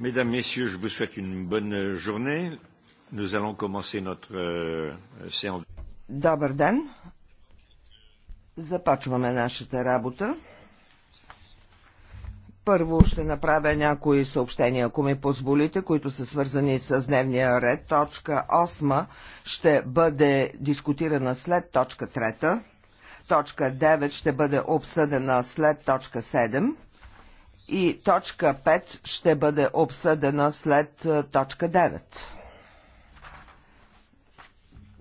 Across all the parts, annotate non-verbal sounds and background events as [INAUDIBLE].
Mesdames, Messieurs, je vous souhaite une bonne journée. Nous allons commencer notre euh, séance. Добър ден! Започваме нашата работа. Първо ще направя някои съобщения, ако ми позволите, които са свързани с дневния ред. Точка 8 ще бъде дискутирана след точка 3. Точка 9 ще бъде обсъдена след точка 7 и точка 5 ще бъде обсъдена след е, точка 9.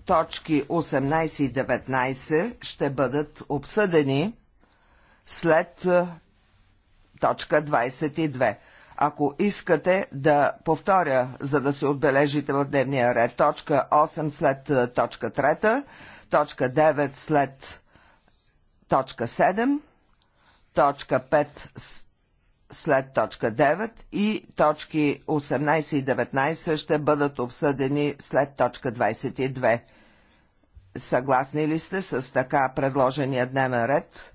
Точки 18 и 19 ще бъдат обсъдени след е, точка 22. Ако искате да повторя, за да се отбележите в дневния ред, точка 8 е, след точка 3, точка 9 след точка 7, точка 5 след точка 9 и точки 18 и 19 ще бъдат обсъдени след точка 22. Съгласни ли сте с така предложения дневен ред?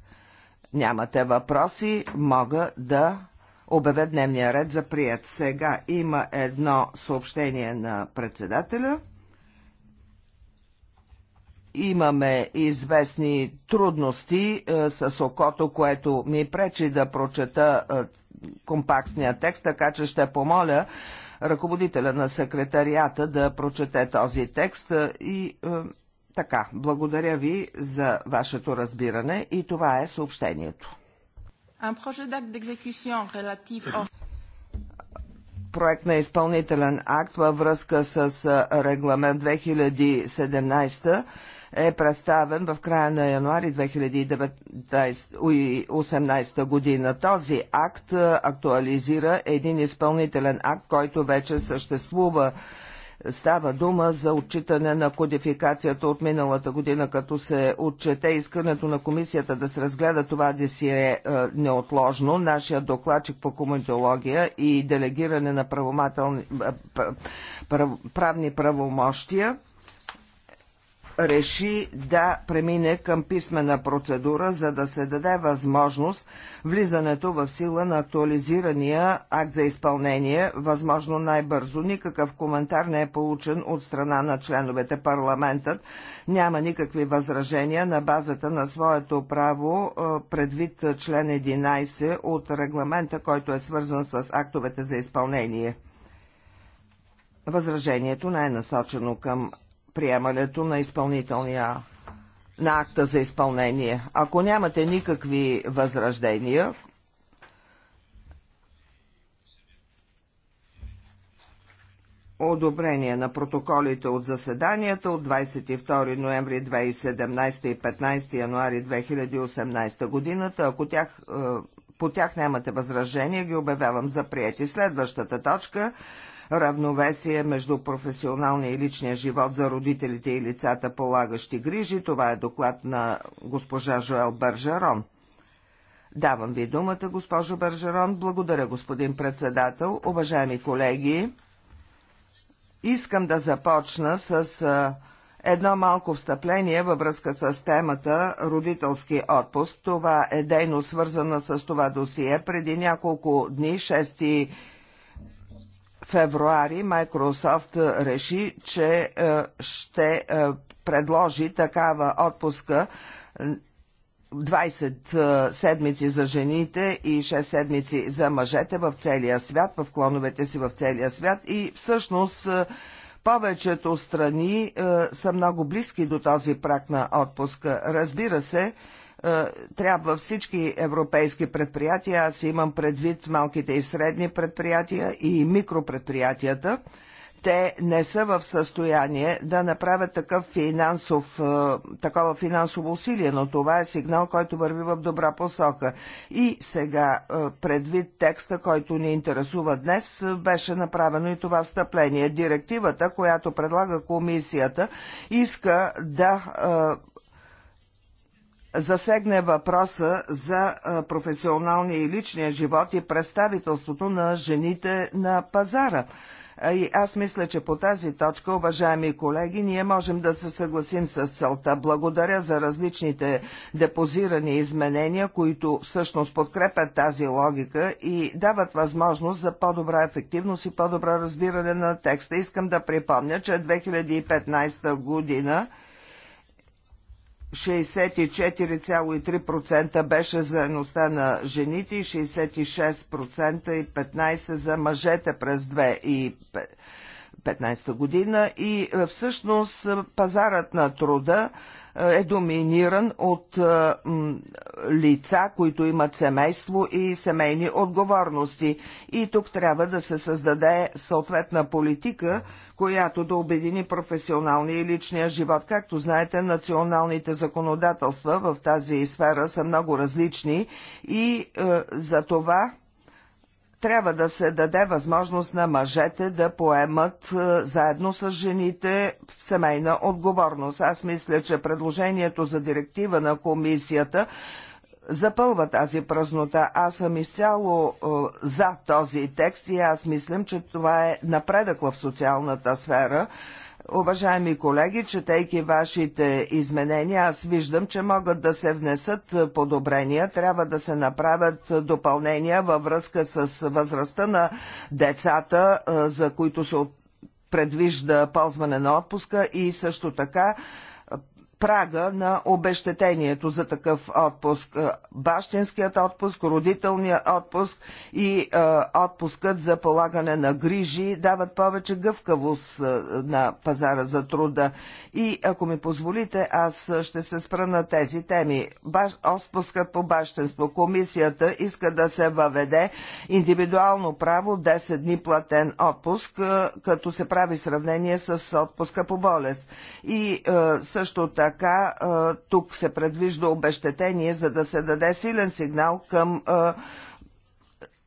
Нямате въпроси, мога да обявя дневния ред за прият. Сега има едно съобщение на председателя. Имаме известни трудности е, с окото, което ми пречи да прочета е, компактния текст, така че ще помоля ръководителя на секретарията да прочете този текст и е, така, благодаря ви за вашето разбиране и това е съобщението. Проект на изпълнителен акт във връзка с е, регламент 2017 е представен в края на януари 2018 година. Този акт е, актуализира един изпълнителен акт, който вече съществува Става дума за отчитане на кодификацията от миналата година, като се отчете искането на комисията да се разгледа това да си е, е неотложно. Нашия докладчик по комунитология и делегиране на прав, е, правни правомощия реши да премине към писмена процедура, за да се даде възможност влизането в сила на актуализирания акт за изпълнение, възможно най-бързо. Никакъв коментар не е получен от страна на членовете парламентът. Няма никакви възражения на базата на своето право е, предвид член 11 от регламента, който е свързан с актовете за изпълнение. Възражението не е насочено към приемането на изпълнителния на акта за изпълнение. Ако нямате никакви възраждения, одобрение на протоколите от заседанията от 22 ноември 2017 и 15 януари 2018 годината. Ако тях, е, по тях нямате възражения, ги обявявам за прияти. Следващата точка равновесие между професионалния и личния живот за родителите и лицата полагащи грижи. Това е доклад на госпожа Жоел Бържарон. Давам ви думата, госпожо Бържарон. Благодаря, господин председател. Уважаеми колеги, искам да започна с едно малко встъпление във връзка с темата родителски отпуск. Това е дейно свързана с това досие. Преди няколко дни, 6 февруари Microsoft реши, че е, ще е, предложи такава отпуска 20 е, седмици за жените и 6 седмици за мъжете в целия свят, в клоновете си в целия свят и всъщност повечето страни са много близки до този прак на отпуска. Разбира се, е, трябва всички европейски предприятия, аз имам предвид малките и средни предприятия и микропредприятията, те не са в състояние да направят такъв финансов, е, такова финансово усилие, но това е сигнал, който върви в добра посока. И сега, е, предвид текста, който ни интересува днес, беше направено и това встъпление. Директивата, която предлага комисията, иска да засегне въпроса за професионалния и личния живот и представителството на жените на пазара. И аз мисля, че по тази точка, уважаеми колеги, ние можем да се съгласим с целта. Благодаря за различните депозирани изменения, които всъщност подкрепят тази логика и дават възможност за по-добра ефективност и по добра разбиране на текста. Искам да припомня, че 2015 година 64,3% беше заедността на жените и 66% и 15% за мъжете през 2015 година. И е, всъщност е, пазарът на труда е доминиран от е, лица, които имат семейство и семейни отговорности. И тук трябва да се създаде съответна политика, която да обедини професионалния и личния живот. Както знаете, националните законодателства в тази сфера са много различни и е, за това трябва да се даде възможност на мъжете да поемат е, заедно с жените семейна отговорност. Аз мисля, че предложението за директива на комисията запълва тази празнота. Аз съм изцяло е, за този текст и аз мислям, че това е напредък в социалната сфера. Уважаеми колеги, четейки вашите изменения, аз виждам, че могат да се внесат подобрения, трябва да се направят допълнения във връзка с възрастта на децата, за които се предвижда ползване на отпуска и също така прага на обещетението за такъв отпуск. Е, бащинският отпуск, родителният отпуск и е, отпускът за полагане на грижи дават повече гъвкавост е, на пазара за труда. И ако ми позволите, аз ще се спра на тези теми. Баш... Отпускът по бащенство. Комисията иска да се въведе индивидуално право 10 дни платен отпуск, като се прави сравнение с отпуска по болест. И също така така тук се предвижда обещетение, за да се даде силен сигнал към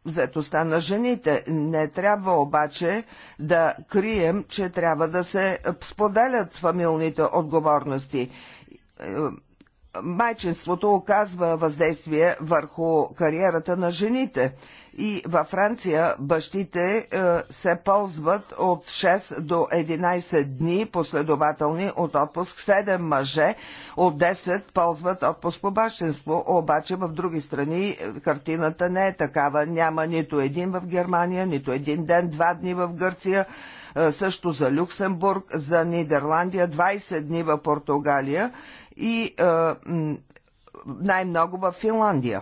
взетостта на жените. Не трябва обаче да крием, че трябва да се споделят фамилните отговорности. Е, майчинството оказва въздействие върху кариерата на жените. И във Франция бащите е, се ползват от 6 до 11 дни последователни от отпуск. 7 мъже от 10 ползват отпуск по бащенство, обаче в други страни е, картината не е такава. Няма нито един в Германия, нито един ден, два дни в Гърция е, също за Люксембург, за Нидерландия, 20 дни в Португалия и е, най-много в Финландия.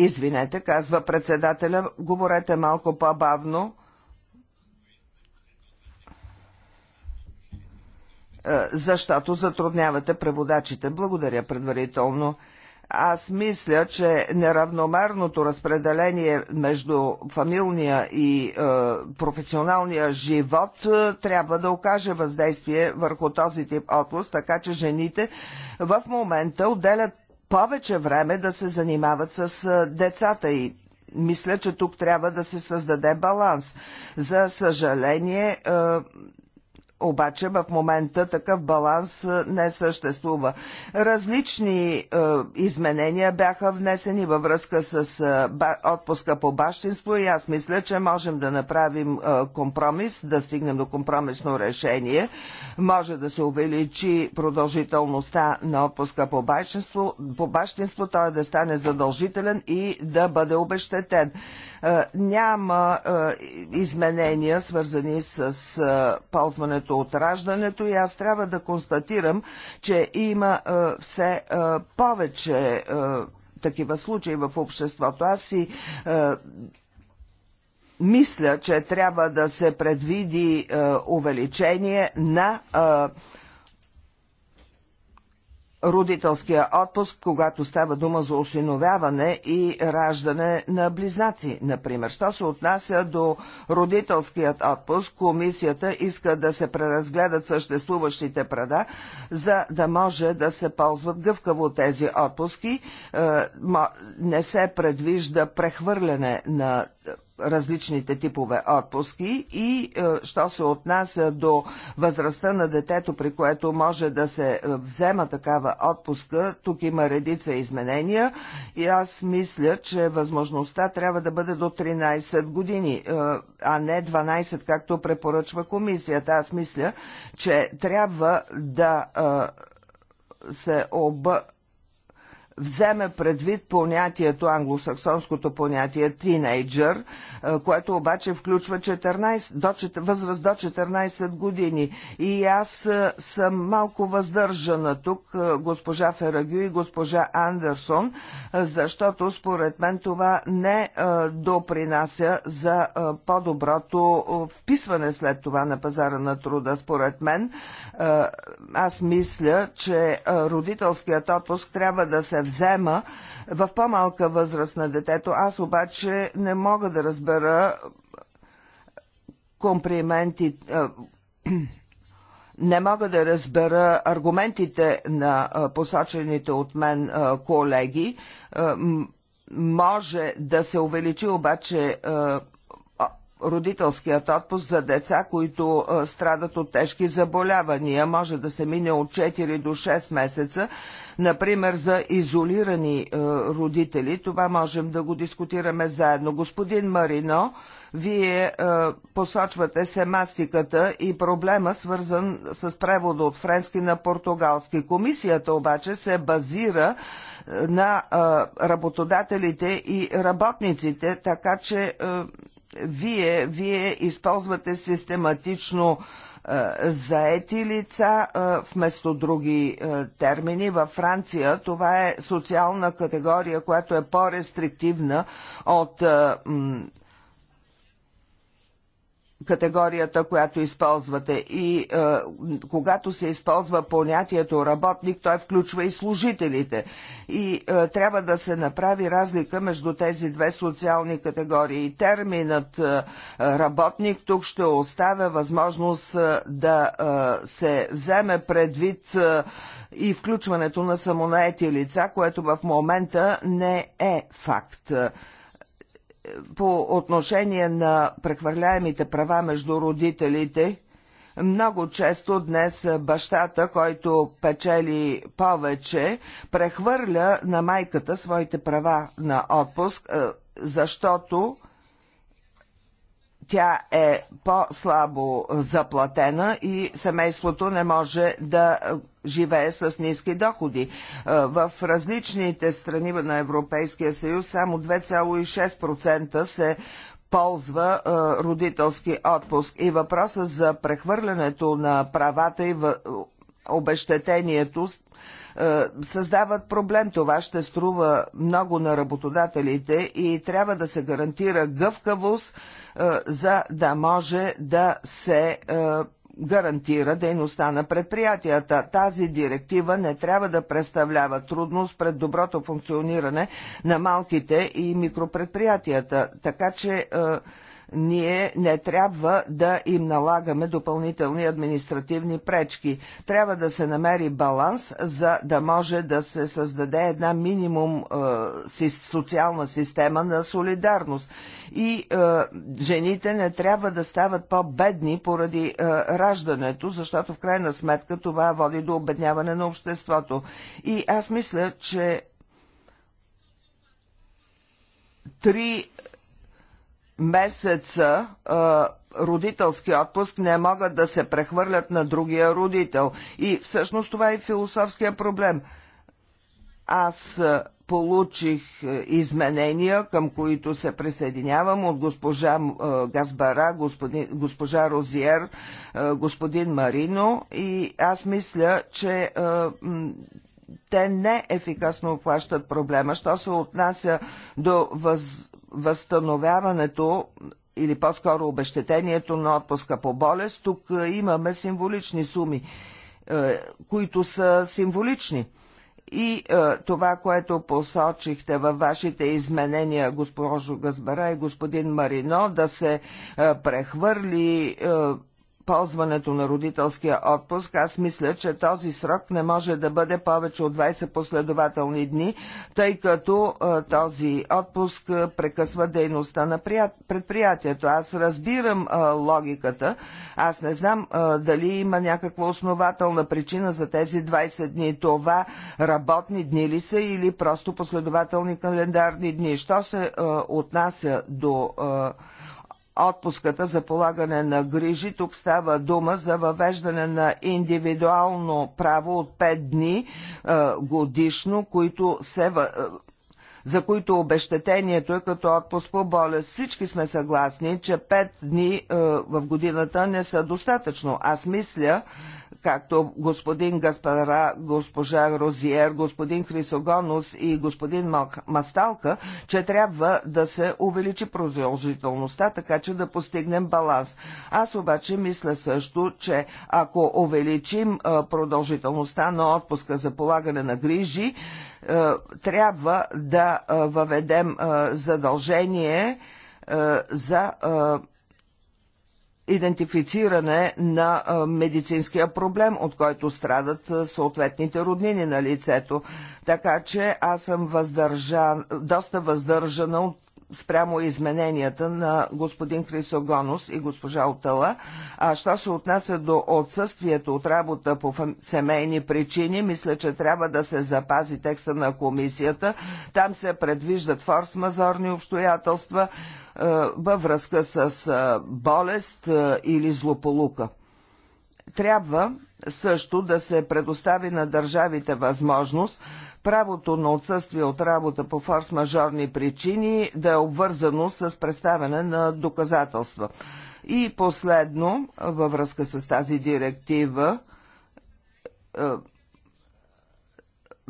Извинете, казва председателя, говорете малко по-бавно. Е, защото затруднявате преводачите. Благодаря предварително. Аз мисля, че неравномерното разпределение между фамилния и е, професионалния живот е, трябва да окаже въздействие върху този тип отпуск, така че жените в момента отделят повече време да се занимават с децата и мисля, че тук трябва да се създаде баланс. За съжаление, обаче в момента такъв баланс е, не съществува. Различни е, изменения бяха внесени във връзка с е, ба, отпуска по бащинство и аз мисля, че можем да направим е, компромис, да стигнем до компромисно решение. Може да се увеличи продължителността на отпуска по бащинство, по бащинство той да стане задължителен и да бъде обещетен. Е, няма е, изменения, свързани с е, ползването от раждането и аз трябва да констатирам, че има все повече такива случаи в обществото. Аз си мисля, че трябва да се предвиди увеличение на родителския отпуск, когато става дума за осиновяване и раждане на близнаци, например. Що се отнася до родителският отпуск, комисията иска да се преразгледат съществуващите прада, за да може да се ползват гъвкаво тези отпуски. Е, не се предвижда прехвърляне на различните типове отпуски и е, що се отнася до възрастта на детето, при което може да се е, взема такава отпуска, тук има редица изменения и аз мисля, че възможността трябва да бъде до 13 години, е, а не 12, както препоръчва комисията. Аз мисля, че трябва да се обърне вземе предвид понятието, англосаксонското понятие тинейджър, което обаче включва 14, до, възраст до 14 години. И аз е, съм малко въздържана тук, е, госпожа Ферагю и госпожа Андерсон, е, защото според мен това не допринася за по-доброто вписване след това на пазара на труда. Според мен, аз мисля, че родителският отпуск трябва да се взема в по-малка възраст на детето. Аз обаче не мога да разбера комплименти. [CLEARS THROAT] Не мога да разбера аргументите на посочените от мен колеги. Може да се увеличи обаче родителският отпуск за деца, които страдат от тежки заболявания. Може да се мине от 4 до 6 месеца например за изолирани е, родители. Това можем да го дискутираме заедно. Господин Марино, вие е, посочвате семастиката и проблема свързан с превода от френски на португалски. Комисията обаче се базира е, на работодателите и работниците, така че вие, вие използвате систематично заети лица вместо други термини. Във Франция това е социална категория, която е по-рестриктивна от категорията, която използвате. И е, когато се използва понятието работник, той включва и служителите. И е, трябва да се направи разлика между тези две социални категории. Терминът е, работник тук ще оставя възможност е, да е, се вземе предвид. Е, и включването на самонаети лица, което в момента не е факт по отношение на прехвърляемите права между родителите, много често днес бащата, който печели повече, прехвърля на майката своите права на отпуск, е, защото тя е по-слабо заплатена и семейството не може да живее с ниски доходи. Е, в различните страни на Европейския съюз само 2,6% се ползва е, родителски отпуск. И въпроса за прехвърлянето на правата и обещетението е, създават проблем. Това ще струва много на работодателите и трябва да се гарантира гъвкавост, е, за да може да се е, гарантира дейността на предприятията. Тази директива не трябва да представлява трудност пред доброто функциониране на малките и микропредприятията. Така че ние не трябва да им налагаме допълнителни административни пречки. Трябва да се намери баланс, за да може да се създаде една минимум е, социална система на солидарност. И е, жените не трябва да стават по-бедни поради е, раждането, защото в крайна сметка това води до обедняване на обществото. И аз мисля, че три месеца родителски отпуск не могат да се прехвърлят на другия родител. И всъщност това е философския проблем. Аз получих изменения, към които се присъединявам от госпожа Газбара, господин, госпожа Розиер, господин Марино и аз мисля, че те не ефикасно оплащат проблема. Що се отнася до въз възстановяването или по-скоро обещетението на отпуска по болест. Тук е, имаме символични суми, е, които са символични. И е, това, което посочихте във вашите изменения, госпожо Газбара и господин Марино, да се е, прехвърли е, ползването на родителския отпуск, аз мисля, че този срок не може да бъде повече от 20 последователни дни, тъй като този отпуск прекъсва дейността на предприятието. Аз разбирам логиката. Аз не знам дали има някаква основателна причина за тези 20 дни. Това работни дни ли са или просто последователни календарни дни? Що се отнася до отпуската за полагане на грижи. Тук става дума за въвеждане на индивидуално право от 5 дни е, годишно, които се е, за които обещетението е като отпуск по болест. Всички сме съгласни, че 5 дни е, в годината не са достатъчно. Аз мисля, както господин Гаспара, госпожа Розиер, господин Хрисогонус и господин Масталка, че трябва да се увеличи продължителността, така че да постигнем баланс. Аз обаче мисля също, че ако увеличим продължителността на отпуска за полагане на грижи, трябва да въведем задължение за идентифициране на медицинския проблем, от който страдат съответните роднини на лицето. Така че аз съм въздържан, доста въздържана от спрямо измененията на господин Хрисогонус и госпожа Отала. А що се отнася до отсъствието от работа по семейни причини, мисля, че трябва да се запази текста на комисията. Там се предвиждат форс-мазорни обстоятелства е, във връзка с е, болест е, или злополука. Трябва също да се предостави на държавите възможност правото на отсъствие от работа по форс-мажорни причини да е обвързано с представяне на доказателства. И последно, във връзка с тази директива, е,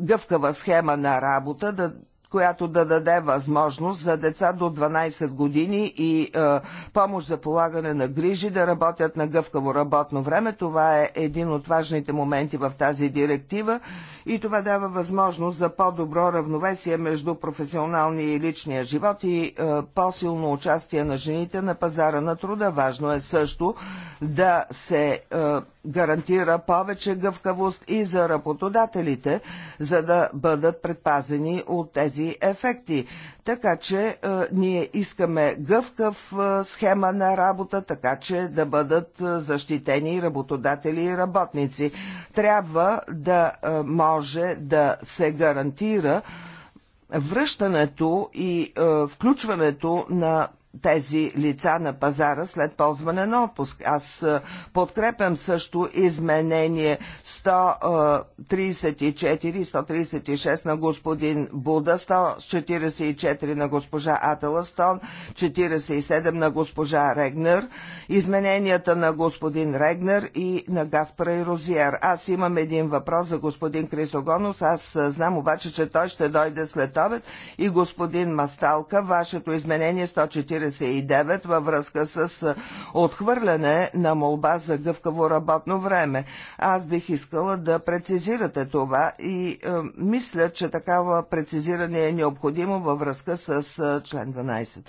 гъвкава схема на работа, да, която да даде възможност за деца до 12 години и е, помощ за полагане на грижи да работят на гъвкаво работно време. Това е един от важните моменти в тази директива и това дава възможност за по-добро равновесие между професионалния и личния живот и е, по-силно участие на жените на пазара на труда. Важно е също да се е, гарантира повече гъвкавост и за работодателите, за да бъдат предпазени от тези ефекти. Така че е, ние искаме гъвкав е, схема на работа, така че да бъдат е, защитени работодатели и работници. Трябва да може да се гарантира връщането и включването на тези лица на пазара след ползване на отпуск. Аз е, подкрепям също изменение 134 136 е, на господин Буда, 144 на госпожа Ателастон, 47 на госпожа Регнер, измененията на господин Регнер и на Гаспара и Розиер. Аз имам един въпрос за господин Крисогонос. Аз е, знам обаче, че той ще дойде след обед и господин Масталка, вашето изменение 140 49 във връзка с отхвърляне на молба за гъвкаво работно време. Аз бих искала да прецизирате това и е, мисля, че такава прецизиране е необходимо във връзка с е, член 12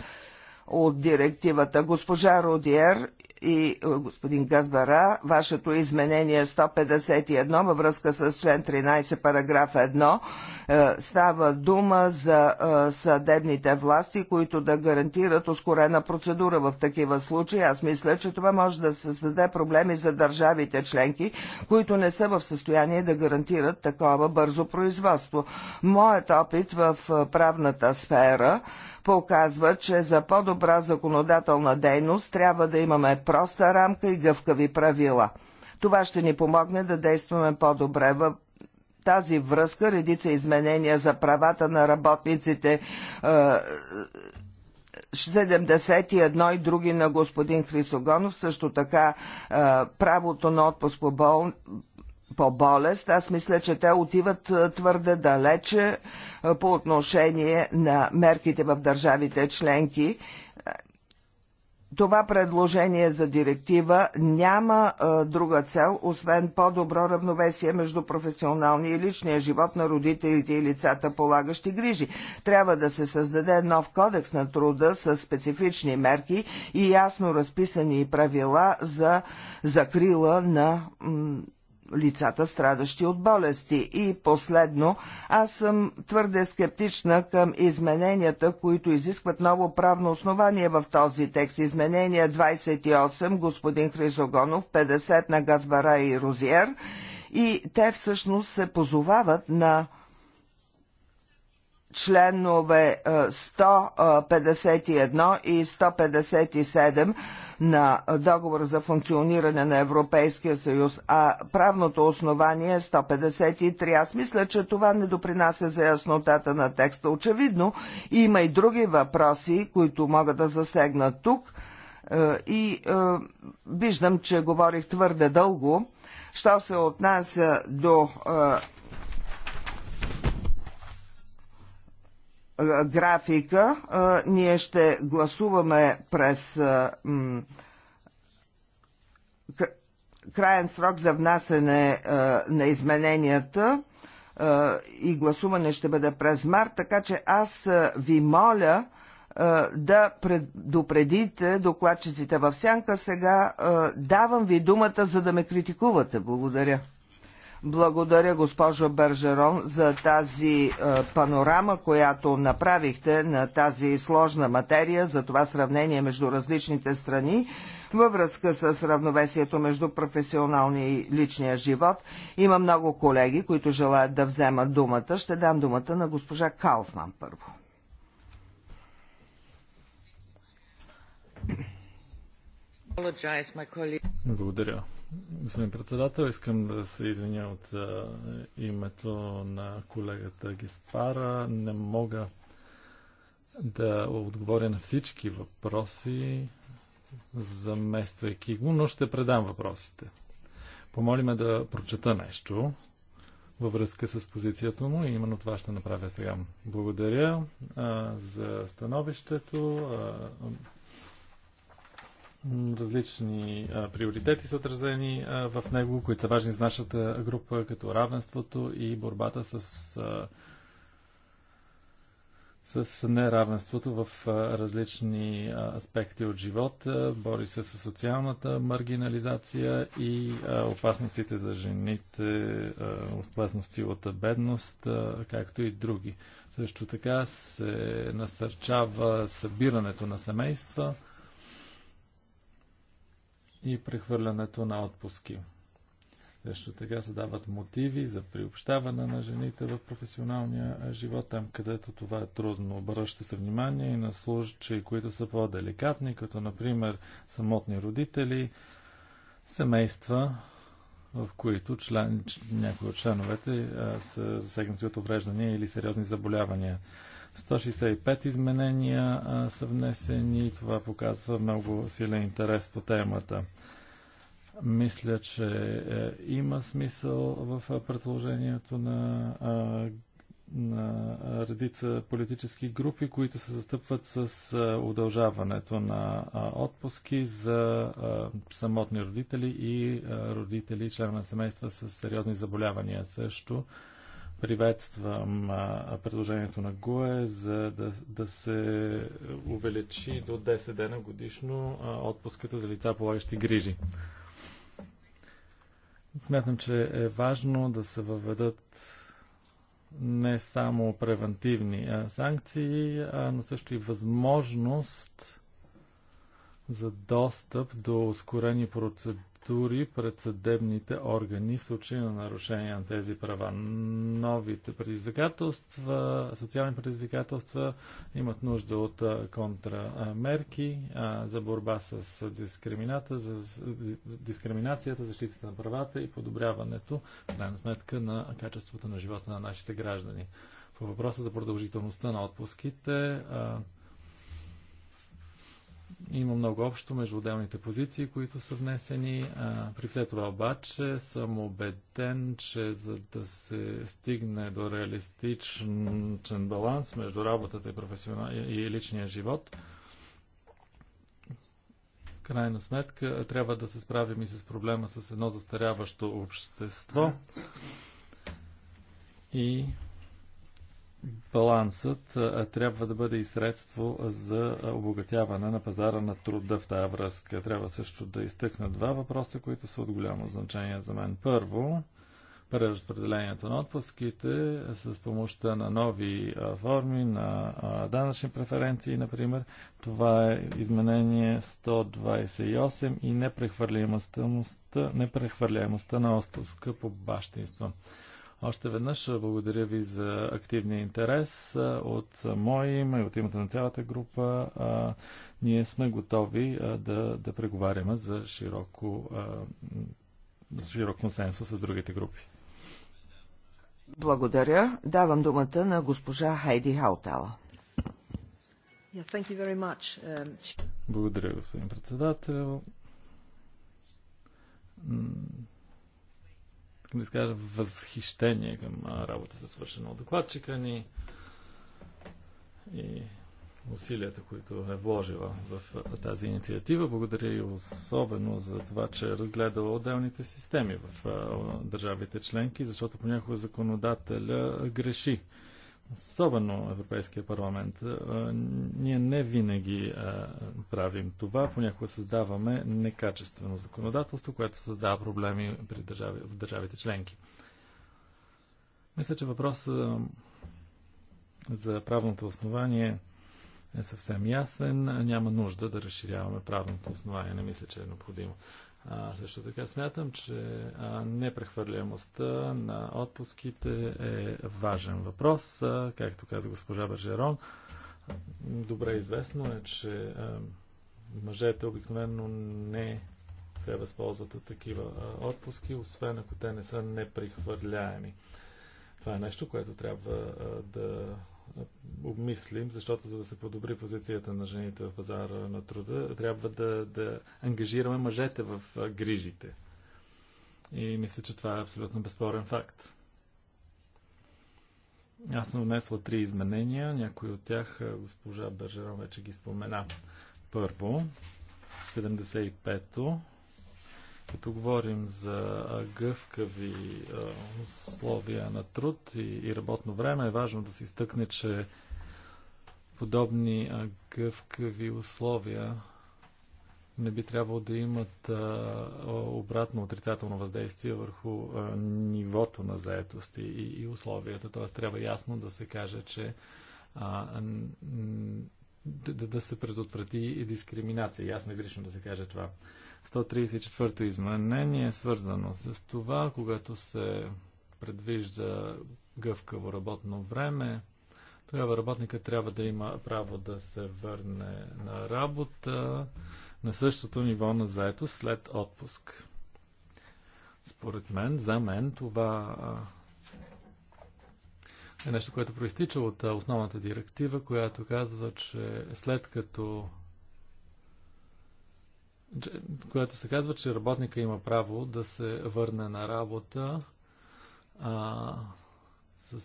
от директивата. Госпожа Родиер и е, господин Газбара, вашето изменение 151 е във връзка с член 13 параграф 1 е, става дума за съдебните власти, които да гарантират ускорена процедура в такива случаи. Аз мисля, че това може да създаде проблеми за държавите членки, които не са в състояние да гарантират такова бързо производство. Моят опит в правната сфера показва, че за по-добра законодателна дейност трябва да имаме проста рамка и гъвкави правила. Това ще ни помогне да действаме по-добре в тази връзка редица изменения за правата на работниците 71 е, и други на господин Хрисогонов, също така е, правото на отпуск по, болни по болест, аз мисля, че те отиват е, твърде далече е, по отношение на мерките в държавите членки. Е, това предложение за директива няма друга цел, освен по-добро равновесие между професионалния и личния живот на родителите и лицата полагащи грижи. Трябва да се създаде нов кодекс на труда с специфични мерки и ясно разписани правила за закрила на лицата, страдащи от болести. И последно, аз съм твърде скептична към измененията, които изискват ново правно основание в този текст. Изменения 28, господин Хризогонов, 50 на Газбара и Розиер. И те всъщност се позовават на членове 151 е, е, и 157 на договор за функциониране на Европейския съюз, а правното основание е 153. Аз мисля, че това не допринася за яснотата на текста. Очевидно, има и други въпроси, които мога да засегна тук. Е, и виждам, че говорих твърде дълго. Що се отнася до графика. Ние ще гласуваме през краен срок за внасене на измененията и гласуване ще бъде през март, така че аз ви моля да предупредите докладчиците в сянка. Сега давам ви думата, за да ме критикувате. Благодаря. Благодаря, госпожо Бержерон, за тази е, панорама, която направихте на тази сложна материя, за това сравнение между различните страни във връзка с равновесието между професионалния и личния живот. Има много колеги, които желаят да вземат думата. Ще дам думата на госпожа Кауфман първо. Благодаря. Господин председател, искам да се извиня от а, името на колегата Геспара. Не мога да отговоря на всички въпроси, замествайки го, но ще предам въпросите. Помолиме да прочета нещо във връзка с позицията му и именно това ще направя сега. Благодаря а, за становището. А, Различни а, приоритети са отразени а, в него, които са важни за нашата група, като равенството и борбата с, а, с неравенството в а, различни а, аспекти от живота. Бори се с социалната маргинализация и а, опасностите за жените, а, опасности от бедност, а, както и други. Също така се насърчава събирането на семейства и прехвърлянето на отпуски. Също така се дават мотиви за приобщаване на жените в професионалния живот, там където това е трудно. Обръща се внимание и на случаи, които са по-деликатни, като например самотни родители, семейства, в които член, някои от членовете а, са засегнати от увреждания или сериозни заболявания. 165 изменения а, са внесени. Това показва много силен интерес по темата. Мисля, че е, има смисъл в предложението на, на редица политически групи, които се застъпват с удължаването на отпуски за самотни родители и родители, члена на семейства с сериозни заболявания също Приветствам предложението на ГУЕ за да, да се увеличи до 10 дена годишно отпуската за лица, полагащи грижи. Смятам, че е важно да се въведат не само превентивни санкции, но също и възможност за достъп до ускорени процедури структури пред съдебните органи в случай на нарушение на тези права. Новите предизвикателства, социални предизвикателства имат нужда от контрамерки за борба с дискримината, за дискриминацията, защитата на правата и подобряването, в крайна сметка, на качеството на живота на нашите граждани. По въпроса за продължителността на отпуските, има много общо между отделните позиции, които са внесени. А, при все това обаче съм убеден, че за да се стигне до реалистичен баланс между работата и, професионал... и личния живот, крайна сметка трябва да се справим и с проблема с едно застаряващо общество и балансът а, трябва да бъде и средство за обогатяване на пазара на труда в тази връзка. Трябва също да изтъкна два въпроса, които са от голямо значение за мен. Първо, преразпределението на отпуските с помощта на нови а, форми, на а, данъчни преференции, например. Това е изменение 128 и непрехвърляемостта, непрехвърляемостта на отпуска по бащинство. Още веднъж благодаря ви за активния интерес от мое име и от името на цялата група. ние сме готови да, да преговаряме за широко, за широк консенсус с другите групи. Благодаря. Давам думата на госпожа Хайди Хаутала. Um, благодаря, господин председател искам да изкажа възхищение към работата, свършена от докладчика ни и усилията, които е вложила в тази инициатива. Благодаря и особено за това, че е разгледала отделните системи в държавите членки, защото понякога законодателя греши особено Европейския парламент. Е, ние не винаги е, правим това, понякога създаваме некачествено законодателство, което създава проблеми при държави, в държавите членки. Мисля, че въпросът е, за правното основание е съвсем ясен. Няма нужда да разширяваме правното основание. Не мисля, че е необходимо. А, също така смятам, че а, непрехвърляемостта на отпуските е важен въпрос. А, както каза госпожа Бържерон, добре известно е, че а, мъжете обикновено не се възползват от такива а, отпуски, освен ако те не са непрехвърляеми. Това е нещо, което трябва а, да обмислим, защото за да се подобри позицията на жените в пазара на труда, трябва да, да ангажираме мъжете в грижите. И мисля, че това е абсолютно безспорен факт. Аз съм внесла три изменения. Някои от тях госпожа Бержерон вече ги спомена. Първо, 75-то като говорим за гъвкави условия на труд и работно време, е важно да се изтъкне, че подобни гъвкави условия не би трябвало да имат а, обратно отрицателно въздействие върху а, нивото на заетост и, и условията. Т.е. трябва ясно да се каже, че а, да, да се предотврати дискриминация. Ясно изрично да се каже това. 134-то изменение е свързано с това, когато се предвижда гъвкаво работно време, тогава работника трябва да има право да се върне на работа на същото ниво на заето след отпуск. Според мен, за мен това е нещо, което проистича от основната директива, която казва, че след като която се казва, че работника има право да се върне на работа а, с,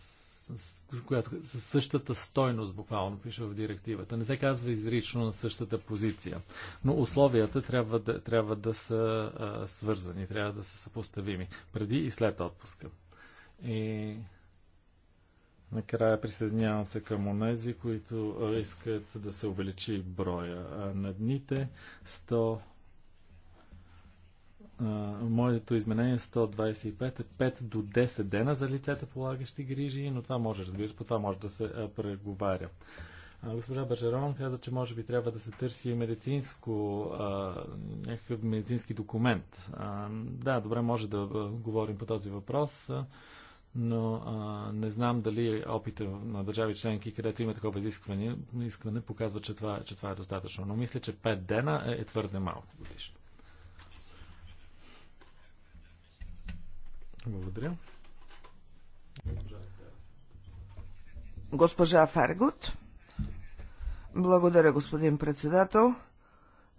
с, която, с същата стойност, буквално пише в директивата. Не се казва изрично на същата позиция, но условията трябва да, трябва да са а, свързани, трябва да са съпоставими преди и след отпуска. И Накрая присъединявам се към онези, които искат да се увеличи броя на дните. 100 а, моето изменение 125 е 5 до 10 дена за лицата полагащи грижи, но това може, разбира се, по това може да се а, преговаря. А, госпожа Бержерон каза, че може би трябва да се търси медицинско, а, някакъв медицински документ. А, да, добре, може да а, говорим по този въпрос. но а, не знам дали опита на държави членки, където има такова изискване, изискване показва, че това, че това е достатъчно. Но мисля, че 5 дена е, е твърде малко годишно. Благодаря. Госпожа Фаргут. Благодаря, господин председател.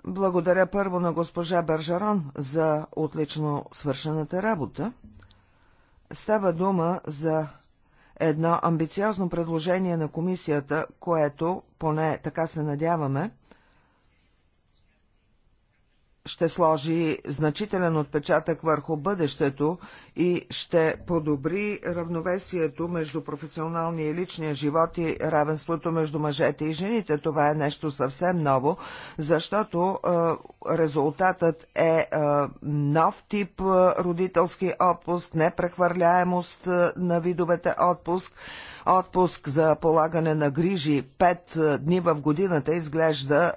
Благодаря първо на госпожа Бержарон за отлично свършената работа. Става дума за едно амбициозно предложение на комисията, което, поне така се надяваме, ще сложи значителен отпечатък върху бъдещето и ще подобри равновесието между професионалния и личния живот и равенството между мъжете и жените. Това е нещо съвсем ново, защото е, резултатът е, е нов тип е, родителски отпуск, непрехвърляемост е, на видовете отпуск. Отпуск за полагане на грижи 5 е, дни в годината изглежда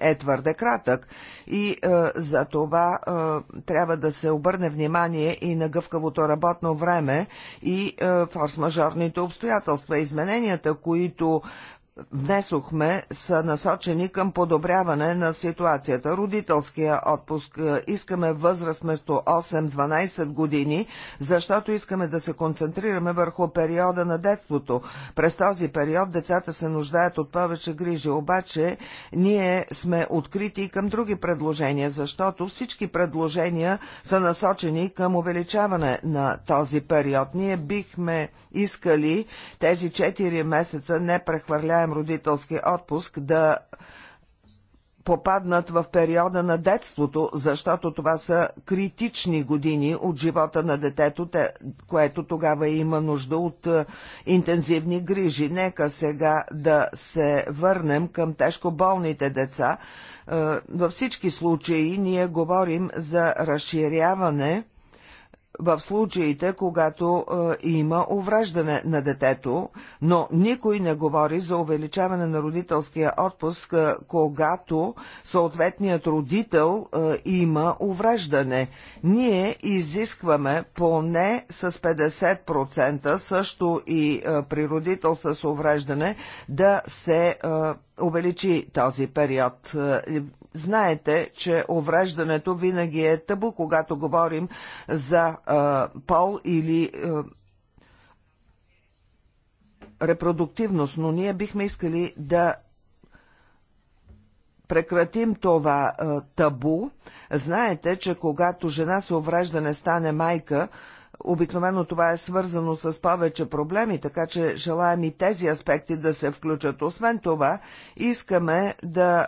е твърде кратък и е, за това е, трябва да се обърне внимание и на гъвкавото работно време и е, форс-мажорните обстоятелства. Измененията, които внесохме са насочени към подобряване на ситуацията. Родителския отпуск е, искаме възраст между 8-12 години, защото искаме да се концентрираме върху периода на детството. През този период децата се нуждаят от повече грижи, обаче ние сме открити и към други предложения, защото всички предложения са насочени към увеличаване на този период. Ние бихме искали тези 4 месеца непрехвърляем родителски отпуск да попаднат в периода на детството, защото това са критични години от живота на детето, което тогава има нужда от е, интензивни грижи. Нека сега да се върнем към тежко болните деца. Е, във всички случаи ние говорим за разширяване – в случаите, когато е, има увреждане на детето, но никой не говори за увеличаване на родителския отпуск, е, когато съответният родител е, има увреждане. Ние изискваме поне с 50%, също и е, при родител с увреждане, да се е, увеличи този период. Е, Знаете, че увреждането винаги е табу, когато говорим за а, пол или а, репродуктивност, но ние бихме искали да прекратим това а, табу. Знаете, че когато жена с увреждане стане майка, Обикновено това е свързано с повече проблеми, така че желаем и тези аспекти да се включат. Освен това, искаме да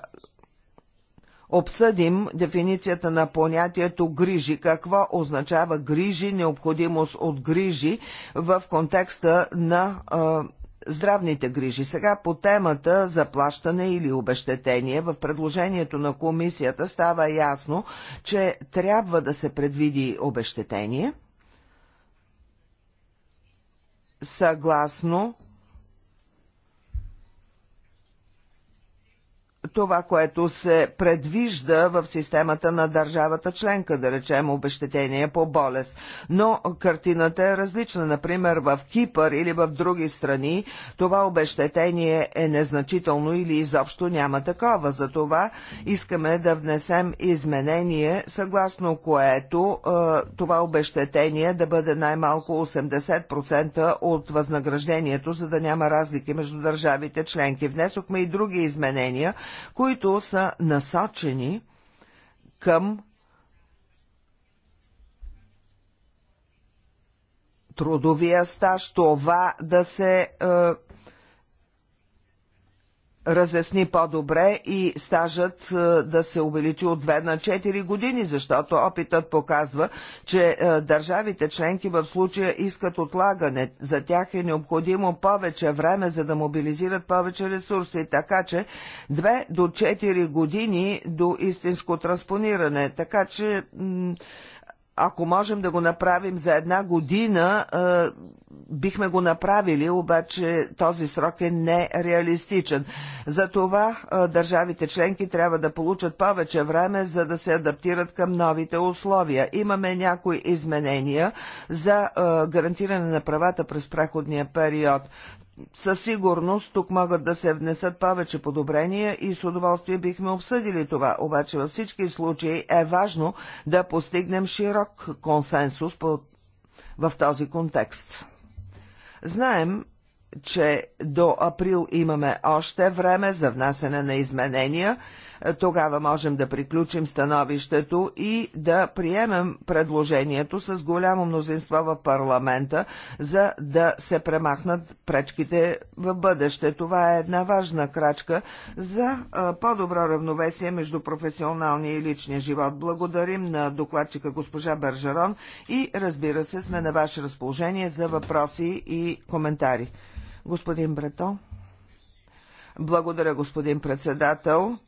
обсъдим дефиницията на понятието грижи. Какво означава грижи, необходимост от грижи в контекста на здравните грижи. Сега по темата заплащане или обещетение в предложението на комисията става ясно, че трябва да се предвиди обещетение съгласно това, което се предвижда в системата на държавата членка, да речем обещетение по болест. Но картината е различна. Например, в Кипър или в други страни това обещетение е незначително или изобщо няма такова. Затова искаме да внесем изменение, съгласно което е, това обещетение да бъде най-малко 80% от възнаграждението, за да няма разлики между държавите членки. Внесохме и други изменения, които са насочени към трудовия стаж, това да се е, разясни по-добре и стажът е, да се увеличи от 2 на 4 години, защото опитът показва, че е, държавите членки в случая искат отлагане. За тях е необходимо повече време, за да мобилизират повече ресурси, така че 2 до 4 години до истинско транспониране. Така че ако можем да го направим за една година, бихме го направили, обаче този срок е нереалистичен. Затова държавите членки трябва да получат повече време, за да се адаптират към новите условия. Имаме някои изменения за гарантиране на правата през преходния период със сигурност тук могат да се внесат повече подобрения и с удоволствие бихме обсъдили това, обаче във всички случаи е важно да постигнем широк консенсус по... в този контекст. Знаем, че до април имаме още време за внасене на изменения – тогава можем да приключим становището и да приемем предложението с голямо мнозинство в парламента, за да се премахнат пречките в бъдеще. Това е една важна крачка за по-добро равновесие между професионалния и личния живот. Благодарим на докладчика госпожа Бержарон и разбира се сме на ваше разположение за въпроси и коментари. Господин Брето. Благодаря, господин председател.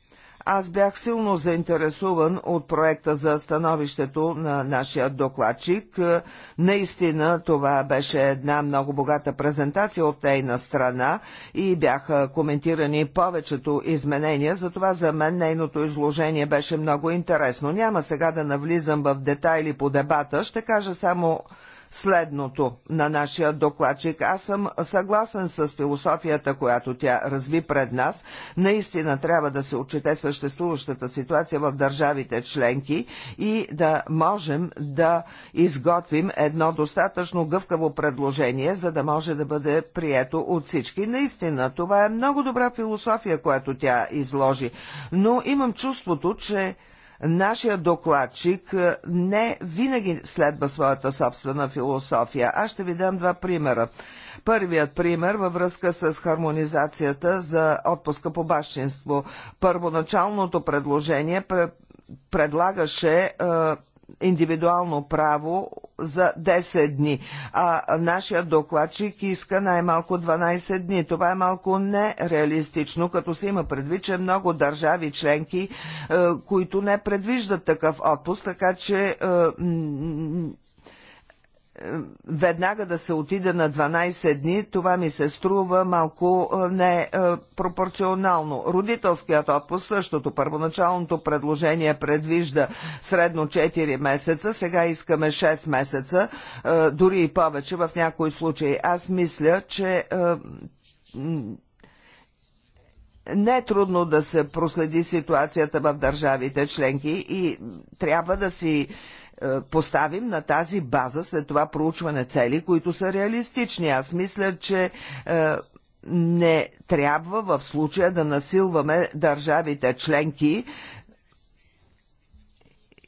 Аз бях силно заинтересуван от проекта за становището на нашия докладчик. Наистина това беше една много богата презентация от нейна страна и бяха коментирани повечето изменения, затова за мен нейното изложение беше много интересно. Няма сега да навлизам в детайли по дебата, ще кажа само следното на нашия докладчик. Аз съм съгласен с философията, която тя разви пред нас. Наистина трябва да се отчете съществуващата ситуация в държавите членки и да можем да изготвим едно достатъчно гъвкаво предложение, за да може да бъде прието от всички. Наистина, това е много добра философия, която тя изложи. Но имам чувството, че нашия докладчик е, не винаги следва своята собствена философия. Аз ще ви дам два примера. Първият пример във връзка с хармонизацията за отпуска по бащинство. Първоначалното предложение предлагаше е, индивидуално право за 10 дни, а нашия докладчик иска най-малко 12 дни. Това е малко нереалистично, като се има предвид, че много държави членки, е, които не предвиждат такъв отпуск, така че е, веднага да се отиде на 12 дни, това ми се струва малко е, непропорционално. Е, Родителският отпуск същото. Първоначалното предложение предвижда средно 4 месеца, сега искаме 6 месеца, е, дори и повече в някои случаи. Аз мисля, че не е трудно да се проследи ситуацията в държавите членки и трябва да си е, поставим на тази база след това проучване цели, които са реалистични. Аз мисля, че е, не трябва в случая да насилваме държавите членки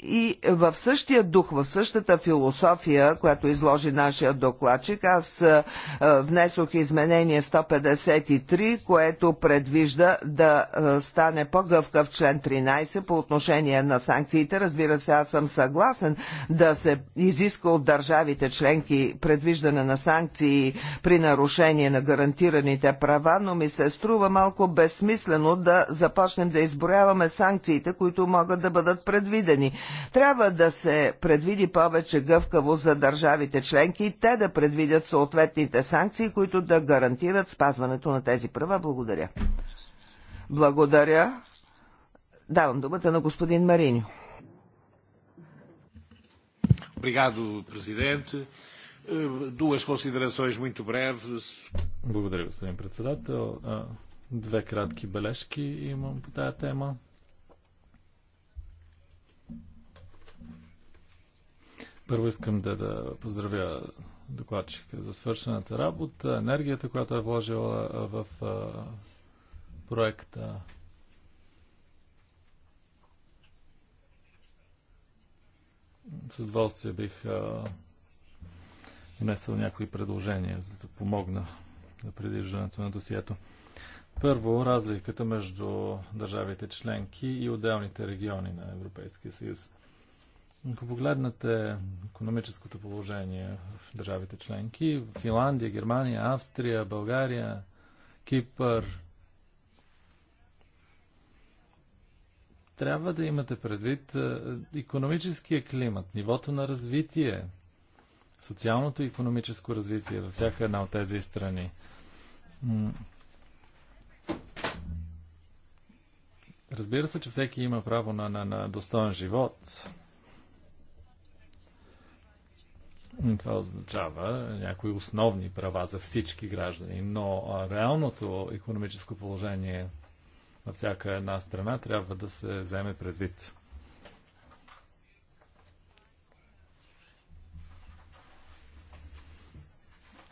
и в същия дух, в същата философия, която изложи нашия докладчик, аз е, е, внесох изменение 153, което предвижда да е, стане по-гъвкав член 13 по отношение на санкциите. Разбира се, аз съм съгласен да се изиска от държавите членки предвиждане на санкции при нарушение на гарантираните права, но ми се струва малко безсмислено да започнем да изброяваме санкциите, които могат да бъдат предвидени. Трябва да се предвиди повече гъвкаво за държавите членки и те да предвидят съответните санкции, които да гарантират спазването на тези права. Благодаря. Благодаря. Давам думата на господин Мариньо. Обригадо, президент. Duas considerações муито breves. Благодаря, господин председател. Две кратки бележки имам по тая тема. Първо искам да, да поздравя докладчика за свършената работа, енергията, която е вложила в а, проекта. С удоволствие бих а, внесъл някои предложения, за да помогна на предвиждането на досието. Първо, разликата между държавите членки и отделните региони на Европейския съюз. Ако погледнете економическото положение в държавите членки, Финландия, Германия, Австрия, България, Кипър, трябва да имате предвид економическия климат, нивото на развитие, социалното и економическо развитие във всяка една от тези страни. Разбира се, че всеки има право на, на, на достоен живот. Това означава някои основни права за всички граждани, но реалното економическо положение на всяка една страна трябва да се вземе предвид.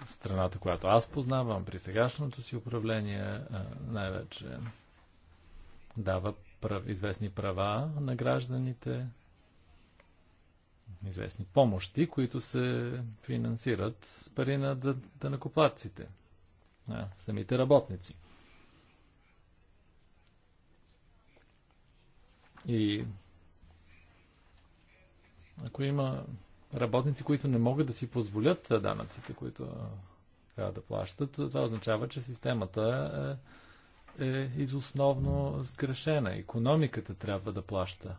Страната, която аз познавам при сегашното си управление, най-вече дава прав... известни права на гражданите, известни помощи, които се финансират с пари на дънакоплатците, на самите работници. И ако има работници, които не могат да си позволят данъците, които трябва да плащат, това означава, че системата е, е изосновно сгрешена. Економиката трябва да плаща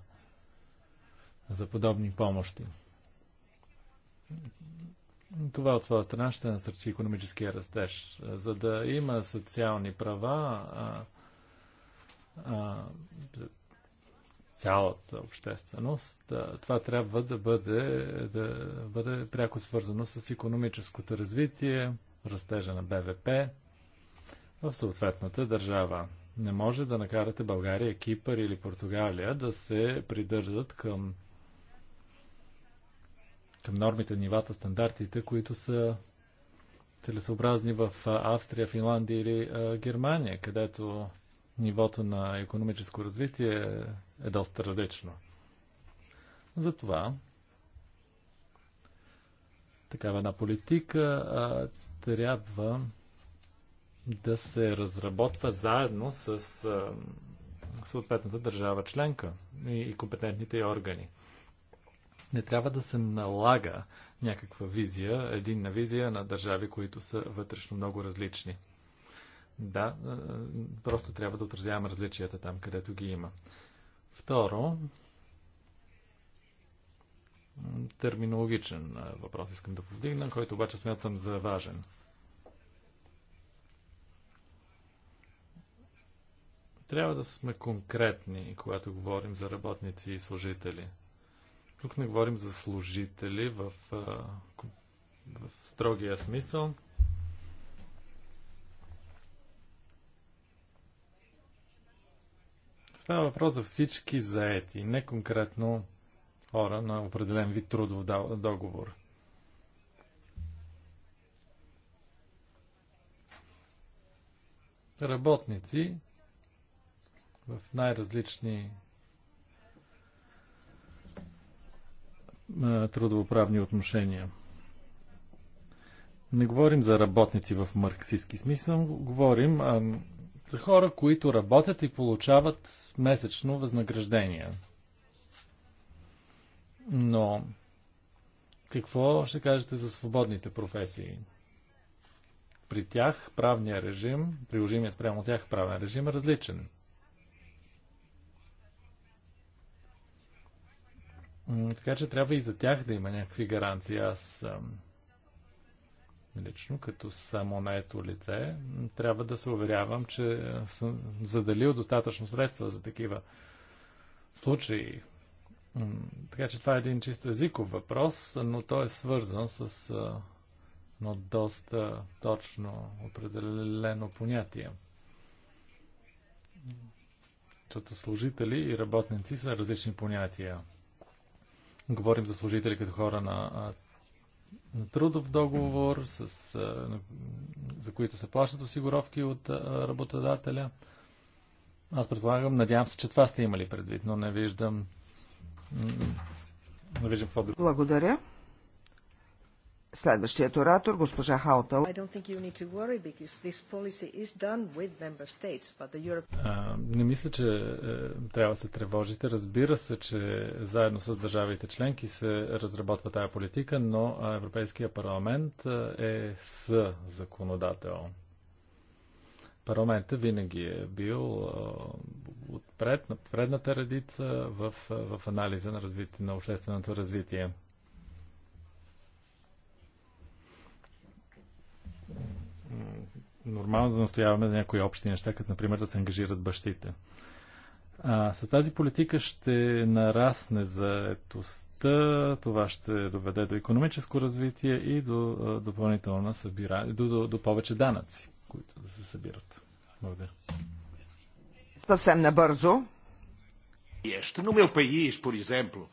за подобни помощи. Това от своя страна ще насърчи економическия растеж. За да има социални права, а, а, цялата общественост, това трябва да бъде, да бъде пряко свързано с економическото развитие, растежа на БВП в съответната държава. Не може да накарате България, Кипър или Португалия да се придържат към към нормите, нивата, стандартите, които са целесообразни в Австрия, Финландия или Германия, където нивото на економическо развитие е доста различно. Затова такава една политика а, трябва да се разработва заедно с а, съответната държава членка и, и компетентните органи не трябва да се налага някаква визия, единна визия на държави, които са вътрешно много различни. Да, просто трябва да отразяваме различията там, където ги има. Второ, терминологичен въпрос искам да повдигна, който обаче смятам за важен. Трябва да сме конкретни, когато говорим за работници и служители – тук не говорим за служители в, в строгия смисъл. Става въпрос за всички заети, не конкретно хора на определен вид трудов договор. Работници в най-различни трудовоправни отношения. Не говорим за работници в марксистски смисъл, говорим а, за хора, които работят и получават месечно възнаграждение. Но какво ще кажете за свободните професии? При тях правния режим, приложимия спрямо тях правен режим е различен. Така че трябва и за тях да има някакви гаранции. Аз лично, като само на ето лице, трябва да се уверявам, че съм заделил достатъчно средства за такива случаи. Така че това е един чисто езиков въпрос, но той е свързан с но доста точно определено понятие. Защото служители и работници са различни понятия. Говорим за служители като хора на, на трудов договор, с, за които се плащат осигуровки от работодателя. Аз предполагам, надявам се, че това сте имали предвид, но не виждам. Не виждам какво друго. Благодаря. Следващият оратор, госпожа Хаутъл. Не мисля, че е, трябва да се тревожите. Разбира се, че заедно с държавите членки се разработва тая политика, но Европейския парламент е с законодател. Парламентът винаги е бил отпред, на предната редица в, в анализа на, развитие, на общественото развитие. нормално да настояваме на някои общи неща, като например да се ангажират бащите. А, с тази политика ще нарасне заетостта, това ще доведе до економическо развитие и до а, допълнителна събира, до, до, до повече данъци, които да се събират. Благодаря. Съвсем набързо. Ще no meu país, по exemplo.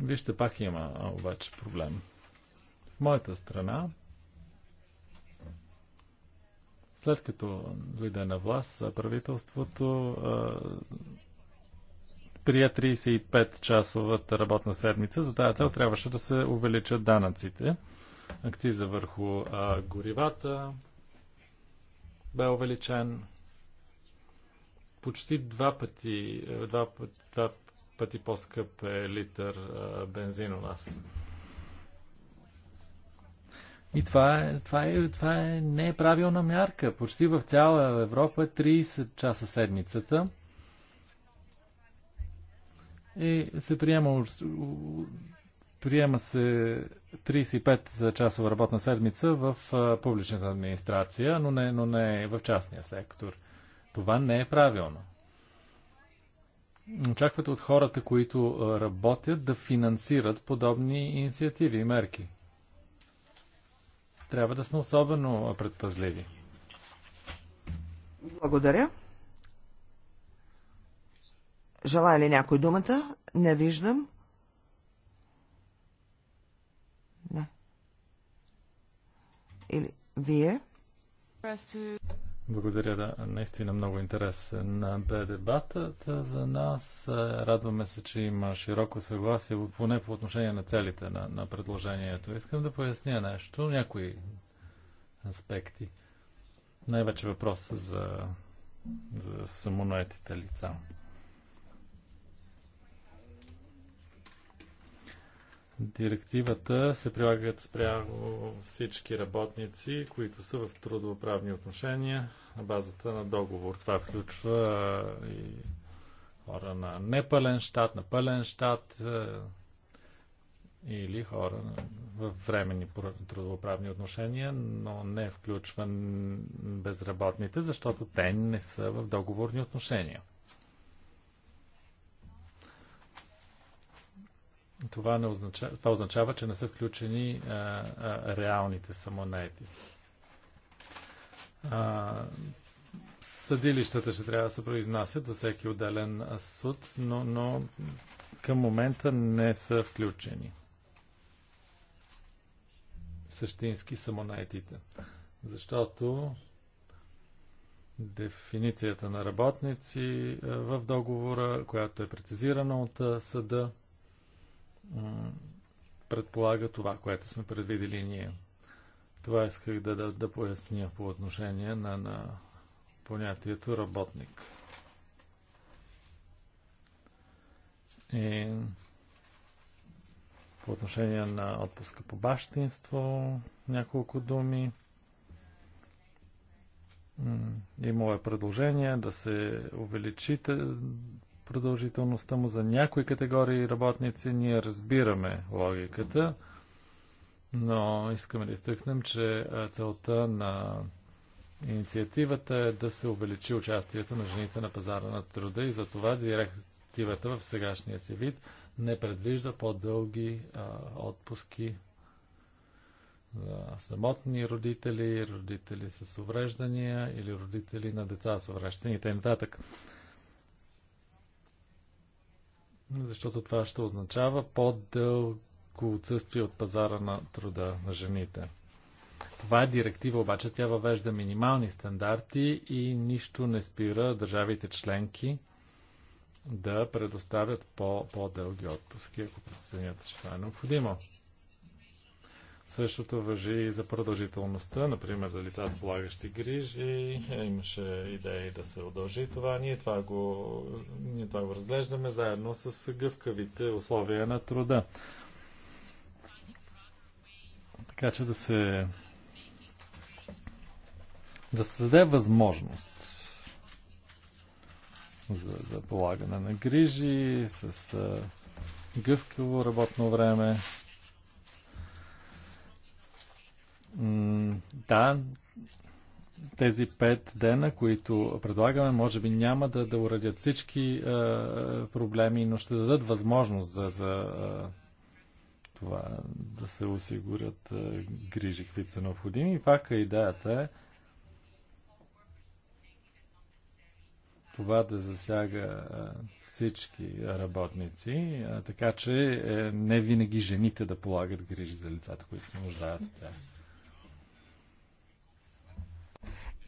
Вижте, пак има обаче проблем. В моята страна След като дойде на власт правителството, прие 35-часовата работна седмица. За тази цел трябваше да се увеличат данъците. Акциза върху а, горивата бе увеличен почти два пъти, два, два пъти по-скъп е литър а, бензин у нас. И е, това е, това е, не е неправилна мярка. Почти в цяла Европа е 30 часа седмицата. И е, се приема, приема се 35 часова работна седмица в публичната администрация, но не, но не в частния сектор. Това не е правилно. Очаквате от хората, които работят, да финансират подобни инициативи и мерки трябва да сме особено предпазливи. Благодаря. Желая ли някой думата? Не виждам. Не. Или вие? Благодаря, да. Наистина много интерес на бе дебатът за нас. Е, радваме се, че има широко съгласие, поне по отношение на целите на, на предложението. Искам да поясня нещо, някои аспекти. Най-вече въпроса за, за самонаетите лица. Директивата се прилагат спрямо всички работници, които са в трудовоправни отношения на базата на договор. Това включва и хора на непълен щат, на пълен щат или хора в временни трудовоправни отношения, но не включва безработните, защото те не са в договорни отношения. това, не означава, това означава, че не са включени а, а, реалните самонети. А, съдилищата ще трябва да се произнасят за всеки отделен суд, но, но към момента не са включени същински самонаетите. Защото дефиницията на работници в договора, която е прецизирана от съда, предполага това, което сме предвидели ние. Това исках да, да, да поясня по отношение на, на понятието работник. И по отношение на отпуска по бащинство, няколко думи. Имало е предложение да се увеличите продължителността му за някои категории работници. Ние разбираме логиката, но искаме да изтъкнем, че целта на инициативата е да се увеличи участието на жените на пазара на труда и затова директивата в сегашния си вид не предвижда по-дълги отпуски за самотни родители, родители с увреждания или родители на деца с увреждания и т.н защото това ще означава по-дълго отсъствие от пазара на труда на жените. Това е директива, обаче тя въвежда минимални стандарти и нищо не спира държавите членки да предоставят по- по-дълги отпуски, ако преценят, че това е необходимо. Същото въжи и за продължителността, например за лицата полагащи грижи. Имаше идеи да се удължи това. Ние това го, ние това го разглеждаме заедно с гъвкавите условия на труда. Така че да се да се даде възможност за, за полагане на грижи с гъвкаво работно време да, тези пет дена, които предлагаме, може би няма да, да уредят всички а, е, е, проблеми, но ще дадат възможност за, за а, е, това да се осигурят а, грижи, каквито са необходими. И пак идеята е това да засяга всички работници, така че не винаги жените да полагат грижи за лицата, които се нуждаят от тях.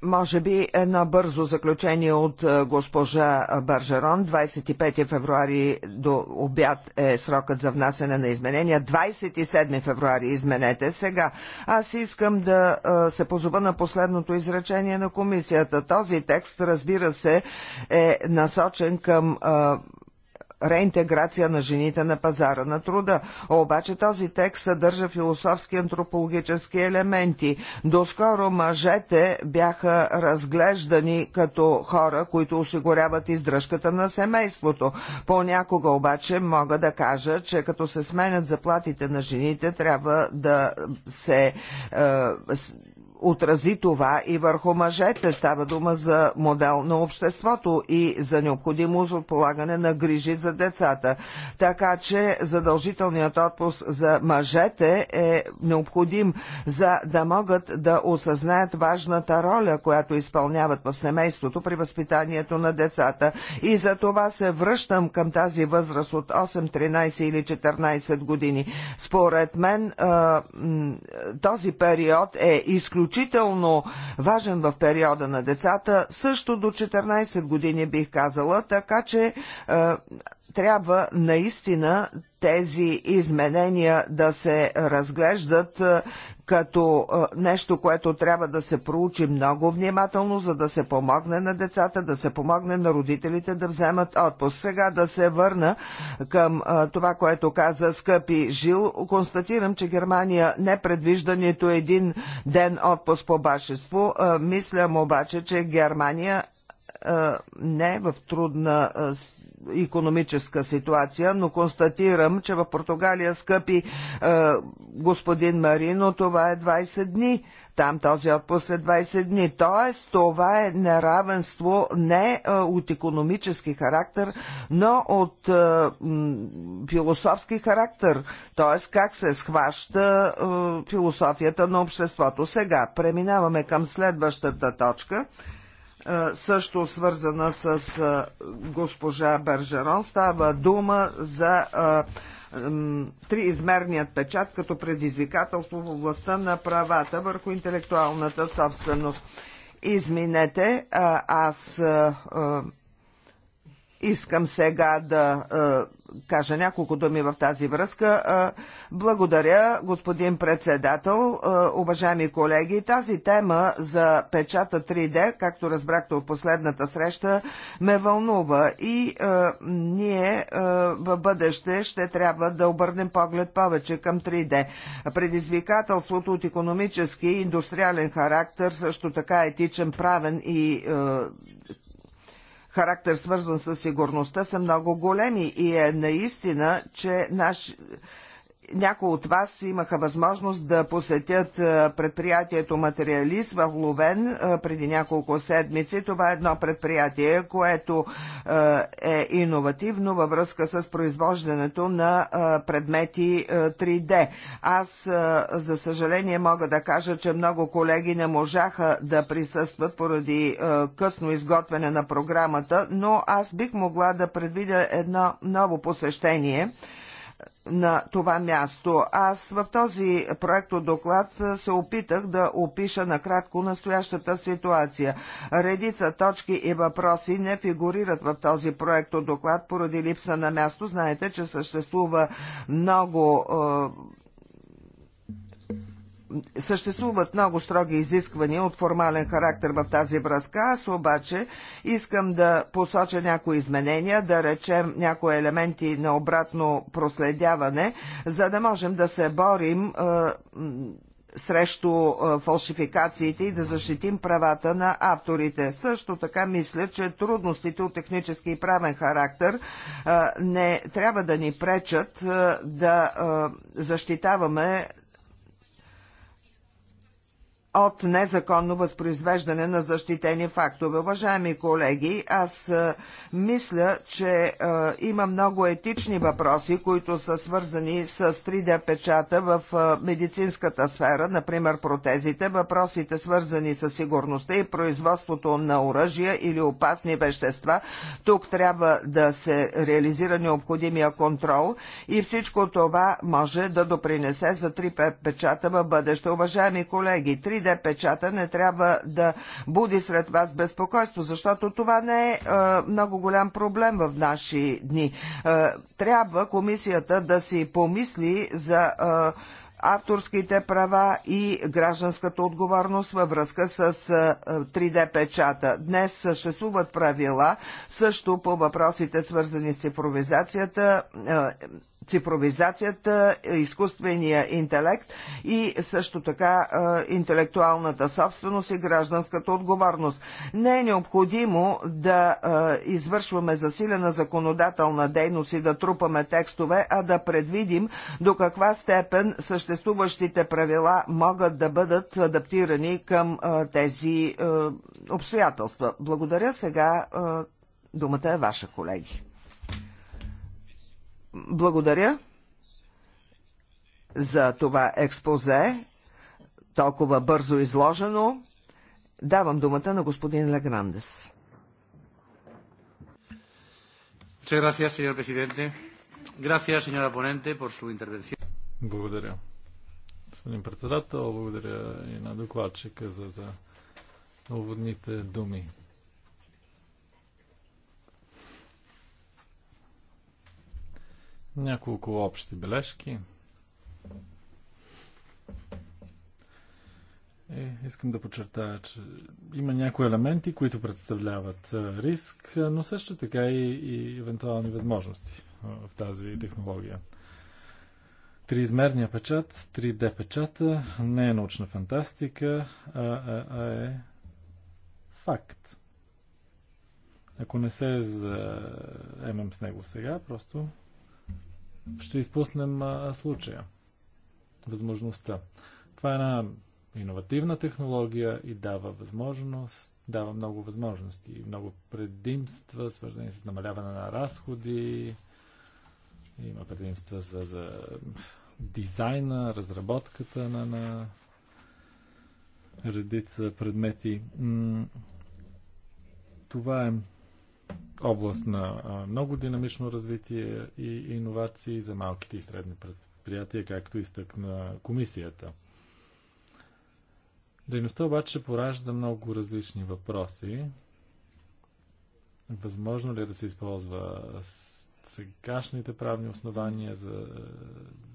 Може би едно бързо заключение от е, госпожа Баржерон. 25 февруари до обяд е срокът за внасяне на изменения. 27 февруари изменете сега. Аз искам да е, се позова на последното изречение на комисията. Този текст, разбира се, е насочен към е, реинтеграция на жените на пазара на труда. Обаче този текст съдържа философски антропологически елементи. Доскоро мъжете бяха разглеждани като хора, които осигуряват издръжката на семейството. Понякога обаче мога да кажа, че като се сменят заплатите на жените, трябва да се е, отрази това и върху мъжете. Става дума за модел на обществото и за необходимост от полагане на грижи за децата. Така че задължителният отпуск за мъжете е необходим, за да могат да осъзнаят важната роля, която изпълняват в семейството при възпитанието на децата. И за това се връщам към тази възраст от 8, 13 или 14 години. Според мен този период е изключително изключително важен в периода на децата, също до 14 години бих казала, така че е, трябва наистина тези изменения да се разглеждат е, като нещо, което трябва да се проучи много внимателно, за да се помогне на децата, да се помогне на родителите да вземат отпуск. Сега да се върна към това, което каза скъпи Жил. Констатирам, че Германия не предвижда нито един ден отпуск по башество. Мислям обаче, че Германия не е в трудна ситуация економическа ситуация, но констатирам, че в Португалия скъпи е, господин Марино, това е 20 дни. Там този отпуск е 20 дни. Тоест, това е неравенство не е, от економически характер, но от е, м, философски характер. Тоест, как се схваща е, философията на обществото. Сега преминаваме към следващата точка също свързана с госпожа Бержерон. Става дума за триизмерният печат като предизвикателство в областта на правата върху интелектуалната собственост. Изминете, аз Искам сега да е, кажа няколко думи в тази връзка. Е, благодаря, господин председател, е, уважаеми колеги. Тази тема за печата 3D, както разбрахте от последната среща, ме вълнува и е, ние е, в бъдеще ще трябва да обърнем поглед повече към 3D. Предизвикателството от економически и индустриален характер, също така етичен, правен и е, характер свързан с сигурността са много големи и е наистина, че наш, някои от вас имаха възможност да посетят е, предприятието Материалист в Ловен е, преди няколко седмици. Това е едно предприятие, което е, е иновативно във връзка с произвождането на предмети 3D. Аз, за съжаление, мога да кажа, че много колеги не можаха да присъстват поради късно изготвяне на програмата, но аз бих могла да предвидя едно ново посещение – на това място. Аз в този проект от доклад се опитах да опиша накратко настоящата ситуация. Редица точки и въпроси не фигурират в този проект от доклад поради липса на място. Знаете, че съществува много е, съществуват много строги изисквания от формален характер в тази връзка. Аз обаче искам да посоча някои изменения, да речем някои елементи на обратно проследяване, за да можем да се борим срещу фалшификациите и да защитим правата на авторите. Също така мисля, че трудностите от технически и правен характер не трябва да ни пречат да защитаваме от незаконно възпроизвеждане на защитени фактове. Уважаеми колеги, аз е, мисля, че е, има много етични въпроси, които са свързани с 3D печата в е, медицинската сфера, например протезите, въпросите свързани с сигурността и производството на оръжия или опасни вещества. Тук трябва да се реализира необходимия контрол и всичко това може да допринесе за 3D печата в бъдеще. Уважаеми колеги, 3 3D печата не трябва да буди сред вас безпокойство, защото това не е, е много голям проблем в наши дни. Е, трябва комисията да си помисли за е, авторските права и гражданската отговорност във връзка с 3D печата. Днес съществуват правила също по въпросите свързани с цифровизацията, цифровизацията, е, изкуствения интелект и също така е, интелектуалната собственост и гражданската отговорност. Не е необходимо да е, извършваме засилена законодателна дейност и да трупаме текстове, а да предвидим до каква степен съществуващите правила могат да бъдат адаптирани към тези обстоятелства. Благодаря сега. Думата е ваша, колеги. Благодаря за това експозе, толкова бързо изложено. Давам думата на господин Леграндес. Благодаря. Господин председател, благодаря и на докладчика за, за уводните думи. Няколко общи бележки. Е, искам да подчертая, че има някои елементи, които представляват е, риск, е, но също така и, и евентуални възможности е, в тази технология. Триизмерния печат, 3D печата не е научна фантастика, а, а, а е факт. Ако не се заемем с него сега, просто ще изпуснем а, случая, възможността. Това е една иновативна технология и дава възможност, дава много възможности и много предимства, свързани с намаляване на разходи. Има предимства за, за дизайна, разработката на, на редица предмети. Това е област на много динамично развитие и иновации за малките и средни предприятия, както изтъкна комисията. Дейността обаче поражда много различни въпроси. Възможно ли е да се използва сегашните правни основания за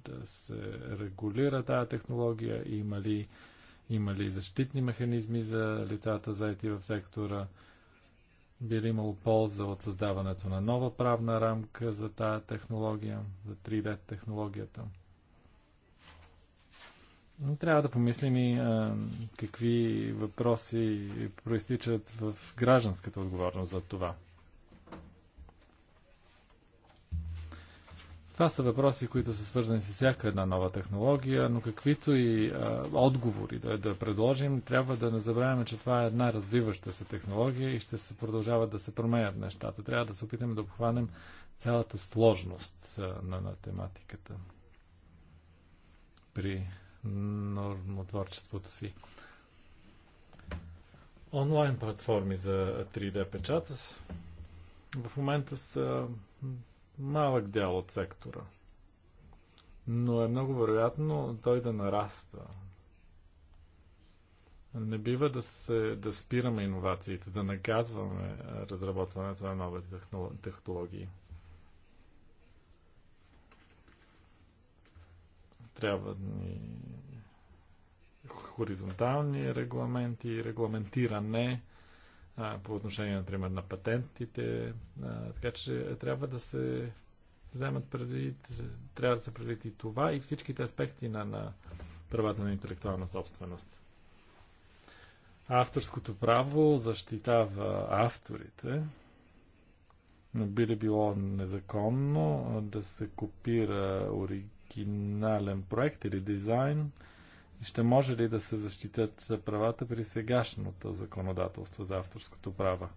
да се регулира тая технология? Има ли, има ли защитни механизми за лицата заети в сектора? би ли имало полза от създаването на нова правна рамка за тая технология, за 3D технологията? Трябва да помислим и а, какви въпроси проистичат в гражданската отговорност за това. Това са въпроси, които са свързани с всяка една нова технология, но каквито и а, отговори да, да предложим, трябва да не забравяме, че това е една развиваща се технология и ще се продължават да се променят нещата. Трябва да се опитаме да обхванем цялата сложност а, на, на тематиката при нормотворчеството си. Онлайн платформи за 3D печат в момента са малък дял от сектора. Но е много вероятно той да нараства. Не бива да, се, да спираме иновациите, да наказваме е, разработването на нови технологии. Трябват да ни хоризонтални регламенти, регламентиране а, по отношение, например, на патентите. А, така че трябва да се вземат преди, трябва да се предвид и това и всичките аспекти на, на правата на интелектуална собственост. Авторското право защитава авторите. Не би ли било незаконно да се копира оригинален проект или дизайн? Ще може ли да се защитят правата при сегашното законодателство за авторското право?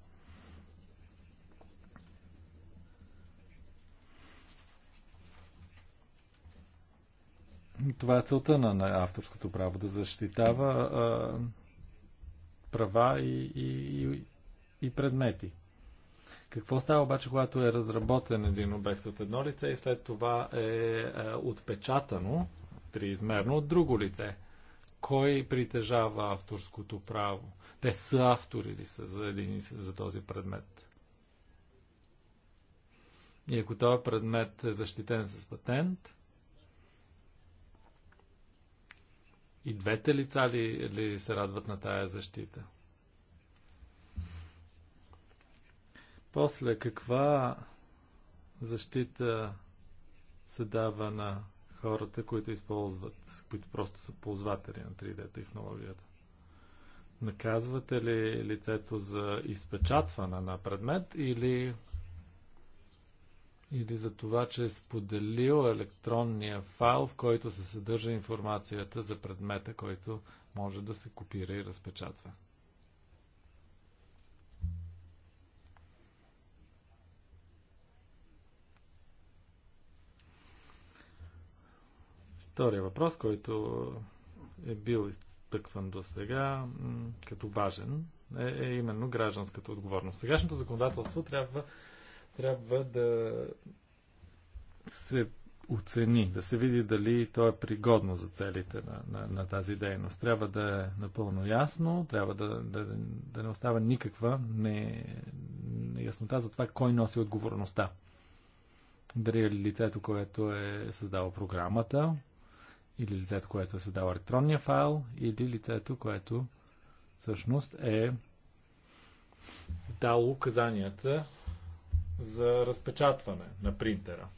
Това е целта на, на авторското право да защитава а, права и, и, и предмети. Какво става обаче, когато е разработен един обект от едно лице и след това е, е отпечатано триизмерно от друго лице? кой притежава авторското право. Те са автори ли са за, един, за този предмет? И ако този предмет е защитен с патент, и двете лица ли, ли се радват на тая защита? После каква защита се дава на хората, които използват, които просто са ползватели на 3D технологията? Наказвате ли лицето за изпечатване на предмет или, или за това, че е споделил електронния файл, в който се съдържа информацията за предмета, който може да се копира и разпечатва? Втория въпрос, който е бил изтъкван до сега като важен, е, е именно гражданската отговорност. Сегашното законодателство трябва, трябва да се оцени, да се види дали то е пригодно за целите на, на, на тази дейност. Трябва да е напълно ясно, трябва да, да, да не остава никаква не, за това кой носи отговорността. Дали е лицето, което е създало програмата, или лицето, което е създало електронния файл, или лицето, което всъщност е дало указанията за разпечатване на принтера.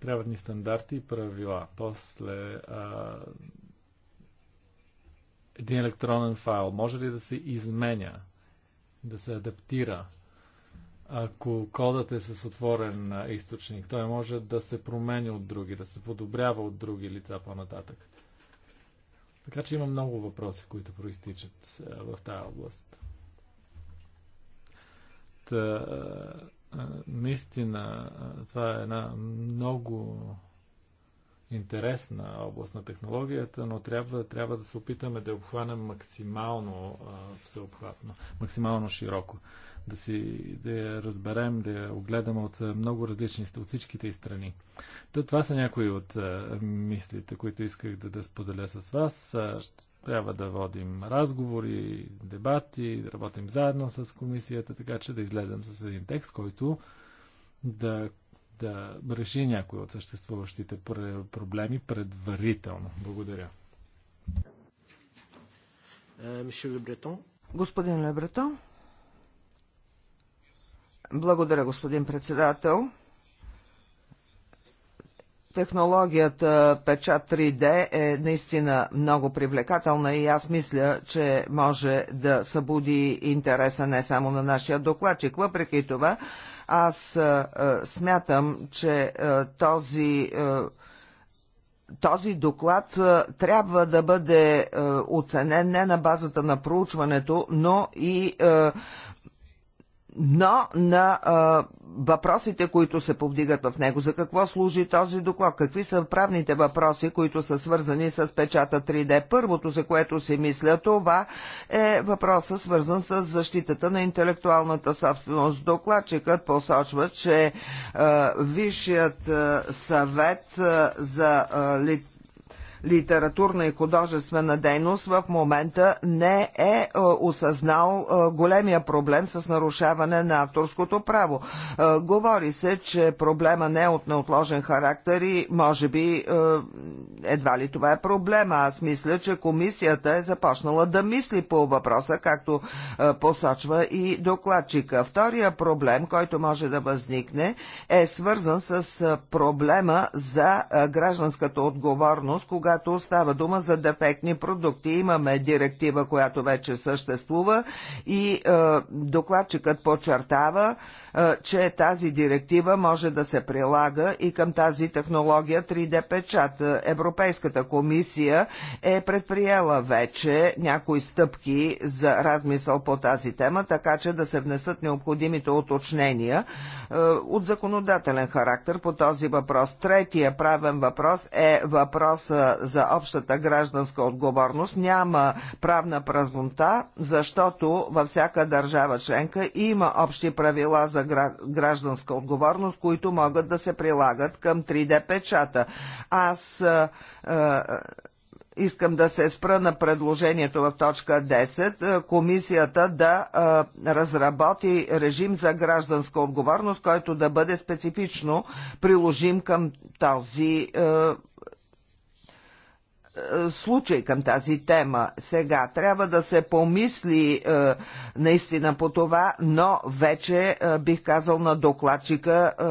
Трябват ни стандарти и правила. После а, един електронен файл може ли да се изменя, да се адаптира ако кодът е с отворен източник, той може да се променя от други, да се подобрява от други лица по-нататък. Така че има много въпроси, които проистичат в тази област. Та, наистина, това е една много интересна област на технологията, но трябва, трябва да се опитаме да обхванем максимално а, всеобхватно, максимално широко. Да, си, да я разберем, да я огледаме от много различни, от всичките и страни. Та, това са някои от а, мислите, които исках да, да споделя с вас. А, трябва да водим разговори, дебати, да работим заедно с комисията, така че да излезем с един текст, който да да реши някои от съществуващите проблеми предварително. Благодаря. Е, господин Лебретон. Благодаря, господин председател. Технологията печат 3D е наистина много привлекателна и аз мисля, че може да събуди интереса не само на нашия докладчик. Въпреки това, аз а, е, а, е, смятам, че а, е, този този доклад трябва да бъде оценен не на базата на проучването, но и но на а, въпросите, които се повдигат в него. За какво служи този доклад? Какви са правните въпроси, които са свързани с печата 3D? Първото, за което се мисля, това е въпроса свързан с защитата на интелектуалната собственост. Докладчикът посочва, че а, Висшият а, съвет а, за а, лит литературна и художествена дейност в момента не е, е осъзнал е, големия проблем с нарушаване на авторското право. Е, говори се, че проблема не е от неотложен характер и може би едва ли това е проблема. Аз мисля, че комисията е започнала да мисли по въпроса, както посочва и докладчика. Втория проблем, който може да възникне, е свързан с проблема за гражданската отговорност, когато когато става дума за дефектни продукти. Имаме директива, която вече съществува и е, докладчикът подчертава, е, че тази директива може да се прилага и към тази технология 3D печат. Европейската комисия е предприела вече някои стъпки за размисъл по тази тема, така че да се внесат необходимите уточнения е, от законодателен характер по този въпрос. Третия правен въпрос е въпроса за общата гражданска отговорност няма правна празнота, защото във всяка държава членка има общи правила за гражданска отговорност, които могат да се прилагат към 3D печата. Аз е, искам да се спра на предложението в точка 10, комисията да а, разработи режим за гражданска отговорност, който да бъде специфично приложим към този а, е, случай към тази тема. Сега трябва да се помисли е, наистина по това, но вече е, бих казал на докладчика е,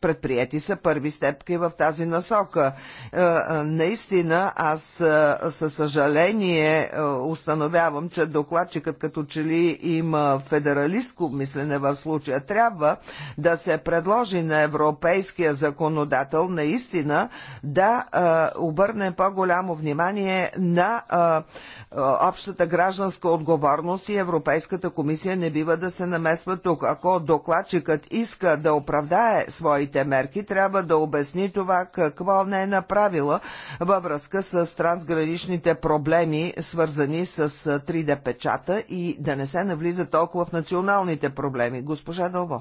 Предприяти са първи степки в тази насока. Е, е, наистина, аз е, със съжаление установявам, че докладчикът като че ли има федералистко мислене в случая. Трябва да се предложи на европейския законодател наистина да обърне по-голямо внимание на общата гражданска отговорност и Европейската комисия не бива да се намесва тук. Ако докладчикът иска да оправдае своите предприетите мерки, трябва да обясни това какво не е направила във връзка с трансграничните проблеми, свързани с 3D печата и да не се навлиза толкова в националните проблеми. Госпожа Дълбо.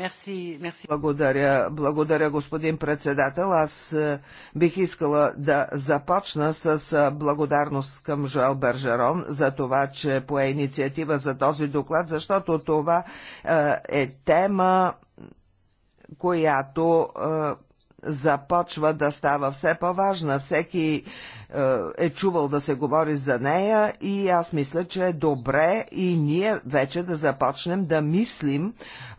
Мерси, мерси. Благодаря, благодаря, господин председател. Аз е, бих искала да започна с е, благодарност към Жоел Бержерон за това, че пое инициатива за този доклад, защото това е, е тема, която започва да става все по-важна. Всеки е чувал да се говори за нея и аз мисля, че е добре и ние вече да започнем да мислим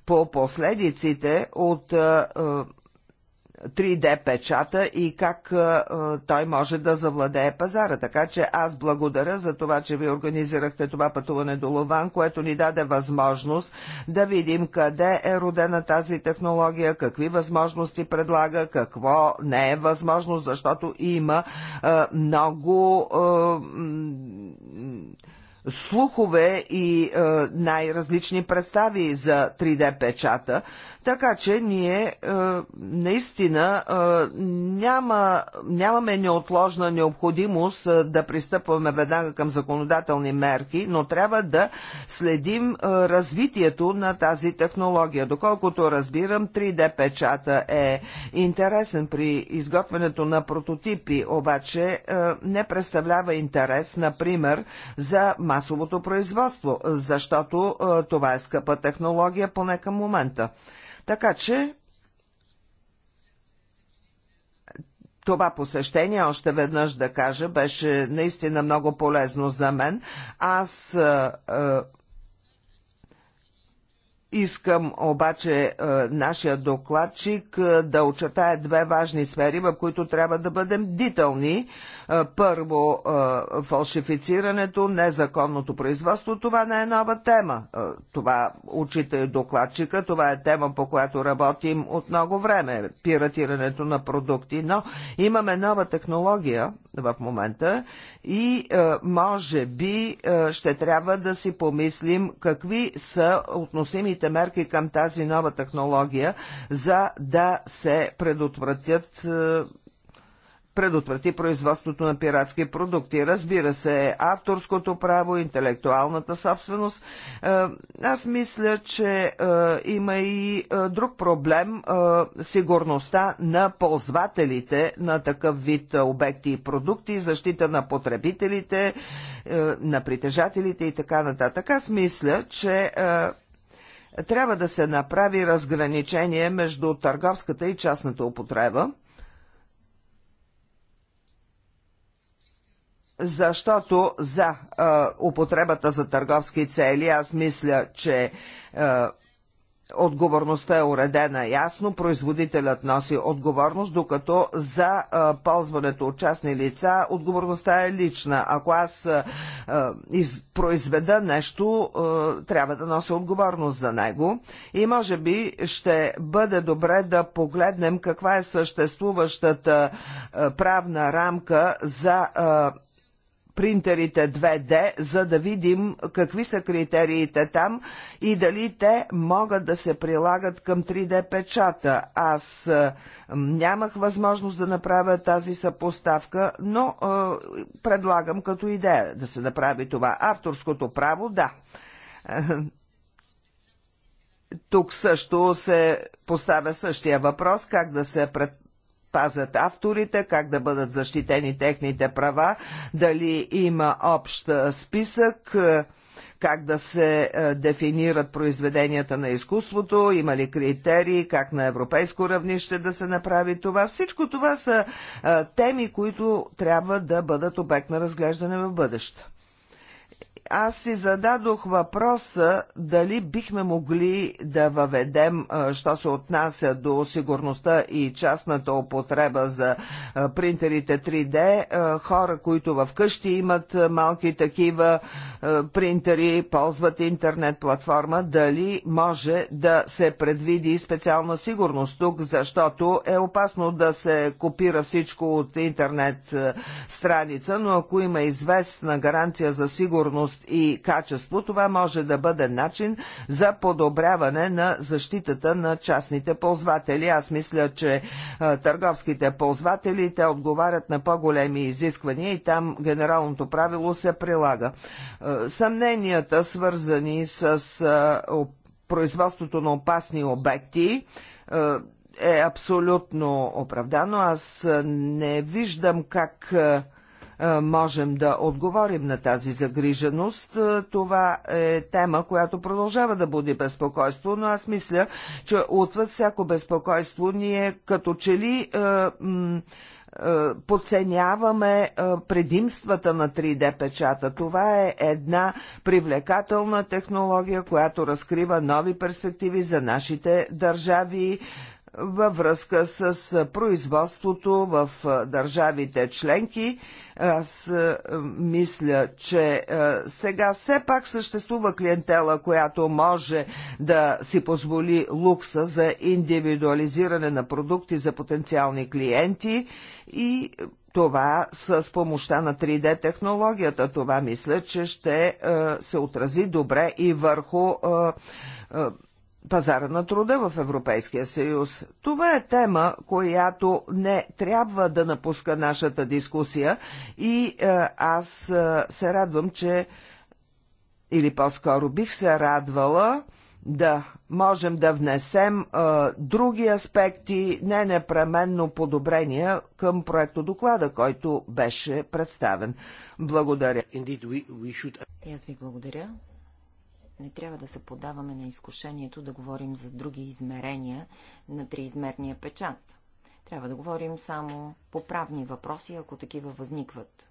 по последиците от 3D печата и как той може да завладее пазара. Така че аз благодаря за това, че ви организирахте това пътуване до Лован, което ни даде възможност да видим къде е родена тази технология, какви възможности предлага, какво не е възможно, защото има много слухове и е, най-различни представи за 3D печата, така че ние е, наистина е, няма, нямаме неотложна необходимост е, да пристъпваме веднага към законодателни мерки, но трябва да следим е, развитието на тази технология. Доколкото разбирам, 3D печата е интересен при изготвянето на прототипи, обаче е, не представлява интерес, например, за масовото производство, защото е, това е скъпа технология поне към момента. Така че това посещение, още веднъж да кажа, беше наистина много полезно за мен. Аз е, е, Искам обаче е, нашия докладчик е, да очертая две важни сфери, в които трябва да бъдем дителни. Е, първо, фалшифицирането, незаконното производство, това не е нова тема. Това учите докладчика, това е тема, по която работим от много време, пиратирането на продукти, но имаме нова технология в момента и може би ще трябва да си помислим какви са относимите мерки към тази нова технология, за да се предотвратят предотврати производството на пиратски продукти. Разбира се, авторското право, интелектуалната собственост. Е, аз мисля, че е, има и е, друг проблем сигурността на ползвателите на такъв вид обекти и продукти, защита на потребителите, на притежателите и така нататък. Аз мисля, че трябва да се направи разграничение между търговската и частната употреба. защото за а, употребата за търговски цели аз мисля, че а, отговорността е уредена ясно, производителят носи отговорност, докато за а, ползването от частни лица отговорността е лична. Ако аз а, из, произведа нещо, а, трябва да нося отговорност за него и може би ще бъде добре да погледнем каква е съществуващата а, правна рамка за а, принтерите 2D, за да видим какви са критериите там и дали те могат да се прилагат към 3D печата. Аз е, нямах възможност да направя тази съпоставка, но е, предлагам като идея да се направи това. Авторското право, да. Е, тук също се поставя същия въпрос, как да се пред пазят авторите, как да бъдат защитени техните права, дали има общ списък, как да се дефинират произведенията на изкуството, има ли критерии, как на европейско равнище да се направи това. Всичко това са теми, които трябва да бъдат обект на разглеждане в бъдеще аз си зададох въпроса дали бихме могли да въведем, що се отнася до сигурността и частната употреба за принтерите 3D, хора, които вкъщи къщи имат малки такива принтери, ползват интернет платформа, дали може да се предвиди специална сигурност тук, защото е опасно да се копира всичко от интернет страница, но ако има известна гаранция за сигурност, и качество, това може да бъде начин за подобряване на защитата на частните ползватели. Аз мисля, че а, е, търговските ползватели, те отговарят на по-големи изисквания и там генералното правило се прилага. А, е, съмненията, свързани с а, е, производството на опасни обекти, е абсолютно оправдано. Аз не виждам как е, можем да отговорим на тази загриженост. Е, това е тема, която продължава да буди безпокойство, но аз мисля, че отвъд всяко безпокойство ние като че ли е, подценяваме предимствата на 3D печата. Това е една привлекателна технология, която разкрива нови перспективи за нашите държави, във връзка с производството в държавите членки. Аз мисля, че сега все пак съществува клиентела, която може да си позволи лукса за индивидуализиране на продукти за потенциални клиенти и това с помощта на 3D технологията. Това мисля, че ще се отрази добре и върху пазара на труда в Европейския съюз. Това е тема, която не трябва да напуска нашата дискусия и е, аз е, се радвам, че или по-скоро бих се радвала да можем да внесем е, други аспекти, не непременно подобрения към проекто доклада, който беше представен. Благодаря. Indeed, we, we should... Аз ви благодаря. Не трябва да се подаваме на изкушението да говорим за други измерения на триизмерния печат. Трябва да говорим само по правни въпроси, ако такива възникват.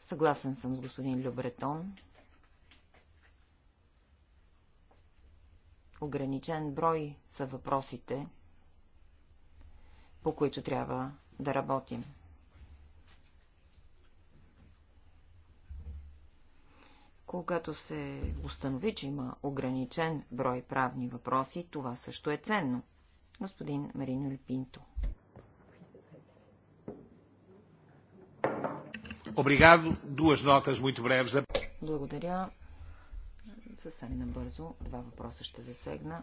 Съгласен съм с господин Любретон. Ограничен брой са въпросите, по които трябва да работим. Когато се установи, че има ограничен брой правни въпроси, това също е ценно. Господин Марино Липинто. Благодаря. Съвсем набързо. Два въпроса ще засегна.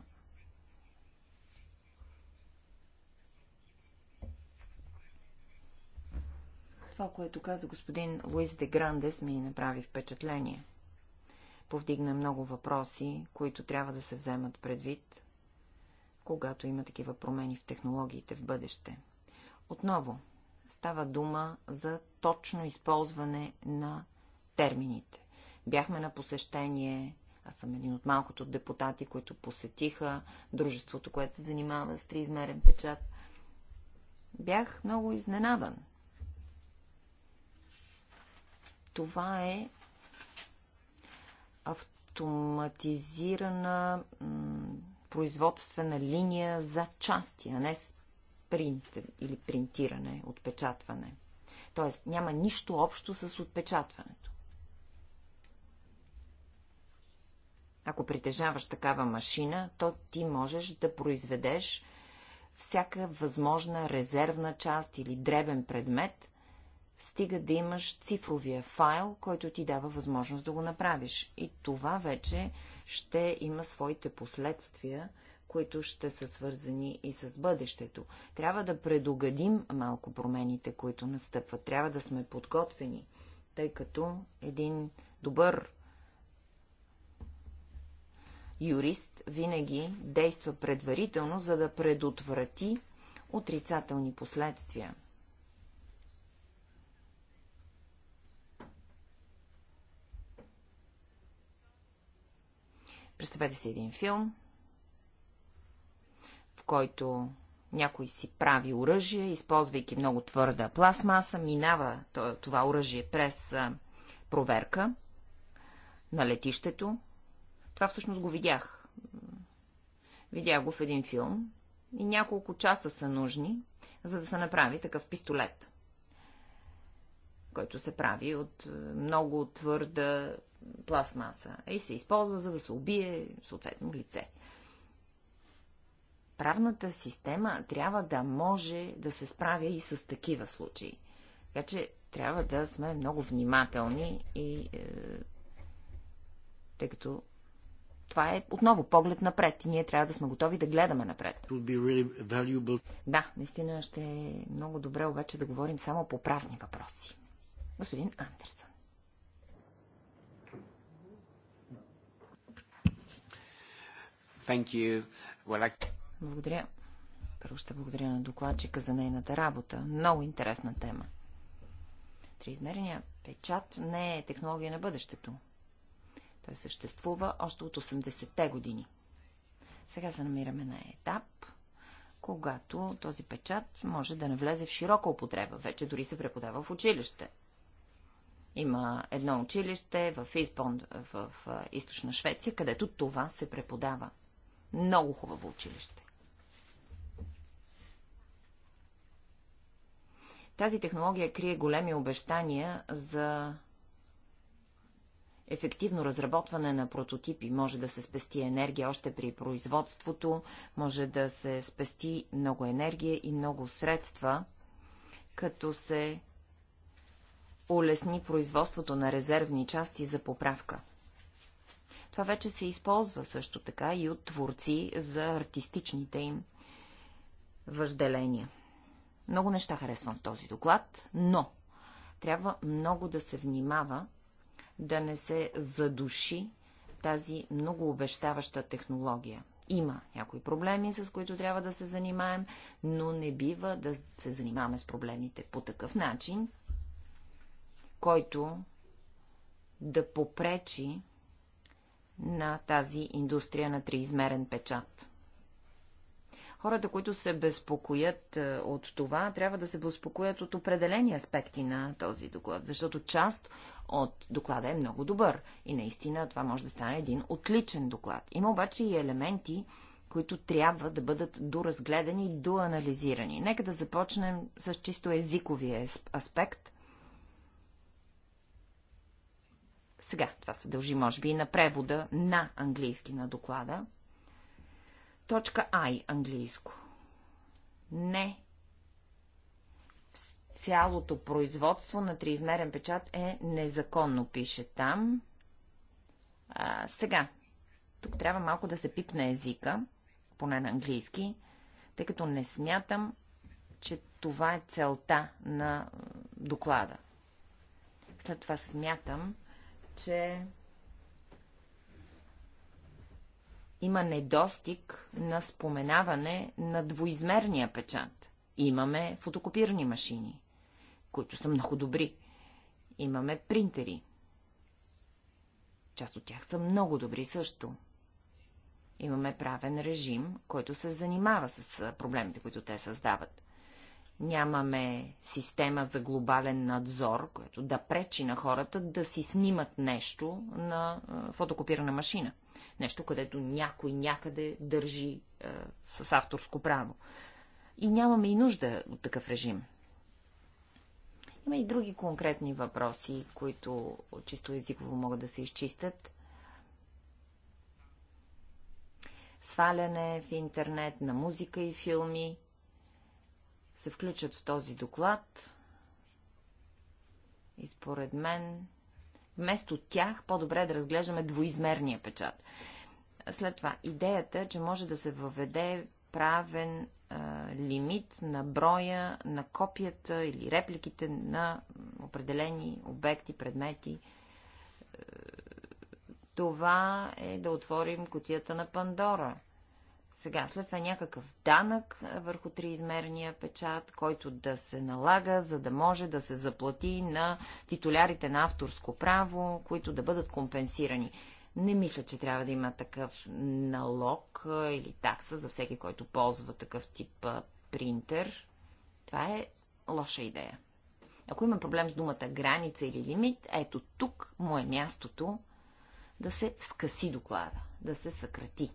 Това, което каза господин Луис де Грандес, ми направи впечатление – повдигна много въпроси, които трябва да се вземат предвид, когато има такива промени в технологиите в бъдеще. Отново, става дума за точно използване на термините. Бяхме на посещение, аз съм един от малкото депутати, които посетиха дружеството, което се занимава с триизмерен печат. Бях много изненадан. Това е автоматизирана производствена линия за части, а не с принт или принтиране, отпечатване. Тоест няма нищо общо с отпечатването. Ако притежаваш такава машина, то ти можеш да произведеш всяка възможна резервна част или дребен предмет стига да имаш цифровия файл, който ти дава възможност да го направиш. И това вече ще има своите последствия, които ще са свързани и с бъдещето. Трябва да предугадим малко промените, които настъпват. Трябва да сме подготвени, тъй като един добър юрист винаги действа предварително, за да предотврати отрицателни последствия. Представете си един филм, в който някой си прави оръжие, използвайки много твърда пластмаса, минава това оръжие през проверка на летището. Това всъщност го видях. Видях го в един филм и няколко часа са нужни, за да се направи такъв пистолет, който се прави от много твърда пластмаса и се използва за да се убие съответно лице. Правната система трябва да може да се справя и с такива случаи. Така че трябва да сме много внимателни и е, тъй като това е отново поглед напред и ние трябва да сме готови да гледаме напред. Really да, наистина ще е много добре обаче да говорим само по правни въпроси. Господин Андерсън. Well, I... Благодаря. Първо ще благодаря на докладчика за нейната работа. Много интересна тема. Триизмерения печат не е технология на бъдещето. Той съществува още от 80-те години. Сега се намираме на етап, когато този печат може да не влезе в широка употреба. Вече дори се преподава в училище. Има едно училище в Испонд, в източна Швеция, където това се преподава много хубаво училище. Тази технология крие големи обещания за ефективно разработване на прототипи. Може да се спести енергия още при производството, може да се спести много енергия и много средства, като се улесни производството на резервни части за поправка. Това вече се използва също така и от творци за артистичните им въжделения. Много неща харесвам в този доклад, но трябва много да се внимава да не се задуши тази много обещаваща технология. Има някои проблеми, с които трябва да се занимаем, но не бива да се занимаваме с проблемите по такъв начин, който да попречи на тази индустрия на триизмерен печат. Хората, които се безпокоят е, от това, трябва да се безпокоят от определени аспекти на този доклад, защото част от доклада е много добър и наистина това може да стане един отличен доклад. Има обаче и елементи, които трябва да бъдат доразгледани и доанализирани. Нека да започнем с чисто езиковия аспект, Сега, това се дължи, може би, и на превода на английски на доклада. Точка I, английско. Не. Цялото производство на триизмерен печат е незаконно, пише там. А, сега, тук трябва малко да се пипне езика, поне на английски, тъй като не смятам, че това е целта на доклада. След това смятам, че има недостиг на споменаване на двоизмерния печат. Имаме фотокопирни машини, които са много добри. Имаме принтери. Част от тях са много добри също. Имаме правен режим, който се занимава с проблемите, които те създават. Нямаме система за глобален надзор, което да пречи на хората да си снимат нещо на фотокопирана машина. Нещо, където някой някъде държи е, с авторско право. И нямаме и нужда от такъв режим. Има и други конкретни въпроси, които чисто езиково могат да се изчистят. Сваляне в интернет на музика и филми се включат в този доклад и според мен вместо тях по-добре е да разглеждаме двоизмерния печат. След това идеята, че може да се въведе правен а, лимит на броя на копията или репликите на определени обекти, предмети. Това е да отворим котията на Пандора. Сега, след това някакъв данък върху триизмерния печат, който да се налага, за да може да се заплати на титулярите на авторско право, които да бъдат компенсирани. Не мисля, че трябва да има такъв налог или такса за всеки, който ползва такъв тип принтер. Това е лоша идея. Ако има проблем с думата граница или лимит, ето тук му е мястото да се скъси доклада, да се съкрати.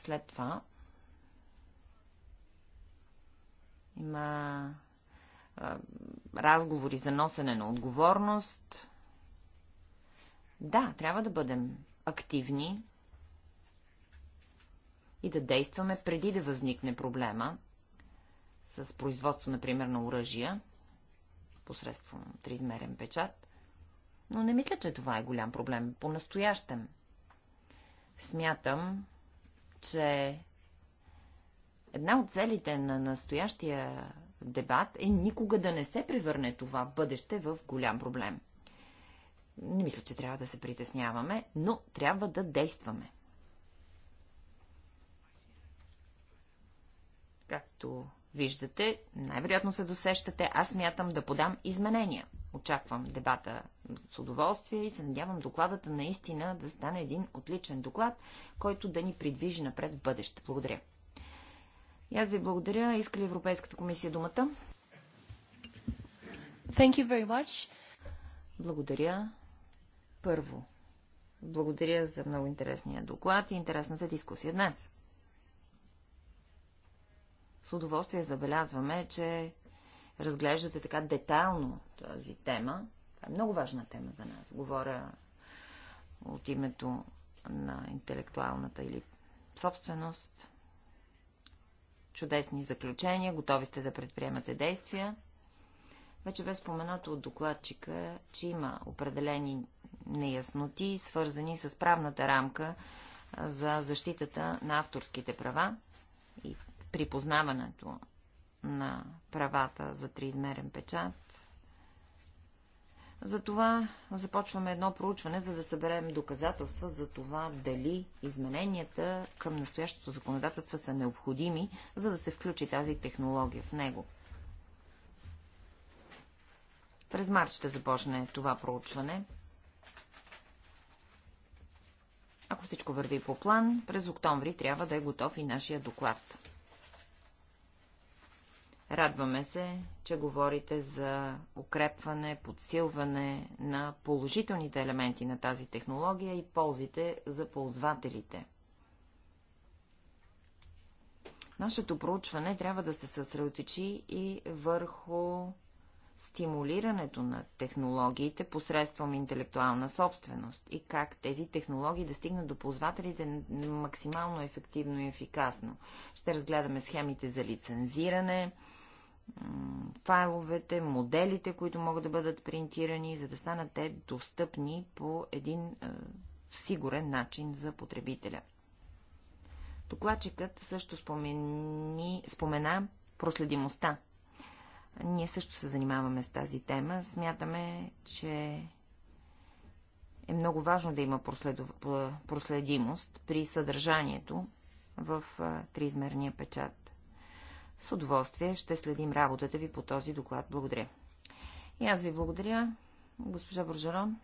След това има а, разговори за носене на отговорност. Да, трябва да бъдем активни и да действаме преди да възникне проблема с производство, например, на оръжия посредством триизмерен печат. Но не мисля, че това е голям проблем по-настоящем. Смятам, че една от целите на настоящия дебат е никога да не се превърне това бъдеще в голям проблем. Не мисля, че трябва да се притесняваме, но трябва да действаме. Както виждате, най-вероятно се досещате, аз мятам да подам изменения – Очаквам дебата с удоволствие и се надявам докладата наистина да стане един отличен доклад, който да ни придвижи напред в бъдеще. Благодаря. И аз ви благодаря. Иска ли Европейската комисия думата? Thank you very much. Благодаря. Първо, благодаря за много интересния доклад и интересната дискусия днес. С удоволствие забелязваме, че разглеждате така детайлно тази тема. Това е много важна тема за нас. Говоря от името на интелектуалната или собственост. Чудесни заключения. Готови сте да предприемате действия. Вече бе споменато от докладчика, че има определени неясноти, свързани с правната рамка за защитата на авторските права и припознаването на правата за триизмерен печат. Затова започваме едно проучване, за да съберем доказателства за това дали измененията към настоящото законодателство са необходими, за да се включи тази технология в него. През март ще започне това проучване. Ако всичко върви по план, през октомври трябва да е готов и нашия доклад. Радваме се, че говорите за укрепване, подсилване на положителните елементи на тази технология и ползите за ползвателите. Нашето проучване трябва да се съсредоточи и върху стимулирането на технологиите посредством интелектуална собственост и как тези технологии да стигнат до ползвателите максимално ефективно и ефикасно. Ще разгледаме схемите за лицензиране, файловете, моделите, които могат да бъдат принтирани, за да станат те достъпни по един е, сигурен начин за потребителя. Докладчикът също спомени, спомена проследимостта. Ние също се занимаваме с тази тема. Смятаме, че е много важно да има проследимост при съдържанието в е, триизмерния печат. С удоволствие ще следим работата ви по този доклад. Благодаря. И аз ви благодаря. Госпожа Боржарон.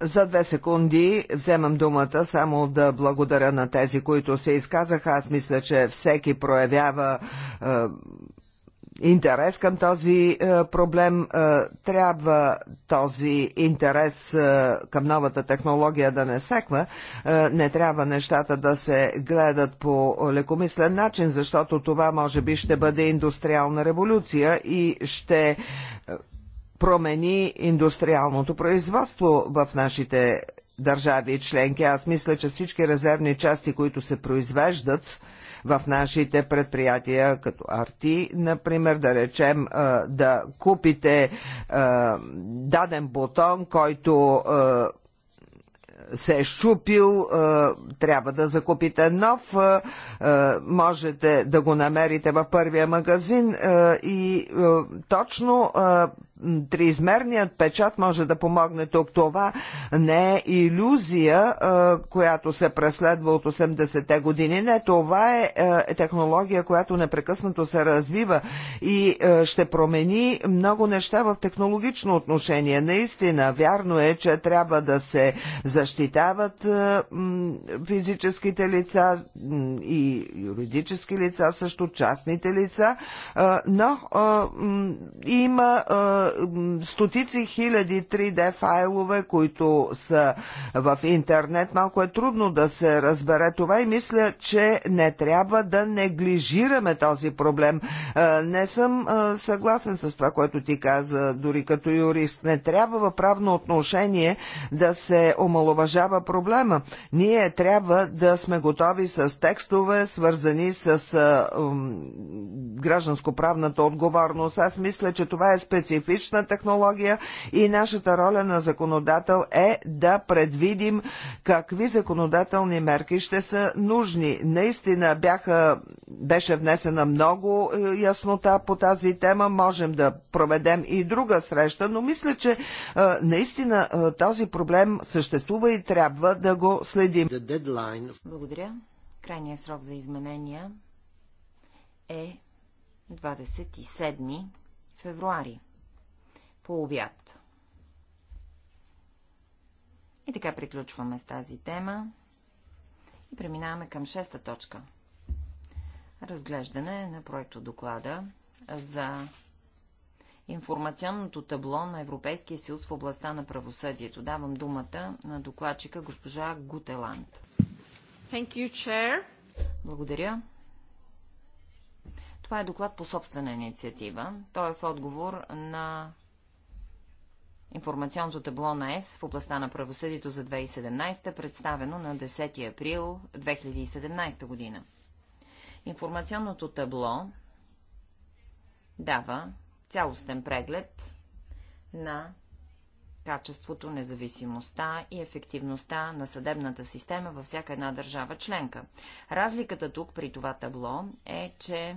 За две секунди вземам думата само да благодаря на тези, които се изказаха. Аз мисля, че всеки проявява е, интерес към този е, проблем. Е, трябва този интерес е, към новата технология да не секва. Не трябва нещата да се гледат по лекомислен начин, защото това може би ще бъде индустриална революция и ще промени индустриалното производство в нашите държави и членки. Аз мисля, че всички резервни части, които се произвеждат, в нашите предприятия, като арти, например, да речем да купите даден бутон, който се е щупил, трябва да закупите нов, можете да го намерите в първия магазин и точно триизмерният печат може да помогне тук. Това не е иллюзия, която се преследва от 80-те години. Не, това е, е технология, която непрекъснато се развива и ще промени много неща в технологично отношение. Наистина, вярно е, че трябва да се защитават физическите лица и юридически лица, също частните лица, но има стотици хиляди 3D файлове, които са в интернет. Малко е трудно да се разбере това и мисля, че не трябва да неглижираме този проблем. Е, не съм е, съгласен с това, което ти каза, дори като юрист. Не трябва в правно отношение да се омалуважава проблема. Ние трябва да сме готови с текстове, свързани с е, гражданско-правната отговорност. Аз мисля, че това е специфично биологична технология и нашата роля на законодател е да предвидим какви законодателни мерки ще са нужни. Наистина бяха, беше внесена много е, яснота по тази тема. Можем да проведем и друга среща, но мисля, че е, наистина е, този проблем съществува и трябва да го следим. Благодаря. Крайният срок за изменения е 27 февруари по обяд. И така приключваме с тази тема и преминаваме към шеста точка. Разглеждане на проекто доклада за информационното табло на Европейския съюз в областта на правосъдието. Давам думата на докладчика госпожа Гутеланд. Thank you, chair. Благодаря. Това е доклад по собствена инициатива. Той е в отговор на информационното табло на ЕС в областта на правосъдието за 2017, представено на 10 април 2017 година. Информационното табло дава цялостен преглед на качеството, независимостта и ефективността на съдебната система във всяка една държава членка. Разликата тук при това табло е, че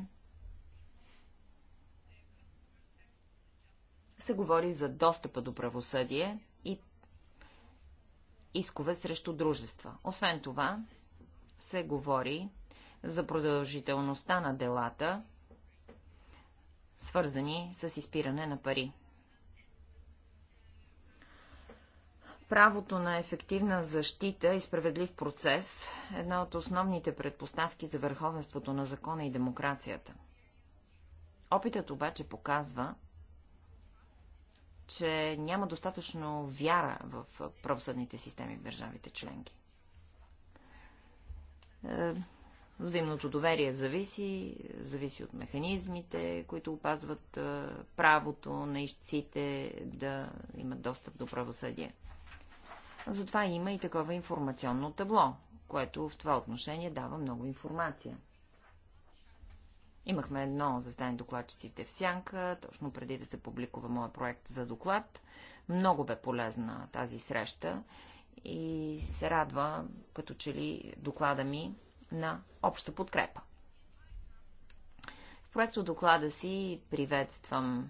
се говори за достъпа до правосъдие и искове срещу дружества. Освен това, се говори за продължителността на делата, свързани с изпиране на пари. Правото на ефективна защита и справедлив процес е една от основните предпоставки за върховенството на закона и демокрацията. Опитът обаче показва, че няма достатъчно вяра в правосъдните системи в държавите членки. Е, взаимното доверие зависи, зависи от механизмите, които опазват е, правото на ищците да имат достъп до правосъдие. Затова има и такова информационно табло, което в това отношение дава много информация. Имахме едно заседание докладчиците в Сянка, точно преди да се публикува моят проект за доклад. Много бе полезна тази среща и се радва, като че ли доклада ми на обща подкрепа. В проекто доклада си приветствам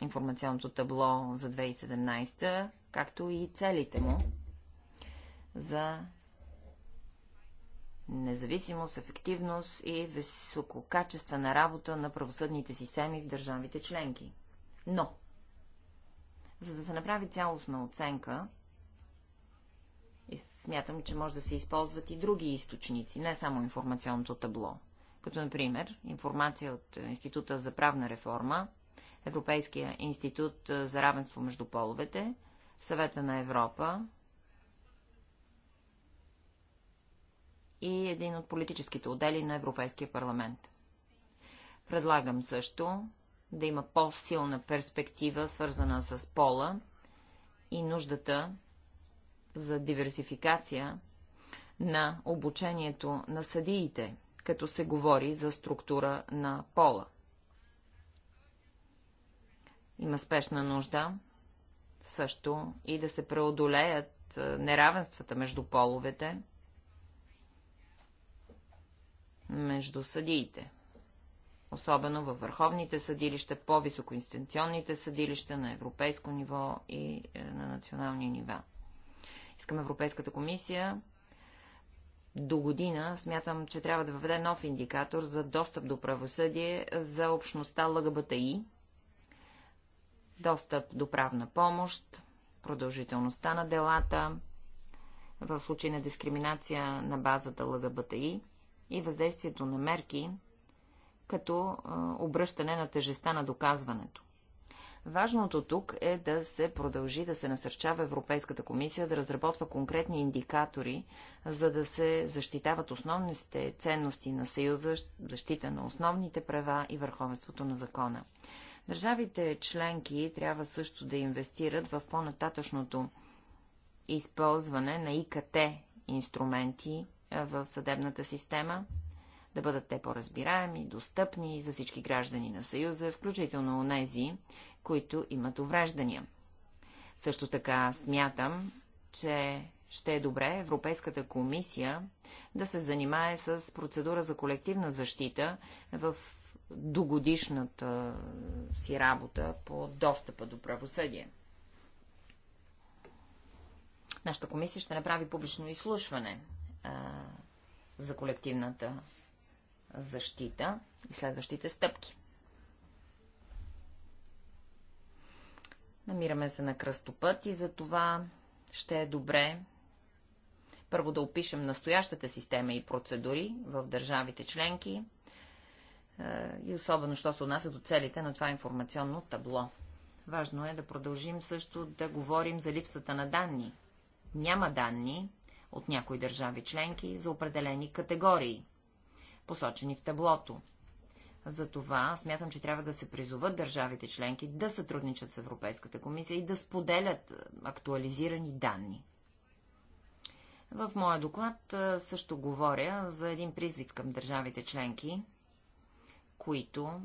информационното табло за 2017, както и целите му за независимост, ефективност и висококачествена работа на правосъдните системи в държавите членки. Но, за да се направи цялостна оценка, и смятам, че може да се използват и други източници, не само информационното табло, като например информация от Института за правна реформа, Европейския институт за равенство между половете, Съвета на Европа, и един от политическите отдели на Европейския парламент. Предлагам също да има по-силна перспектива, свързана с пола и нуждата за диверсификация на обучението на съдиите, като се говори за структура на пола. Има спешна нужда също и да се преодолеят е, неравенствата между половете – между съдиите. Особено във върховните съдилища, по-високоинстанционните съдилища на европейско ниво и е, на национални нива. Искам Европейската комисия до година смятам, че трябва да въведе нов индикатор за достъп до правосъдие за общността ЛГБТИ, достъп до правна помощ, продължителността на делата, в случай на дискриминация на базата ЛГБТИ и въздействието на мерки като обръщане на тежеста на доказването. Важното тук е да се продължи да се насърчава Европейската комисия да разработва конкретни индикатори, за да се защитават основните ценности на Съюза, защита на основните права и върховенството на закона. Държавите членки трябва също да инвестират в по-нататъчното използване на ИКТ инструменти в съдебната система, да бъдат те по-разбираеми, достъпни за всички граждани на Съюза, включително онези, които имат увреждания. Също така смятам, че ще е добре Европейската комисия да се занимае с процедура за колективна защита в догодишната си работа по достъпа до правосъдие. Нашата комисия ще направи публично изслушване за колективната защита и следващите стъпки. Намираме се на кръстопът и за това ще е добре първо да опишем настоящата система и процедури в държавите членки и особено, що се отнася до целите на това информационно табло. Важно е да продължим също да говорим за липсата на данни. Няма данни от някои държави членки за определени категории, посочени в таблото. Затова смятам, че трябва да се призоват държавите членки да сътрудничат с Европейската комисия и да споделят е, актуализирани данни. В моя доклад е, също говоря за един призвик към държавите членки, които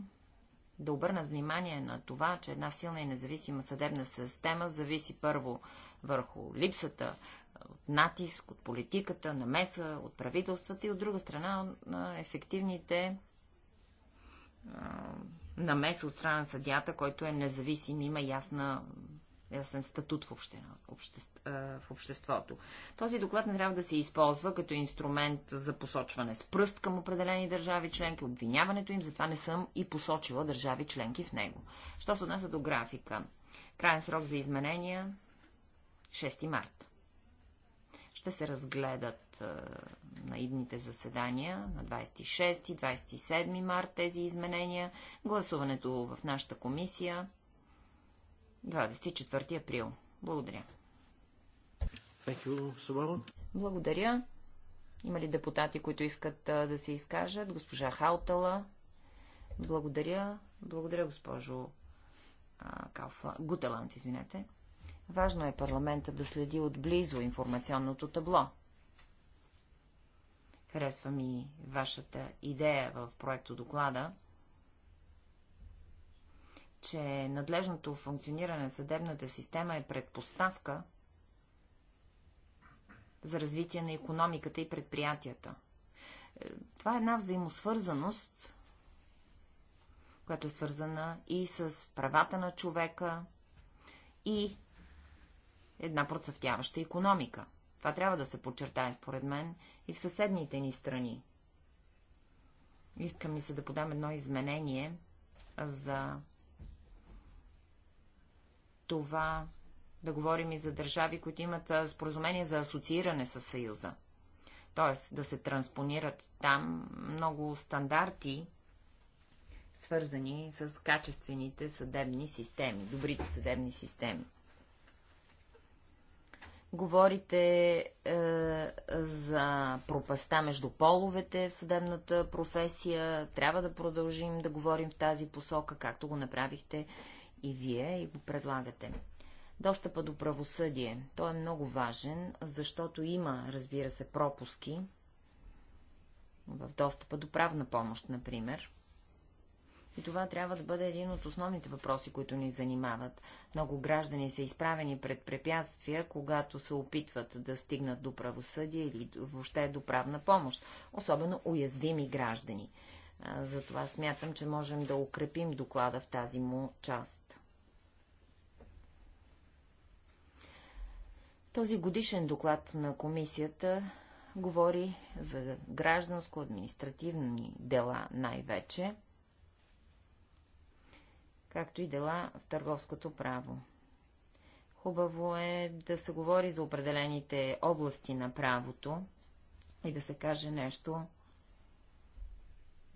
да обърнат внимание на това, че една силна и независима съдебна система зависи първо върху липсата от натиск, от политиката, на меса, от правителствата и от друга страна на ефективните намеса от страна на съдята, който е независим, има ясна, ясен статут в, община, обществ, в обществото. Този доклад не трябва да се използва като инструмент за посочване с пръст към определени държави членки, обвиняването им, затова не съм и посочила държави членки в него. Що се отнася до графика? Крайен срок за изменения 6 марта ще се разгледат е, на идните заседания на 26 27 март тези изменения. Гласуването в нашата комисия 24 април. Благодаря. Благодаря. Има ли депутати, които искат е, да се изкажат? Госпожа Хаутала. Благодаря. Благодаря, госпожо Кауфла... Гутеланд, извинете. Важно е парламента да следи отблизо информационното табло. Харесва ми вашата идея в проекто доклада, че надлежното функциониране на съдебната система е предпоставка за развитие на економиката и предприятията. Е, това е една взаимосвързаност, която е свързана и с правата на човека, и една процъфтяваща економика. Това трябва да се подчертае, според мен, и в съседните ни страни. Искам ми се да подам едно изменение за това да говорим и за държави, които имат споразумение за асоцииране с Съюза. Тоест да се транспонират там много стандарти, свързани с качествените съдебни системи, добрите съдебни системи. Говорите е, за пропаста между половете в съдебната професия. Трябва да продължим да говорим в тази посока, както го направихте и вие и го предлагате. Достъпа до правосъдие. Той е много важен, защото има, разбира се, пропуски в достъпа до правна помощ, например. И това трябва да бъде един от основните въпроси, които ни занимават. Много граждани са изправени пред препятствия, когато се опитват да стигнат до правосъдие или въобще до правна помощ, особено уязвими граждани. Затова смятам, че можем да укрепим доклада в тази му част. Този годишен доклад на комисията говори за гражданско-административни дела най-вече – както и дела в търговското право. Хубаво е да се говори за определените области на правото и да се каже нещо,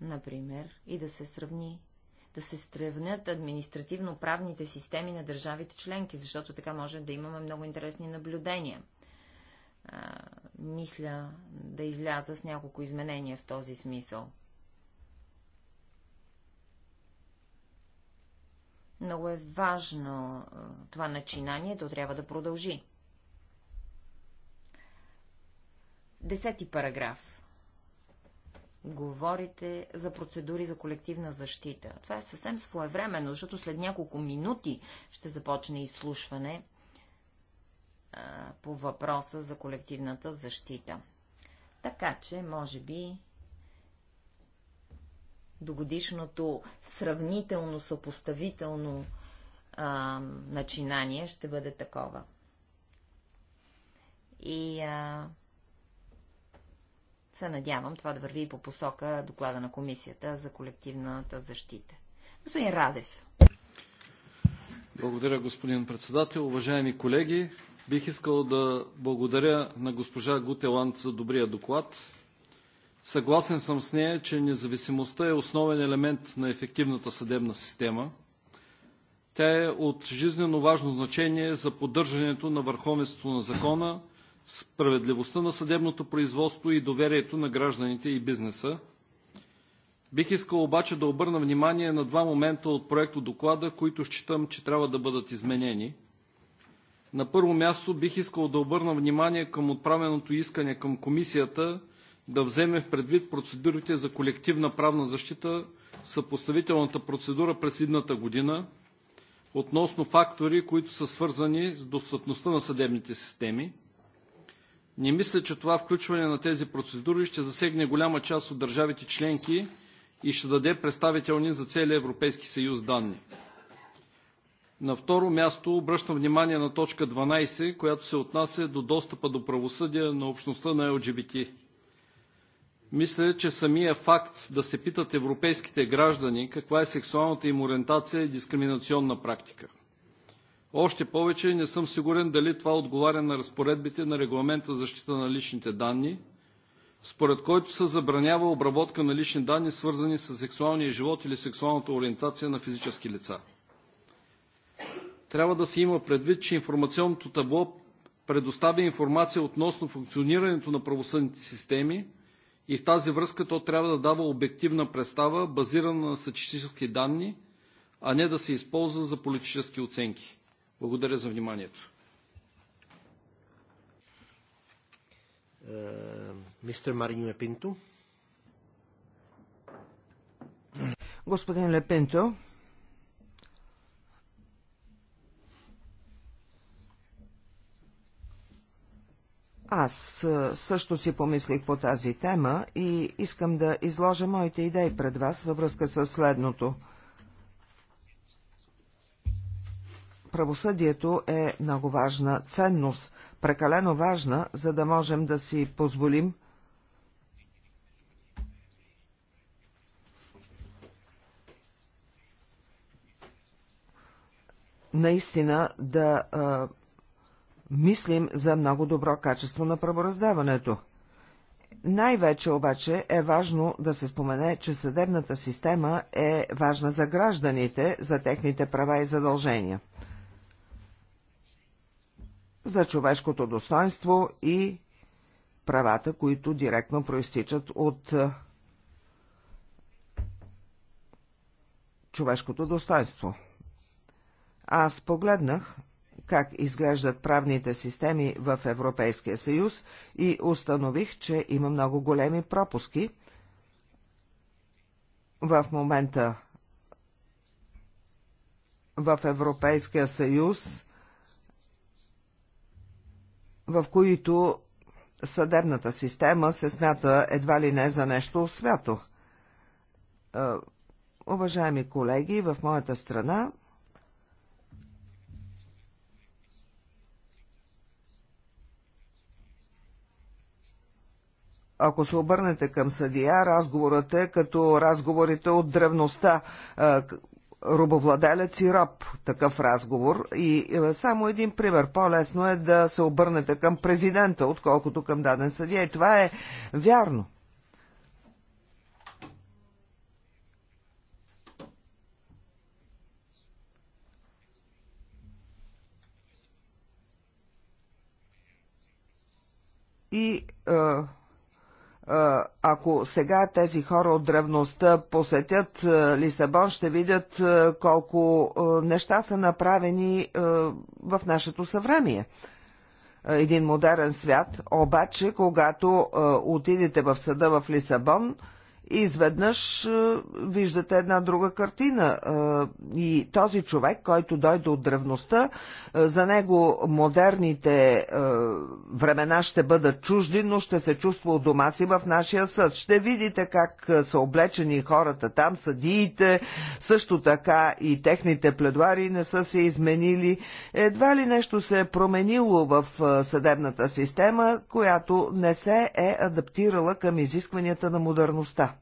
например, и да се сравни да се сравнят административно-правните системи на държавите членки, защото така може да имаме много интересни наблюдения. А, мисля да изляза с няколко изменения в този смисъл. Много е важно това начинание, то трябва да продължи. Десети параграф. Говорите за процедури за колективна защита. Това е съвсем своевременно, защото след няколко минути ще започне изслушване а, по въпроса за колективната защита. Така че, може би, догодишното сравнително съпоставително а, начинание ще бъде такова. И а, се надявам това да върви и по посока доклада на комисията за колективната защита. Господин Радев. Благодаря, господин председател. Уважаеми колеги, бих искал да благодаря на госпожа Гутеланд за добрия доклад Съгласен съм с нея, че независимостта е основен елемент на ефективната съдебна система. Тя е от жизнено важно значение за поддържането на върховенството на закона, справедливостта на съдебното производство и доверието на гражданите и бизнеса. Бих искал обаче да обърна внимание на два момента от проекто доклада, които считам, че трябва да бъдат изменени. На първо място бих искал да обърна внимание към отправеното искане към комисията – да вземе предвид процедурите за колективна правна защита в съпоставителната процедура през идната година относно фактори, които са свързани с достъпността на съдебните системи. Не мисля, че това включване на тези процедури ще засегне голяма част от държавите членки и ще даде представителни за целия Европейски съюз данни. На второ място обръщам внимание на точка 12, която се отнася до достъпа до правосъдие на общността на ЛГБТ. Мисля, че самия факт да се питат европейските граждани каква е сексуалната им ориентация е дискриминационна практика. Още повече не съм сигурен дали това отговаря на разпоредбите на регламента за защита на личните данни, според който се забранява обработка на лични данни, свързани с сексуалния живот или сексуалната ориентация на физически лица. Трябва да се има предвид, че информационното табло предоставя информация относно функционирането на правосъдните системи и в тази връзка то трябва да дава обективна представа, базирана на статистически данни, а не да се използва за политически оценки. Благодаря за вниманието. Е, мистер Мариньо Епинто. Господин Лепинто, Аз също си помислих по тази тема и искам да изложа моите идеи пред вас във връзка с следното. Правосъдието е много важна ценност, прекалено важна, за да можем да си позволим наистина да а, мислим за много добро качество на правораздаването. Най-вече обаче е важно да се спомене, че съдебната система е важна за гражданите, за техните права и задължения, за човешкото достоинство и правата, които директно проистичат от е, човешкото достоинство. Аз погледнах как изглеждат правните системи в Европейския съюз и установих, че има много големи пропуски. В момента в Европейския съюз, в които съдебната система се смята едва ли не за нещо свято. Е, уважаеми колеги, в моята страна ако се обърнете към съдия, разговорът е като разговорите от древността. Е, рубовладелец и роб такъв разговор. И е, само един пример. По-лесно е да се обърнете към президента, отколкото към даден съдия. И това е вярно. И Uh ако сега тези хора от древността посетят Лисабон, ще видят колко неща са направени в нашето съвремие. Един модерен свят, обаче, когато отидете в съда в Лисабон, изведнъж е, виждате една друга картина. Е, и този човек, който дойде от древността, е, за него модерните времена ще бъдат чужди, но ще се чувства от дома си в нашия съд. Ще видите как са облечени хората там, съдиите, също така и техните пледуари не са се изменили. Едва ли нещо се е променило в съдебната система, която не се е адаптирала към изискванията на модерността.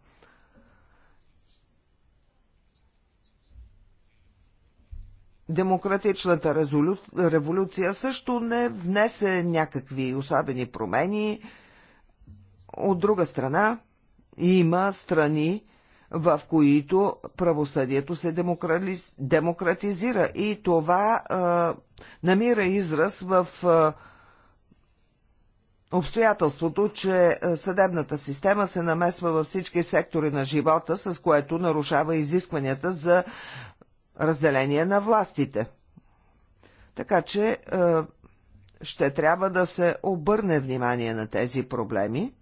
демократичната резолю... революция също не внесе някакви особени промени. От друга страна, има страни, в които правосъдието се демократизира и това а, намира израз в а, обстоятелството, че съдебната система се намесва във всички сектори на живота, с което нарушава изискванията за разделение на властите. Така че е, ще трябва да се обърне внимание на тези проблеми.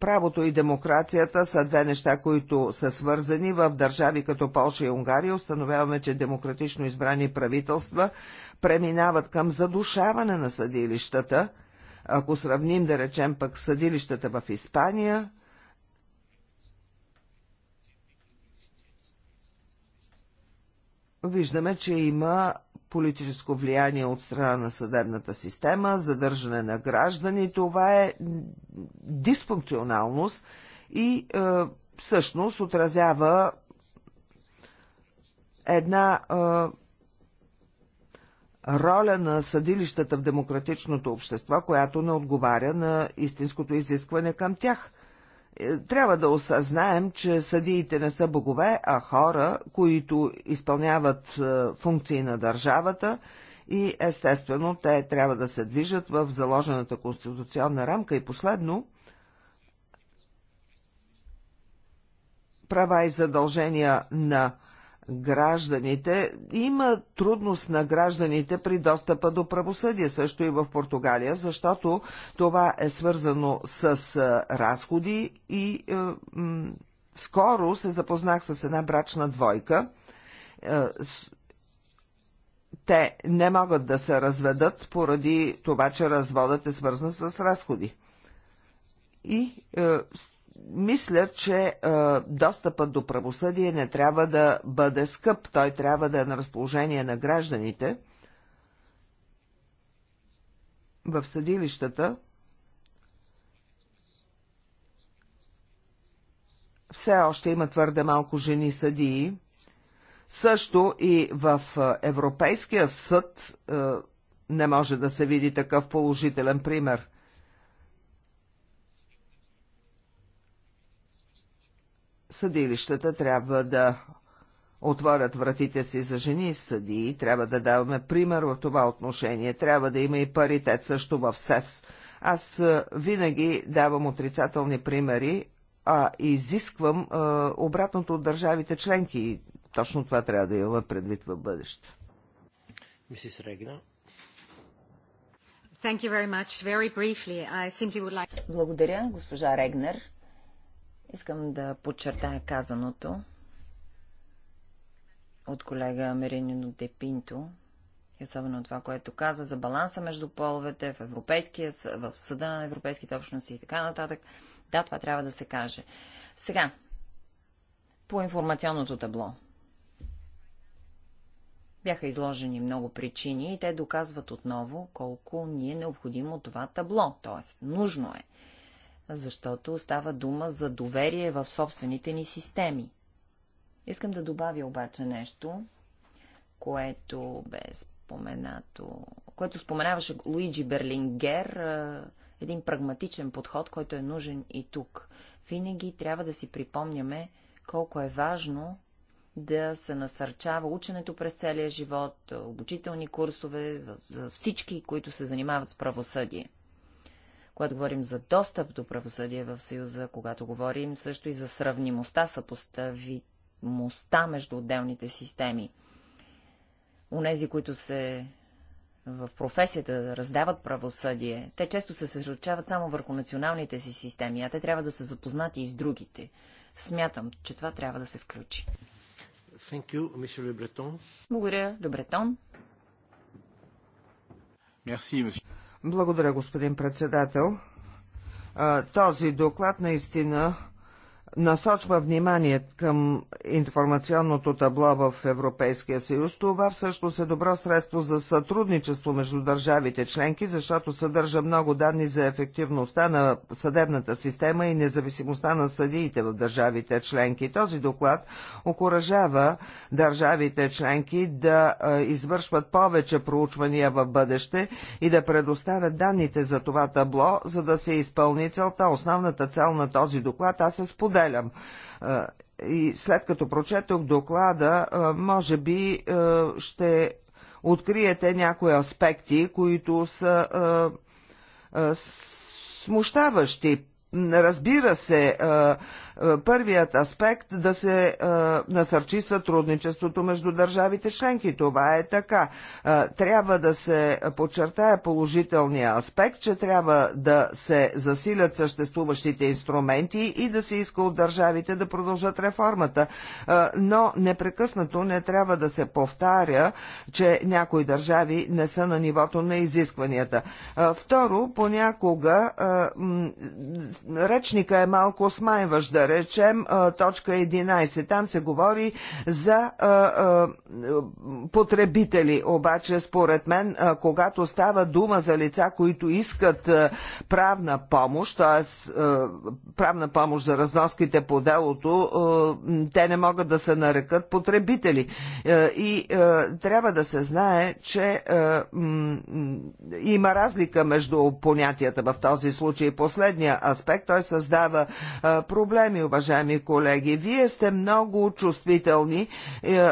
Правото и демокрацията са две неща, които са свързани в държави като Полша и Унгария. Установяваме, че демократично избрани правителства преминават към задушаване на съдилищата. Ако сравним, да речем, пък съдилищата в Испания – виждаме, че има политическо влияние от страна на съдебната система, задържане на граждани. Това е дисфункционалност и е, всъщност отразява една е, роля на съдилищата в демократичното общество, която не отговаря на истинското изискване към тях – е, трябва да осъзнаем, че съдиите не са богове, а хора, които изпълняват е, функции на държавата и естествено те трябва да се движат в заложената конституционна рамка. И последно, права и задължения на гражданите. Има трудност на гражданите при достъпа до правосъдие, също и в Португалия, защото това е свързано с разходи и е, скоро се запознах с една брачна двойка. Е, с... Те не могат да се разведат поради това, че разводът е свързан с разходи. И е, мисля, че е, достъпът до правосъдие не трябва да бъде скъп. Той трябва да е на разположение на гражданите в съдилищата. Все още има твърде малко жени съдии. Също и в Европейския съд е, не може да се види такъв положителен пример – съдилищата трябва да отворят вратите си за жени и съдии, трябва да даваме пример в това отношение, трябва да има и паритет също в СЕС. Аз винаги давам отрицателни примери, а изисквам обратното от държавите членки и точно това трябва да имаме предвид в бъдеще. Мисис Регна. Благодаря, госпожа Регнер. Искам да подчертая казаното от колега Меринино Депинто, и особено това, което каза за баланса между половете в Европейския, в съда на европейските общности и така нататък. Да, това трябва да се каже. Сега, по информационното табло. Бяха изложени много причини и те доказват отново колко ни е необходимо това табло, т.е. нужно е защото става дума за доверие в собствените ни системи. Искам да добавя обаче нещо, което бе споменато, което споменаваше Луиджи Берлингер, един прагматичен подход, който е нужен и тук. Винаги трябва да си припомняме колко е важно да се насърчава ученето през целия живот, обучителни курсове за всички, които се занимават с правосъдие когато говорим за достъп до правосъдие в Съюза, когато говорим също и за сравнимостта, съпоставимостта между отделните системи. Унези, които се в професията да раздават правосъдие, те често се съсредоточават само върху националните си системи, а те трябва да са запознати и с другите. Смятам, че това трябва да се включи. Thank you, Mr. Le Breton. Благодаря, добретон. Merci, monsieur. Благодаря, господин председател. Този доклад наистина насочва внимание към информационното табло в Европейския съюз, това всъщност е добро средство за сътрудничество между държавите членки, защото съдържа много данни за ефективността на съдебната система и независимостта на съдиите в държавите членки. Този доклад окоръжава държавите членки да извършват повече проучвания в бъдеще и да предоставят данните за това табло, за да се изпълни целта. Основната цел на този доклад аз се споделя споделям. И след като прочетох доклада, може би ще откриете някои аспекти, които са смущаващи. Разбира се, е, първият аспект да се е, насърчи сътрудничеството между държавите членки. Това е така. Е, трябва да се подчертая положителния аспект, че трябва да се засилят съществуващите инструменти и да се иска от държавите да продължат реформата. Но непрекъснато не трябва да се повтаря, че някои държави не са на нивото на изискванията. Второ, понякога речника е малко смайващ да речем точка 11. Там се говори за потребители. Обаче, според мен, когато става дума за лица, които искат правна помощ, т.е. правна помощ за разноските по делото, те не могат да се нарекат потребители. И трябва да се знае, че има разлика между понятията в този случай. Последния аспект, той създава проблеми уважаеми, уважаеми колеги. Вие сте много чувствителни е,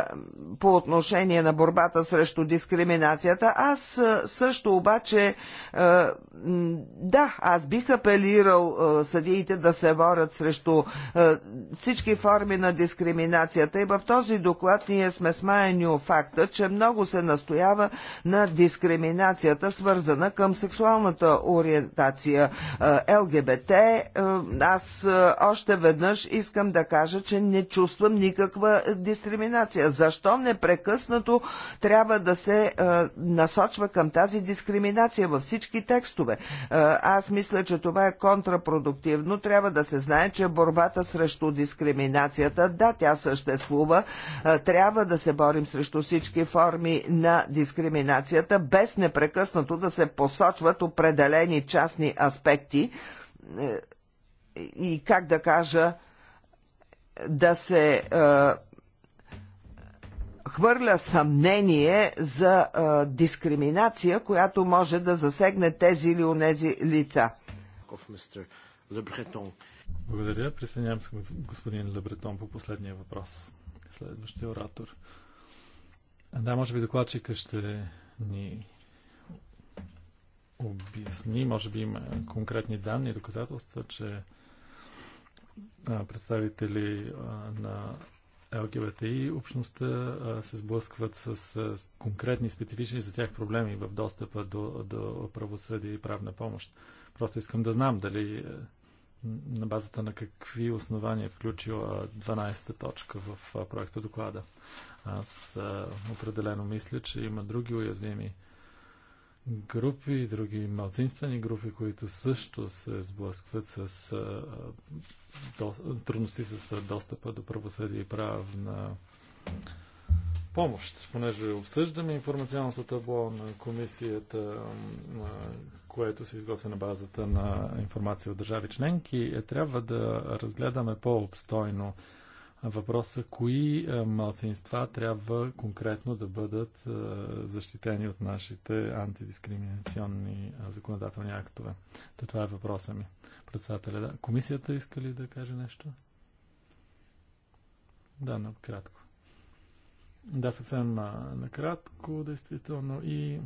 по отношение на борбата срещу дискриминацията. Аз е, също обаче, е, да, аз бих апелирал е, съдиите да се борят срещу е, всички форми на дискриминацията. И в този доклад ние сме смаяни от факта, че много се настоява на дискриминацията, свързана към сексуалната ориентация ЛГБТ. Аз още веднъж веднъж искам да кажа, че не чувствам никаква дискриминация. Защо непрекъснато трябва да се а, е, насочва към тази дискриминация във всички текстове? А, е, аз мисля, че това е контрапродуктивно. Трябва да се знае, че борбата срещу дискриминацията, да, тя съществува. А, е, трябва да се борим срещу всички форми на дискриминацията, без непрекъснато да се посочват определени частни аспекти и как да кажа, да се е, хвърля съмнение за е, дискриминация, която може да засегне тези или онези лица. Благодаря. Присъединявам се господин Лебретон по последния въпрос. Следващия оратор. Да, може би докладчика ще ни обясни, може би има конкретни данни и доказателства, че представители на ЛГБТИ общността се сблъскват с конкретни специфични за тях проблеми в достъпа до, до правосъдие и правна помощ. Просто искам да знам дали на базата на какви основания е включила 12-та точка в проекта доклада. Аз определено мисля, че има други уязвими групи и други малцинствени групи, които също се сблъскват с а, до, трудности с достъпа до правосъдие и правна помощ. Понеже обсъждаме информационното табло на комисията, което се изготвя на базата на информация от държави членки, е, трябва да разгледаме по-обстойно въпроса е, кои е, малцинства трябва конкретно да бъдат е, защитени от нашите антидискриминационни законодателни актове. Та това е въпроса ми. Председателя, да. Комисията иска ли да каже нещо? Да, кратко. Да, съвсем накратко, действително. И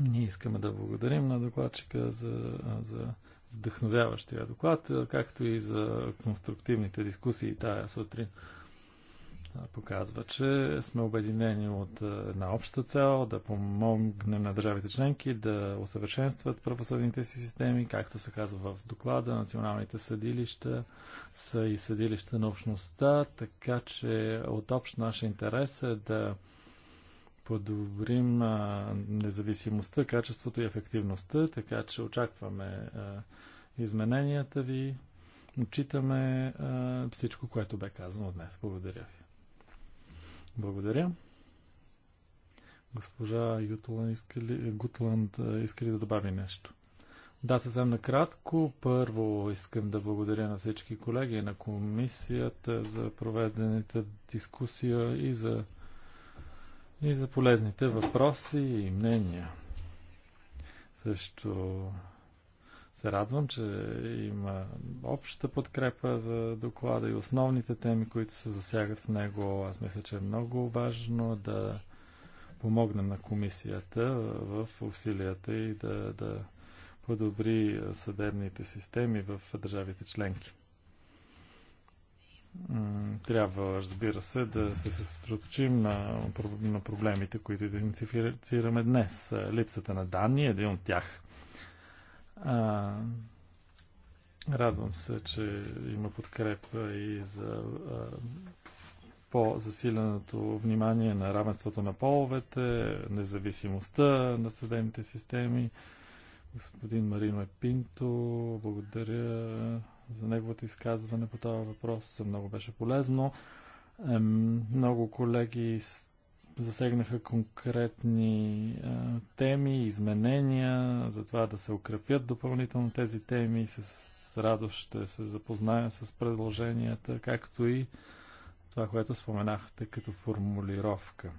ние искаме да благодарим на докладчика за, за вдъхновяващия доклад, както и за конструктивните дискусии тая сутрин. Показва, че сме обединени от една обща цел да помогнем на държавите членки да усъвършенстват правосъдните си системи, както се казва в доклада, националните съдилища са и съдилища на общността, така че от общ наш интерес е да подобрим а, независимостта, качеството и ефективността, така че очакваме а, измененията ви. Отчитаме а, всичко, което бе казано днес. Благодаря ви. Благодаря. Госпожа Ютланд иска ли, Гутланд иска ли да добави нещо? Да, съвсем накратко. Първо искам да благодаря на всички колеги на комисията за проведената дискусия и за и за полезните въпроси и мнения. Също се радвам, че има обща подкрепа за доклада и основните теми, които се засягат в него. Аз мисля, че е много важно да помогнем на комисията в усилията и да, да подобри съдебните системи в държавите членки трябва, разбира се, да се съсредоточим на, на проблемите, които идентифицираме днес. Липсата на данни е един от тях. А, радвам се, че има подкрепа и за по-засиленото внимание на равенството на половете, независимостта на съдебните системи. Господин Марино Епинто, благодаря за неговото изказване по този въпрос. Много беше полезно. Много колеги засегнаха конкретни е, теми, изменения, за това да се укрепят допълнително тези теми. С радост ще се запозная с предложенията, както и това, което споменахте като формулировка.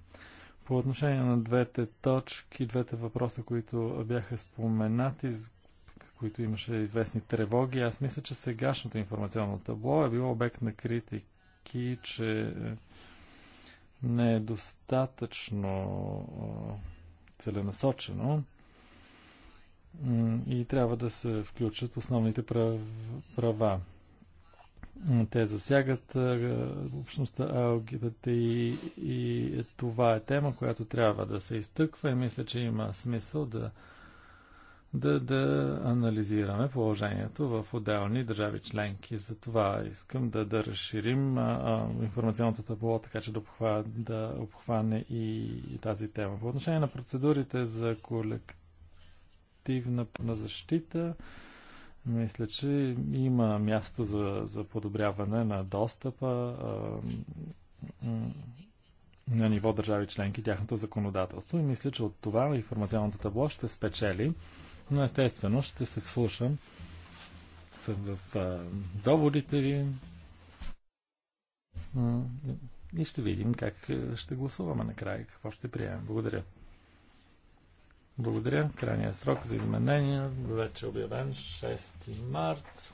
По отношение на двете точки, двете въпроса, които бяха споменати, които имаше известни тревоги. Аз мисля, че сегашното информационно табло е било обект на критики, че е, не е достатъчно целенасочено и трябва да се включат основните права. Те засягат общността ЛГБТ и, и е, това е тема, която трябва да се изтъква и мисля, че има смисъл да да, да анализираме положението в отделни държави членки. Затова искам да, да разширим а, а, информационното табло, така че да, обхва, да обхване и, и тази тема. По отношение на процедурите за колективна на защита, мисля, че има място за, за подобряване на достъпа. А, на ниво държави членки тяхното законодателство и мисля, че от това информационното табло ще спечели но естествено ще се вслушам в доводите ви и ще видим как ще гласуваме накрая, какво ще приемем. Благодаря. Благодаря. Крайният срок за изменения вече обявен 6 март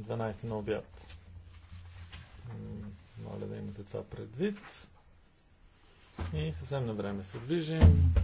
12 на обяд. Моля да имате това предвид. И съвсем на време се движим.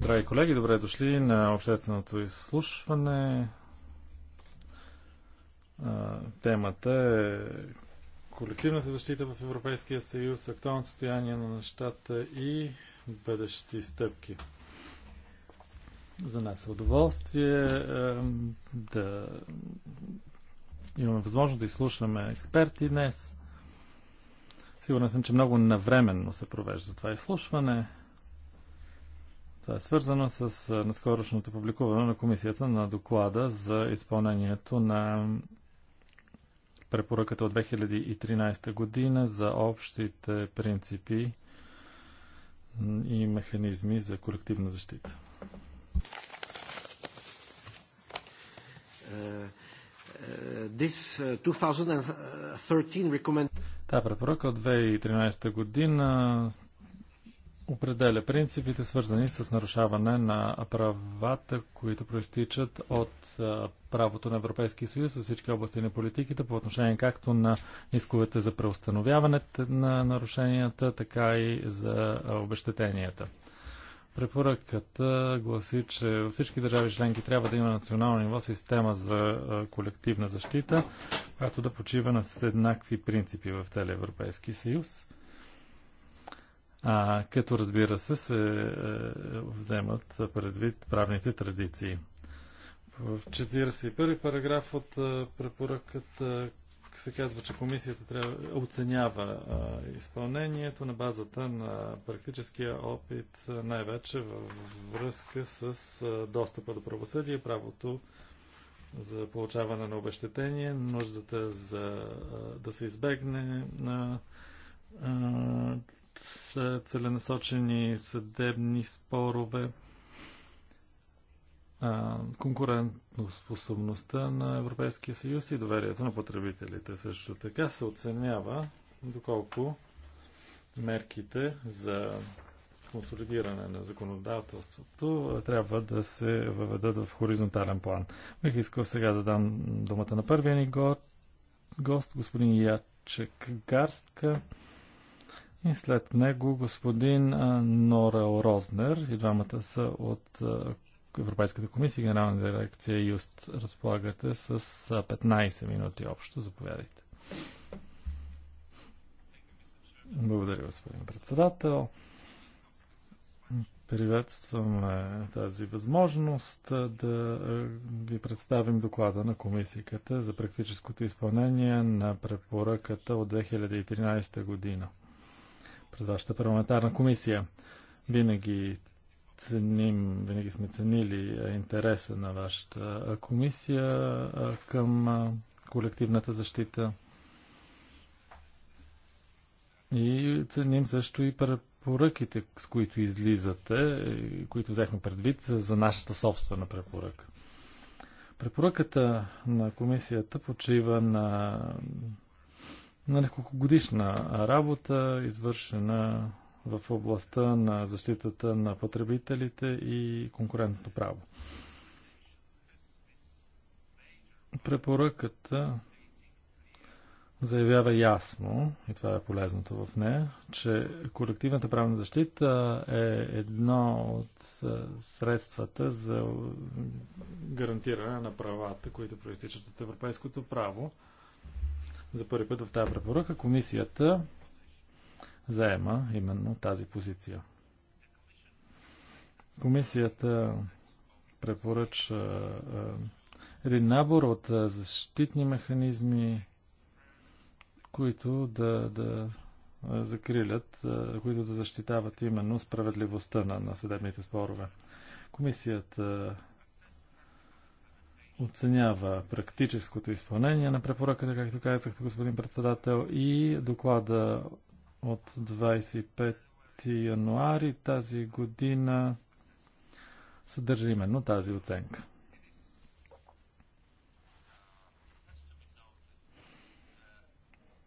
Драги колеги, добре дошли на общественото изслушване. Темата е колективната защита в Европейския съюз, актуално състояние на нещата и бъдещи стъпки. За нас е удоволствие да имаме възможност да изслушаме експерти днес Сигурен съм, че много навременно се провежда това изслушване. Това е свързано с наскорошното публикуване на комисията на доклада за изпълнението на препоръката от 2013 година за общите принципи и механизми за колективна защита. Е, Uh, uh, Та препоръка от 2013 година определя принципите, свързани с нарушаване на правата, които проистичат от правото на Европейския съюз във всички области на политиките по отношение както на исковете за преустановяване на нарушенията, така и за обещетенията. Препоръката гласи, че във всички държави членки трябва да има национално ниво система за колективна защита, която да почива на еднакви принципи в целия Европейски съюз. А, като разбира се, се е, вземат предвид правните традиции. В 41 параграф от препоръката се казва, че комисията трябва, оценява а, изпълнението на базата на практическия опит, най-вече във връзка с а, достъпа до правосъдие, правото за получаване на обещетение, нуждата за а, да се избегне на целенасочени съдебни спорове конкурентоспособността на Европейския съюз и доверието на потребителите. Също така се оценява доколко мерките за консолидиране на законодателството трябва да се въведат в хоризонтален план. Бих искал сега да дам думата на първия ни го... гост, господин Ячек Гарстка. И след него господин Нора Рознер. И двамата са от Европейската комисия Генерална дирекция Юст. Разполагате с 15 минути общо. Заповядайте. Благодаря, господин председател. Приветствам тази възможност да ви представим доклада на комисията за практическото изпълнение на препоръката от 2013 година пред вашата парламентарна комисия. Винаги ценим, винаги сме ценили е, интереса на вашата комисия към колективната защита. И ценим също и препоръките, с които излизате, които взехме предвид за нашата собствена препоръка. Препоръката на комисията почива на, на няколко годишна работа, извършена в областта на защитата на потребителите и конкурентното право. Препоръката заявява ясно, и това е полезното в нея, че колективната правна защита е едно от е, средствата за гарантиране на правата, които проистичат от европейското право. За първи път в тази препоръка комисията заема именно тази позиция. Комисията препоръча е, един набор от е, защитни механизми, които да, да е, закрилят, които да защитават именно справедливостта на, на съдебните спорове. Комисията оценява практическото изпълнение на препоръката, както казах, господин председател, и доклада от 25 януари тази година съдържа именно тази оценка.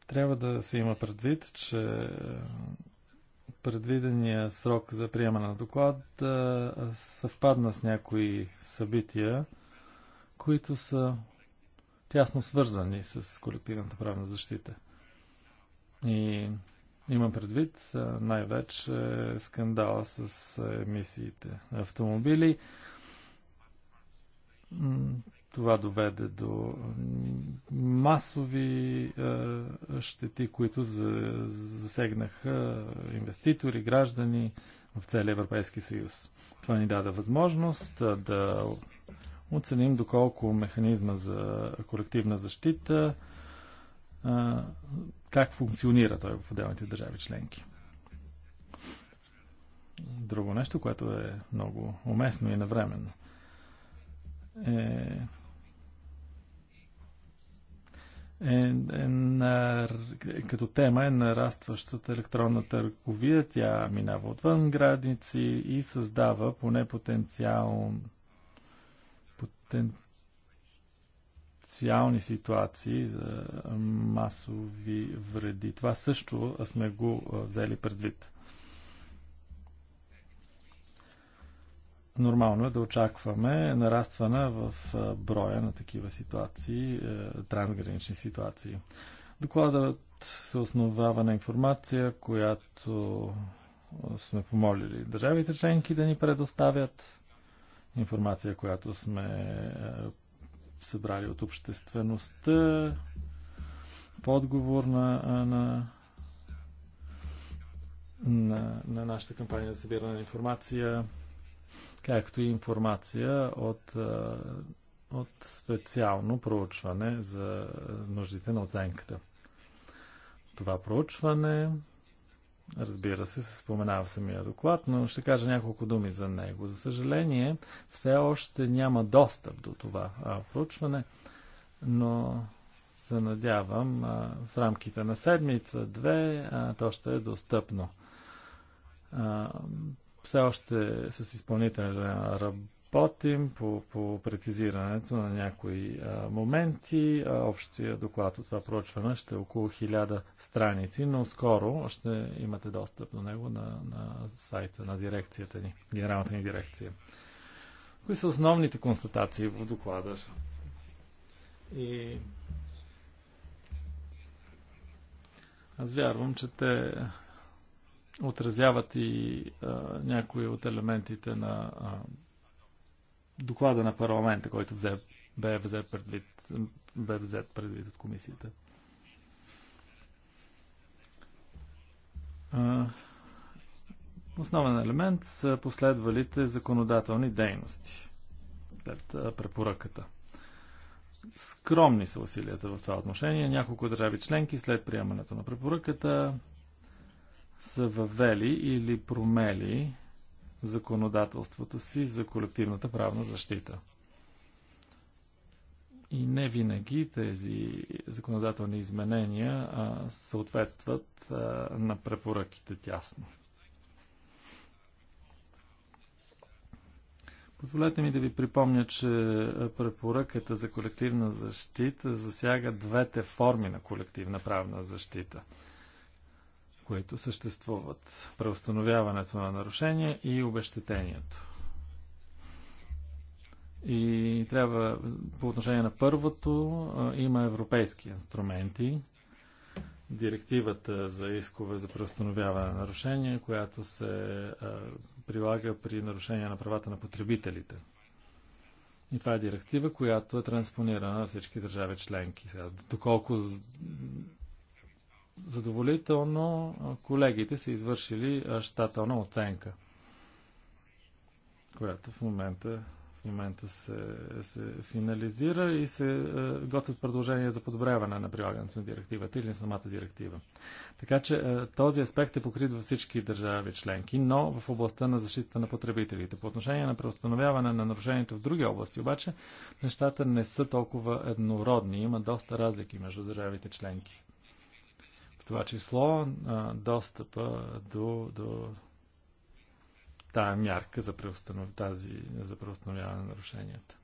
Трябва да се има предвид, че предвидения срок за приемане на доклад съвпадна с някои събития, които са тясно свързани с колективната правна защита. И Имам предвид най-вече скандала с емисиите на автомобили. Това доведе до масови щети, които засегнаха инвеститори, граждани в целия Европейски съюз. Това ни даде възможност да оценим доколко механизма за колективна защита как функционира той в отделните държави членки. Друго нещо, което е много уместно и навременно е, е, е на, като тема е нарастващата електронна търговия. Тя минава отвън граници и създава поне потенциал потен, социални ситуации за масови вреди. Това също сме го взели предвид. Нормално е да очакваме нарастване в броя на такива ситуации, е, трансгранични ситуации. Докладът се основава на информация, която сме помолили държавите членки да ни предоставят информация, която сме е, събрали от обществеността в отговор на, на, на, на нашата кампания за събиране на информация, както и информация от, от специално проучване за нуждите на оценката. Това проучване Разбира се, се споменава самия доклад, но ще кажа няколко думи за него. За съжаление, все още няма достъп до това проучване, но се надявам в рамките на седмица-две то ще е достъпно. все още с изпълнителя работим по, по прецизирането на някои а, моменти. А, общия доклад от това проучване ще е около 1000 страници, но скоро ще имате достъп до него на, на сайта на дирекцията ни, генералната ни дирекция. Кои са основните констатации в доклада? И аз вярвам, че те отразяват и а, някои от елементите на а, доклада на парламента, който взе, бе, взе предвид, бе взет предвид от комисията. Основен елемент са последвалите законодателни дейности след препоръката. Скромни са усилията в това отношение. Няколко държави членки след приемането на препоръката са въвели или промели законодателството си за колективната правна защита. И не винаги тези законодателни изменения а, съответстват а, на препоръките тясно. Позволете ми да ви припомня, че препоръката за колективна защита засяга двете форми на колективна правна защита – които съществуват. Преустановяването на нарушения и обещетението. И трябва по отношение на първото има европейски инструменти. Директивата за искове за преустановяване на нарушения, която се прилага при нарушение на правата на потребителите. И това е директива, която е транспонирана на всички държави членки. Сега, доколко задоволително колегите са извършили щателна оценка, която в момента, в момента се, се финализира и се е, готвят предложения за подобряване на прилагането на директивата или на самата директива. Така че е, този аспект е покрит във всички държави членки, но в областта на защита на потребителите. По отношение на преустановяване на нарушението в други области, обаче, нещата не са толкова еднородни. Има доста разлики между държавите членки в това число достъпа до, до тая мярка за, преустанов... тази, за преустановяване на нарушенията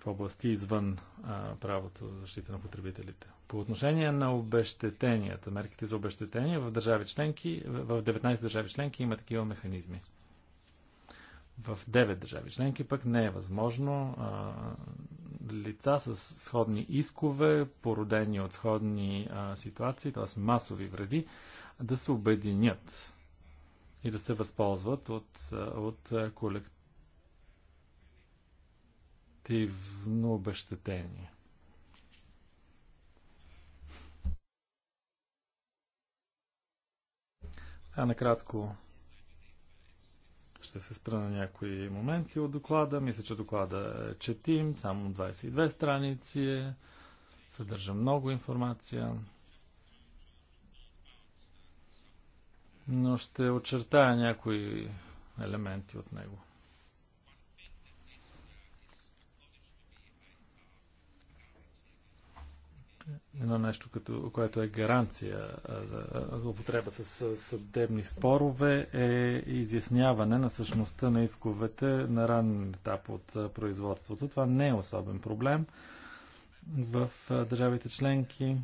в области извън а, правото за защита на потребителите. По отношение на обещетенията, мерките за обещетения в държави членки, в 19 държави членки има такива механизми. В 9 държави членки пък не е възможно а, лица с сходни искове, породени от сходни а, ситуации, т.е. масови вреди, да се обединят и да се възползват от, от колективно обещетение. А накратко ще се спра на някои моменти от доклада. Мисля, че доклада е четим, само 22 страници е, съдържа много информация. Но ще очертая някои елементи от него. едно нещо, като, което е гаранция за злоупотреба с съдебни спорове, е изясняване на същността на исковете на ранен етап от производството. Това не е особен проблем в държавите членки.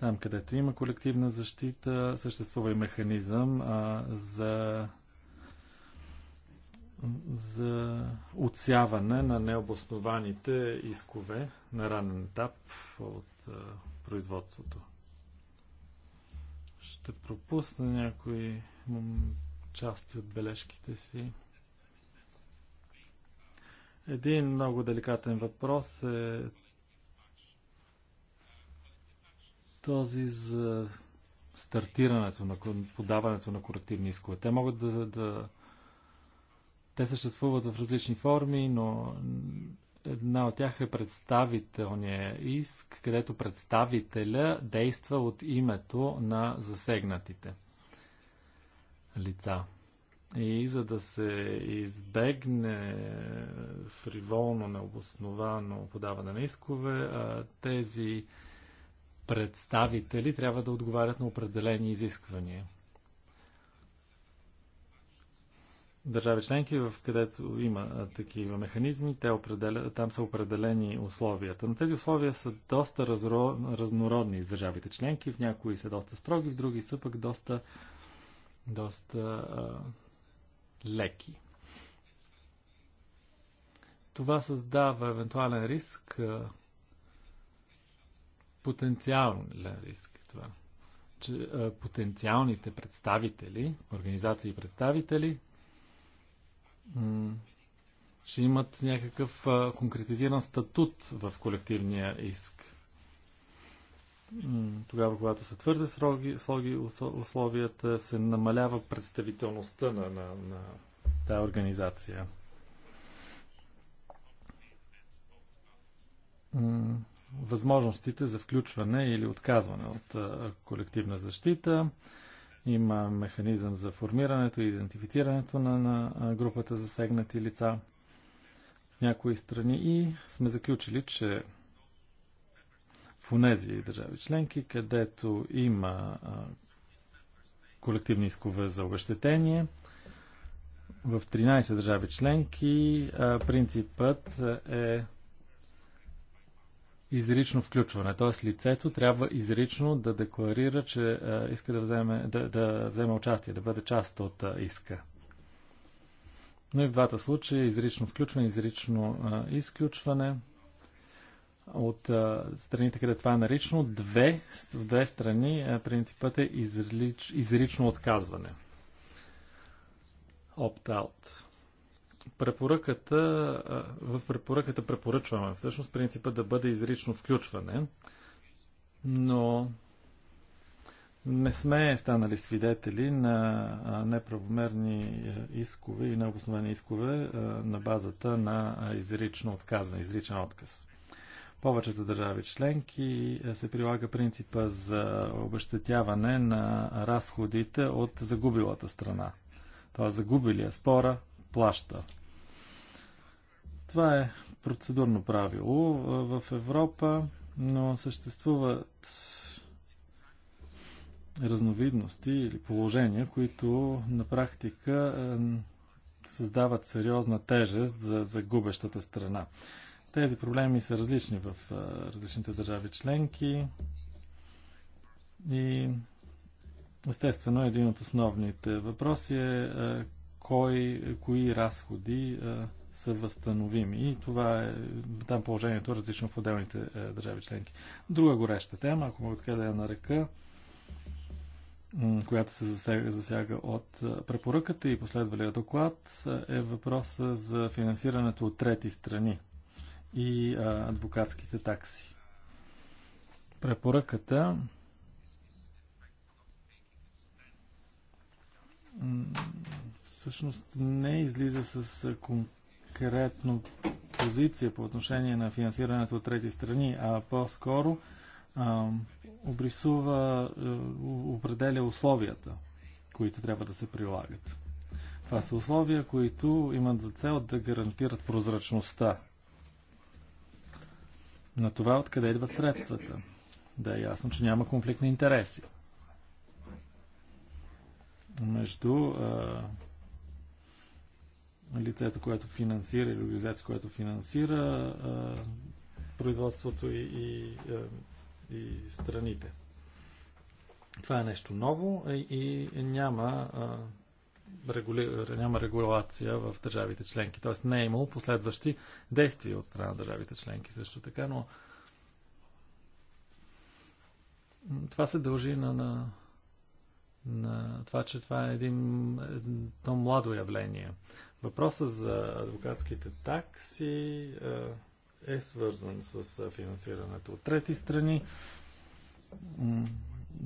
Там, където има колективна защита, съществува и механизъм а, за за отсяване на необоснованите искове на ранен етап от производството. Ще пропусна някои части от бележките си. Един много деликатен въпрос е този за стартирането на подаването на колективни искове. Те могат да, да те съществуват в различни форми, но една от тях е представителния иск, където представителя действа от името на засегнатите лица. И за да се избегне фриволно, необосновано подаване на искове, тези представители трябва да отговарят на определени изисквания. държави членки, в където има такива механизми, те определя, там са определени условията. Но тези условия са доста разро, разнородни из държавите членки. В някои са доста строги, в други са пък доста, доста а, леки. Това създава евентуален риск, а, потенциален риск. Това че потенциалните представители, организации и представители ще имат някакъв конкретизиран статут в колективния иск. Тогава, когато са твърде слоги, слоги условията, се намалява представителността на, на, на тази организация. Възможностите за включване или отказване от колективна защита има механизъм за формирането и идентифицирането на, на групата засегнати лица в някои страни и сме заключили, че в унези държави членки, където има а, колективни искове за обещетение, в 13 държави членки а, принципът е изрично включване. Т.е. лицето трябва изрично да декларира, че иска да вземе, да, да вземе участие, да бъде част от иска. Но и в двата случая е изрично включване, изрично изключване от страните, къде това е нарично, две, в две страни принципът е изрич, изрично отказване. Opt-out препоръката, в препоръката препоръчваме всъщност принципа да бъде изрично включване, но не сме станали свидетели на неправомерни искове и необосновени искове на базата на изрично отказване, изричен отказ. Повечето държави членки се прилага принципа за обещетяване на разходите от загубилата страна. Т.е. загубилия спора плаща. Това е процедурно правило в Европа, но съществуват разновидности или положения, които на практика създават сериозна тежест за, загубещата страна. Тези проблеми са различни в различните държави членки и естествено един от основните въпроси е кой, кои разходи а, е, са възстановими. И това е, там положението е различно в отделните а, е, държави членки. Друга гореща тема, ако мога така да я нарека, която се засяга, засяга от е, препоръката и последвалия доклад, е въпроса за финансирането от трети страни и а, адвокатските такси. Препоръката всъщност не излиза с конкретно позиция по отношение на финансирането от трети страни, а по-скоро обрисува, определя условията, които трябва да се прилагат. Това са условия, които имат за цел да гарантират прозрачността на това откъде идват средствата. Да е ясно, че няма конфликт на интереси между а, лицето, което финансира или организация, която финансира а, производството и, и, и страните. Това е нещо ново и, и няма, а, регули... няма регулация в държавите членки. Тоест не е имало последващи действия от страна на държавите членки също така, но това се дължи на, на на това, че това е един, едно младо явление. Въпросът за адвокатските такси е, е свързан с е, финансирането от трети страни,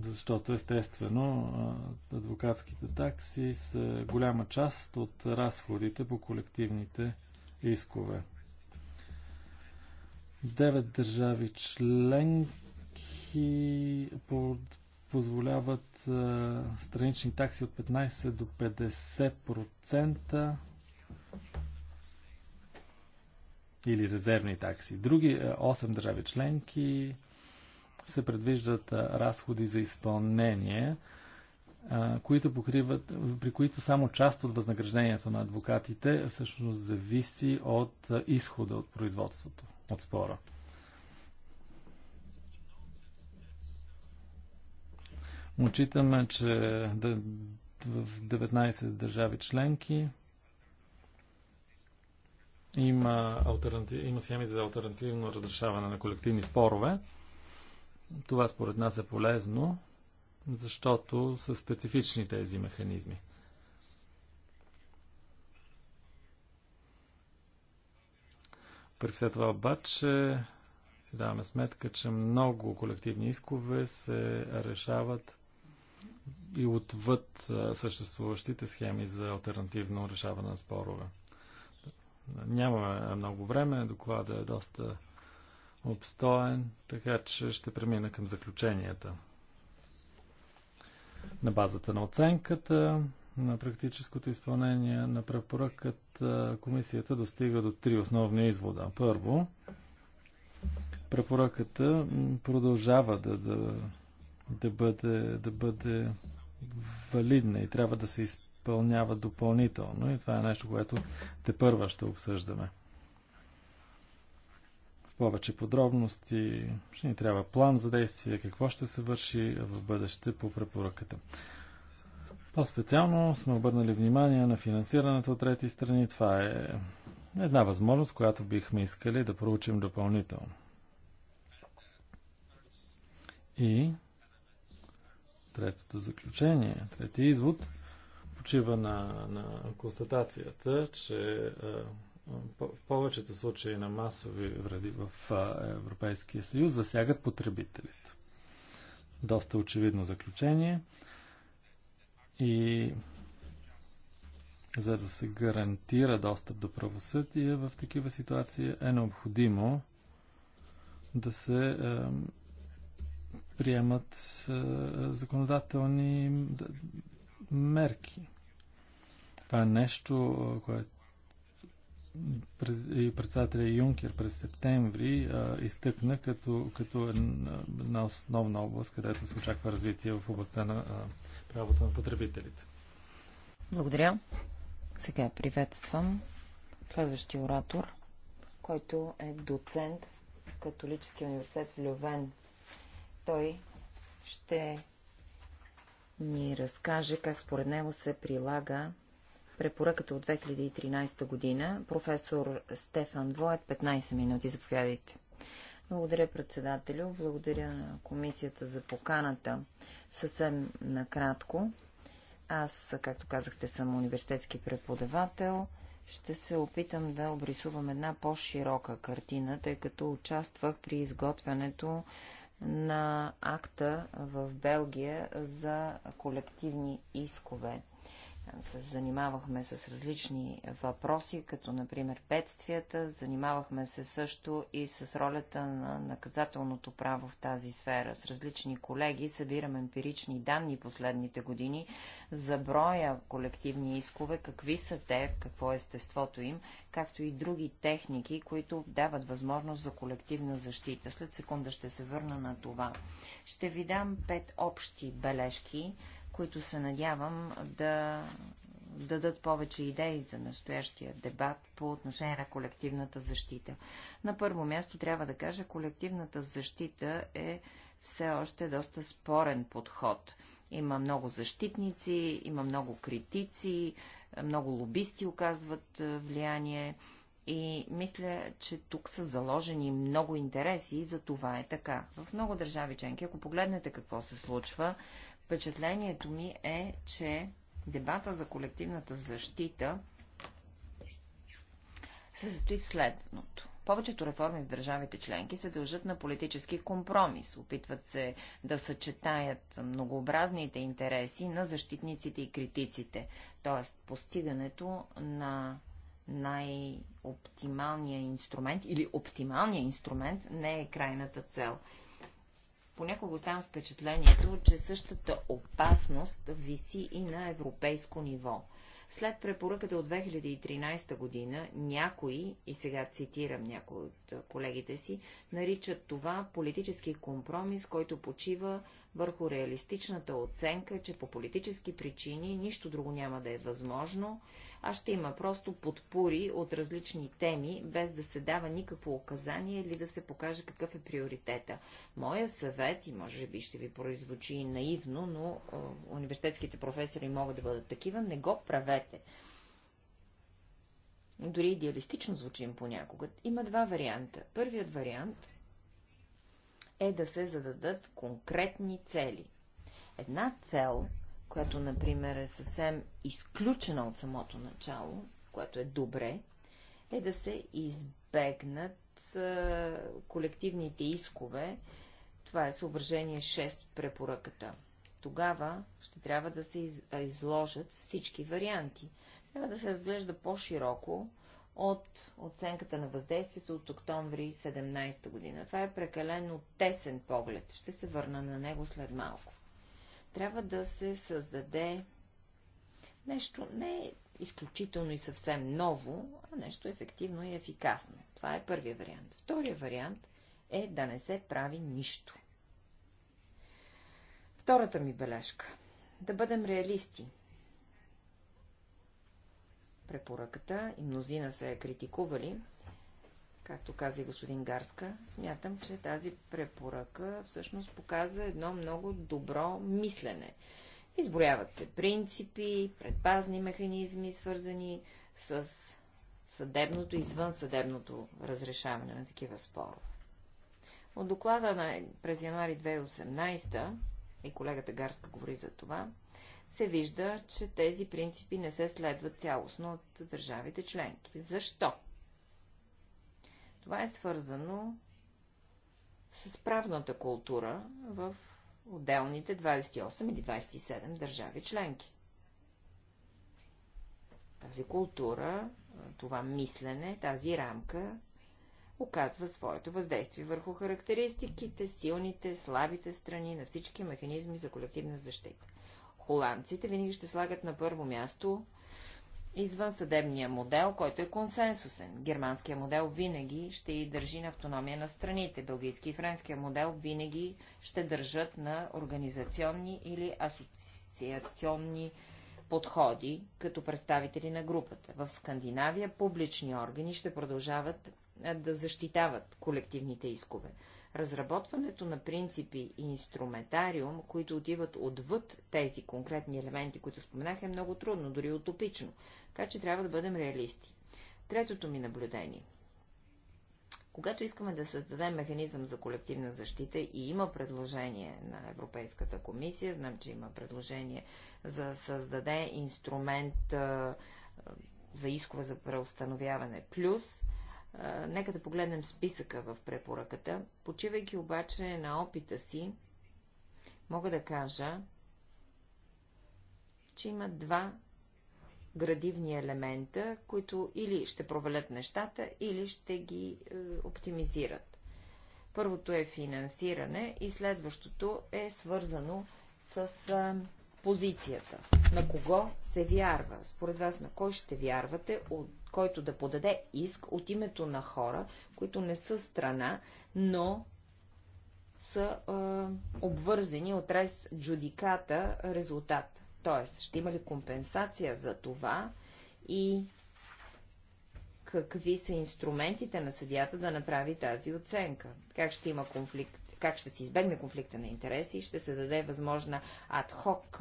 защото естествено е, адвокатските такси са голяма част от разходите по колективните искове. Девет държави членки позволяват е, странични такси от 15 до 50% или резервни такси. Други 8 е, държави членки се предвиждат е, разходи за изпълнение, които покриват, при които само част от възнаграждението на адвокатите всъщност зависи от изхода от производството, от спора. Отчитаме, че в 19 държави членки има, има схеми за альтернативно разрешаване на колективни спорове. Това според нас е полезно, защото са специфични тези механизми. При все това обаче си даваме сметка, че много колективни искове се решават и отвъд съществуващите схеми за альтернативно решаване на спорове. Нямаме много време, доклада е доста обстоен, така че ще премина към заключенията. На базата на оценката, на практическото изпълнение на препоръката, комисията достига до три основни извода. Първо, препоръката продължава да, да да бъде, да бъде валидна и трябва да се изпълнява допълнително. И това е нещо, което те първа ще обсъждаме. В повече подробности ще ни трябва план за действие, какво ще се върши в бъдеще по препоръката. По-специално сме обърнали внимание на финансирането от трети страни. Това е една възможност, която бихме искали да проучим допълнително. И Третото заключение, третия извод почива на, на констатацията, че в повечето случаи на масови вреди в Европейския съюз засягат потребителите. Доста очевидно заключение. И за да се гарантира достъп до правосъдие в такива ситуации е необходимо да се приемат е, законодателни мерки. Това е нещо, е, което и председателя Юнкер през септември а, е, изтъкна като, като една основна област, където се очаква развитие в областта на а, правото на потребителите. Благодаря. Сега приветствам следващия оратор, който е доцент в Католическия университет в Лювен той ще ни разкаже как според него се прилага препоръката от 2013 година. Професор Стефан Воет, 15 минути, заповядайте. Благодаря, председателю. Благодаря на комисията за поканата. Съвсем накратко. Аз, както казахте, съм университетски преподавател. Ще се опитам да обрисувам една по-широка картина, тъй като участвах при изготвянето на акта в Белгия за колективни искове се занимавахме с различни въпроси, като например бедствията. Занимавахме се също и с ролята на наказателното право в тази сфера. С различни колеги събираме емпирични данни последните години за броя колективни искове, какви са те, какво е естеството им, както и други техники, които дават възможност за колективна защита. След секунда ще се върна на това. Ще ви дам пет общи бележки които се надявам да дадат повече идеи за настоящия дебат по отношение на колективната защита. На първо място трябва да кажа, колективната защита е все още доста спорен подход. Има много защитници, има много критици, много лобисти оказват е, влияние и мисля, че тук са заложени много интереси и за това е така. В много държави членки, ако погледнете какво се случва, Впечатлението ми е, че дебата за колективната защита се състои в следното. Повечето реформи в държавите членки се дължат на политически компромис. Опитват се да съчетаят многообразните интереси на защитниците и критиците, т.е. постигането на най-оптималния инструмент или оптималния инструмент не е крайната цел понякога оставам с впечатлението, че същата опасност виси и на европейско ниво. След препоръката от 2013 година някои, и сега цитирам някои от колегите си, наричат това политически компромис, който почива върху реалистичната оценка, че по политически причини нищо друго няма да е възможно, а ще има просто подпури от различни теми, без да се дава никакво указание или да се покаже какъв е приоритета. Моя съвет, и може би ще ви произвучи наивно, но е, университетските професори могат да бъдат такива, не го правете дори идеалистично звучим понякога, има два варианта. Първият вариант е да се зададат конкретни цели. Една цел, която, например, е съвсем изключена от самото начало, което е добре, е да се избегнат е, колективните искове. Това е съображение 6 от препоръката. Тогава ще трябва да се изложат всички варианти. Трябва да се разглежда по-широко от оценката на въздействието от октомври 17 година. Това е прекалено тесен поглед. Ще се върна на него след малко. Трябва да се създаде нещо не изключително и съвсем ново, а нещо ефективно и ефикасно. Това е първия вариант. Втория вариант е да не се прави нищо. Втората ми бележка. Да бъдем реалисти препоръката и мнозина са я е критикували, както каза и господин Гарска, смятам, че тази препоръка всъщност показа едно много добро мислене. Изброяват се принципи, предпазни механизми, свързани с съдебното и извънсъдебното разрешаване на такива спорове. От доклада на през януари 2018, и колегата Гарска говори за това, се вижда, че тези принципи не се следват цялостно от държавите членки. Защо? Това е свързано с правната култура в отделните 28 или 27 държави членки. Тази култура, това мислене, тази рамка оказва своето въздействие върху характеристиките, силните, слабите страни на всички механизми за колективна защита холандците винаги ще слагат на първо място извън съдебния модел, който е консенсусен. Германския модел винаги ще и държи на автономия на страните. Белгийски и френския модел винаги ще държат на организационни или асоциационни подходи като представители на групата. В Скандинавия публични органи ще продължават да защитават колективните искове. Разработването на принципи и инструментариум, които отиват отвъд тези конкретни елементи, които споменах, е много трудно, дори утопично, така че трябва да бъдем реалисти. Третото ми наблюдение. Когато искаме да създадем механизъм за колективна защита и има предложение на Европейската комисия, знам, че има предложение за създаде инструмент за искове за преустановяване плюс, Нека да погледнем списъка в препоръката. Почивайки обаче на опита си, мога да кажа, че има два градивни елемента, които или ще провалят нещата, или ще ги е, оптимизират. Първото е финансиране и следващото е свързано с е, позицията. На кого се вярва? Според вас на кой ще вярвате? От който да подаде иск от името на хора, които не са страна, но са е, обвързани от рез джудиката резултат. Тоест, ще има ли компенсация за това и какви са инструментите на съдията да направи тази оценка? Как ще има конфликт как ще се избегне конфликта на интереси, ще се даде възможна адхок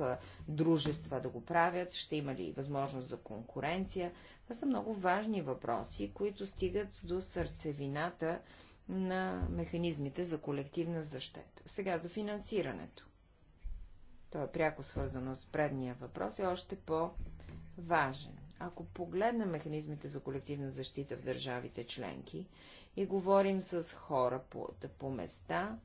дружества да го правят, ще има ли възможност за конкуренция. Това са много важни въпроси, които стигат до сърцевината на механизмите за колективна защита. Сега за финансирането. То е пряко свързано с предния въпрос и е още по-важен. Ако погледнем механизмите за колективна защита в държавите членки, и говорим с хора по, по места,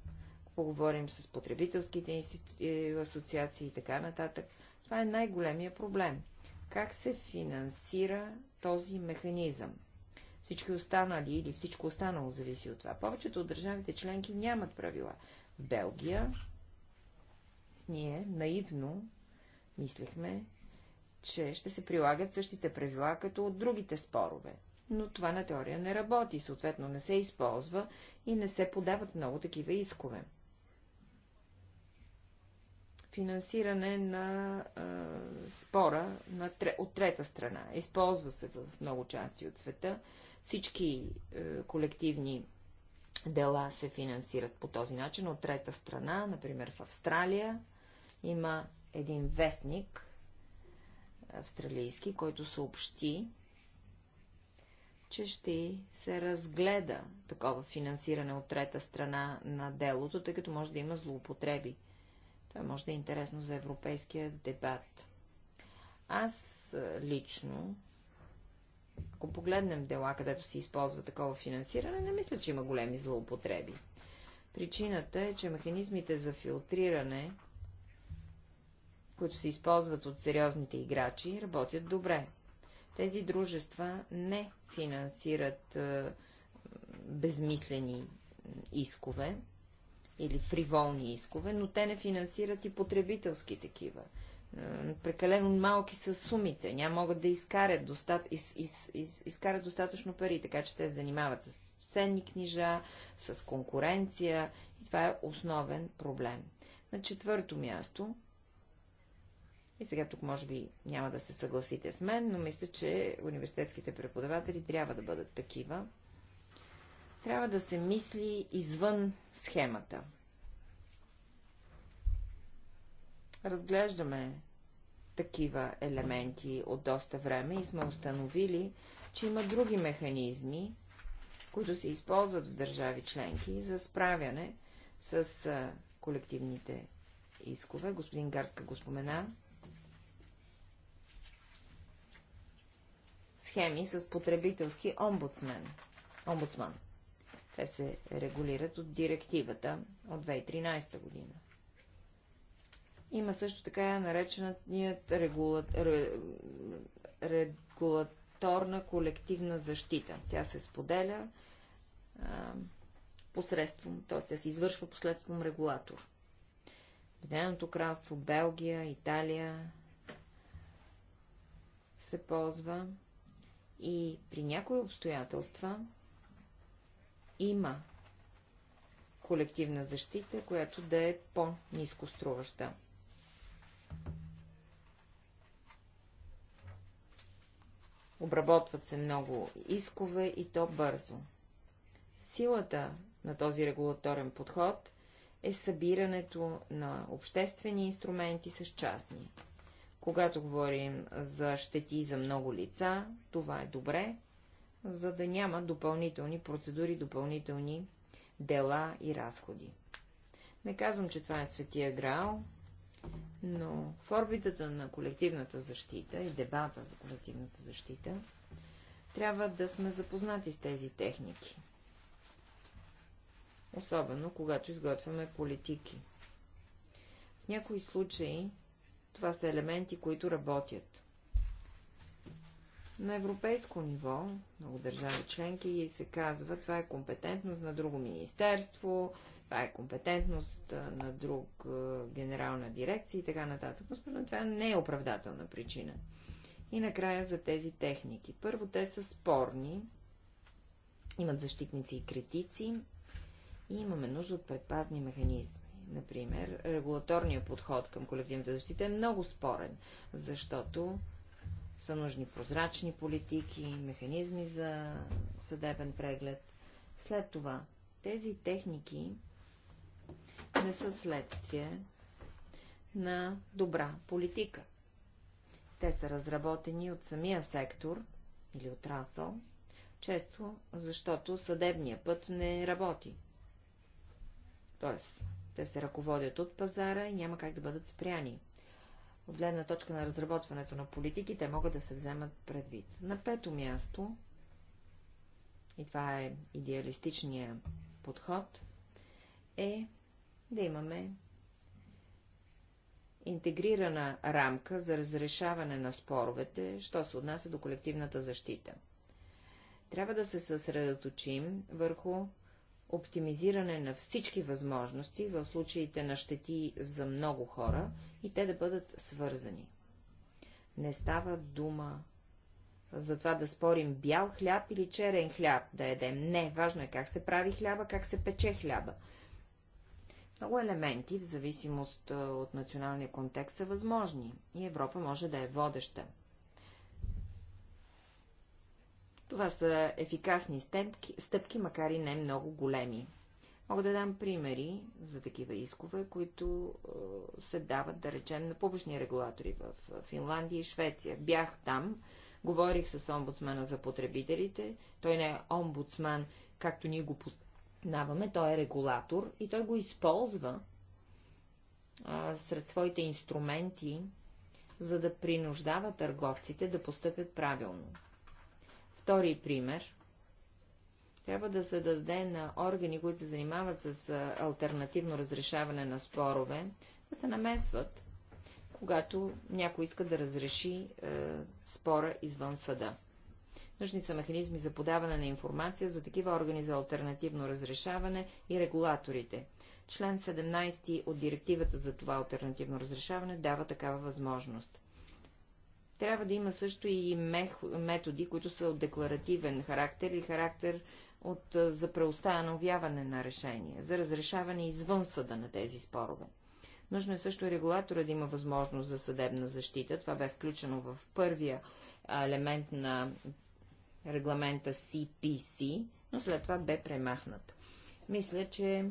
поговорим с потребителските е, асоциации и така нататък. Това е най-големия проблем. Как се финансира този механизъм? Всички останали или всичко останало зависи от това. Повечето от държавите членки нямат правила. В Белгия ние наивно мислехме, че ще се прилагат същите правила, като от другите спорове но това на теория не работи, съответно не се използва и не се подават много такива искове. Финансиране на а, спора на, от трета страна. Използва се в много части от света. Всички а, колективни дела се финансират по този начин от трета страна. Например, в Австралия има един вестник австралийски, който съобщи, че ще се разгледа такова финансиране от трета страна на делото, тъй като може да има злоупотреби. Това е, може да е интересно за европейския дебат. Аз лично, ако погледнем дела, където се използва такова финансиране, не мисля, че има големи злоупотреби. Причината е, че механизмите за филтриране, които се използват от сериозните играчи, работят добре. Тези дружества не финансират е, безмислени искове или фриволни искове, но те не финансират и потребителски такива. Е, прекалено малки са сумите, няма могат да изкарят достат, из, из, из, изкарят достатъчно пари, така че те занимават с ценни книжа, с конкуренция и това е основен проблем. На четвърто място и сега тук може би няма да се съгласите с мен, но мисля, че университетските преподаватели трябва да бъдат такива. Трябва да се мисли извън схемата. Разглеждаме такива елементи от доста време и сме установили, че има други механизми, които се използват в държави членки за справяне с колективните искове. Господин Гарска го спомена. схеми с потребителски омбудсмен. омбудсман. Те се регулират от директивата от 2013 година. Има също така нареченият регула... регулаторна колективна защита. Тя се споделя а, посредством, т.е. тя се извършва посредством регулатор. Обединеното кралство, Белгия, Италия се ползва и при някои обстоятелства има колективна защита, която да е по-низко струваща. Обработват се много искове и то бързо. Силата на този регулаторен подход е събирането на обществени инструменти с частни. Когато говорим за щети за много лица, това е добре, за да няма допълнителни процедури, допълнителни дела и разходи. Не казвам, че това е светия грал, но в орбитата на колективната защита и дебата за колективната защита трябва да сме запознати с тези техники. Особено, когато изготвяме политики. В някои случаи това са елементи, които работят. На европейско ниво, много държави членки и се казва, това е компетентност на друго министерство, това е компетентност на друг генерална дирекция и така нататък. Но според това не е оправдателна причина. И накрая за тези техники. Първо, те са спорни, имат защитници и критици и имаме нужда от предпазни механизми например, регулаторния подход към колективната защита е много спорен, защото са нужни прозрачни политики, механизми за съдебен преглед. След това, тези техники не са следствие на добра политика. Те са разработени от самия сектор или отрасъл, често защото съдебният път не работи. Тоест, те се ръководят от пазара и няма как да бъдат спряни. От гледна точка на разработването на политики, те могат да се вземат предвид. На пето място, и това е идеалистичният подход, е да имаме интегрирана рамка за разрешаване на споровете, що се отнася до колективната защита. Трябва да се съсредоточим върху оптимизиране на всички възможности в случаите на щети за много хора и те да бъдат свързани. Не става дума за това да спорим бял хляб или черен хляб да едем. Не, важно е как се прави хляба, как се пече хляба. Много елементи, в зависимост от националния контекст, са възможни и Европа може да е водеща. Това са ефикасни стъпки, стъпки, макар и не много големи. Мога да дам примери за такива искове, които се дават, да речем, на публични регулатори в Финландия и Швеция. Бях там, говорих с омбудсмана за потребителите. Той не е омбудсман, както ние го познаваме, той е регулатор и той го използва а, сред своите инструменти, за да принуждава търговците да постъпят правилно. Втори пример. Трябва да се даде на органи, които се занимават с альтернативно разрешаване на спорове, да се намесват, когато някой иска да разреши е, спора извън съда. Нужни са механизми за подаване на информация за такива органи за альтернативно разрешаване и регулаторите. Член 17 от директивата за това альтернативно разрешаване дава такава възможност. Трябва да има също и мех... методи, които са от декларативен характер или характер от, за вяване на решение, за разрешаване извън съда на тези спорове. Нужно е също регулатора да има възможност за съдебна защита. Това бе включено в първия елемент на регламента CPC, но след това бе премахнат. Мисля, че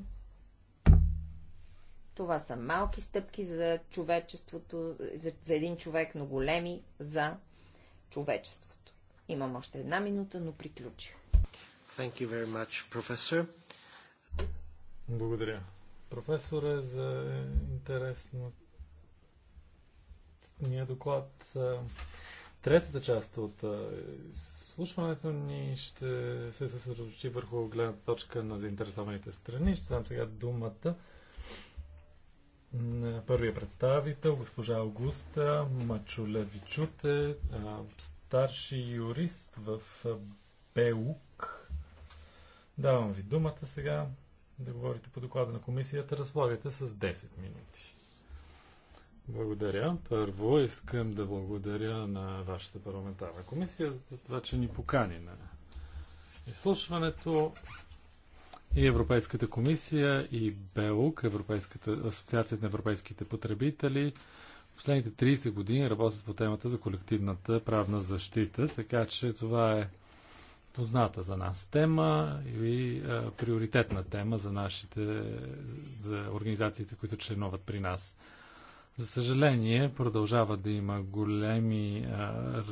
това са малки стъпки за човечеството, за, за един човек, но големи за човечеството. Имам още една минута, но приключих. Thank you very much, professor. Благодаря. Професоре, за интересно ние доклад. Третата част от слушването ни ще се съсредоточи върху гледната точка на заинтересованите страни. Ще дам сега думата на първия представител, госпожа Августа Мачулевичут, е старши юрист в БЕУК. Давам ви думата сега да говорите по доклада на комисията. Разполагате с 10 минути. Благодаря. Първо искам да благодаря на вашата парламентарна комисия за това, че ни покани на изслушването. И Европейската комисия, и БЕУК, Асоциацията асоциация на европейските потребители, последните 30 години работят по темата за колективната правна защита, така че това е позната за нас тема и а, приоритетна тема за нашите, за организациите, които членуват при нас. За съжаление, продължава да има големи, а,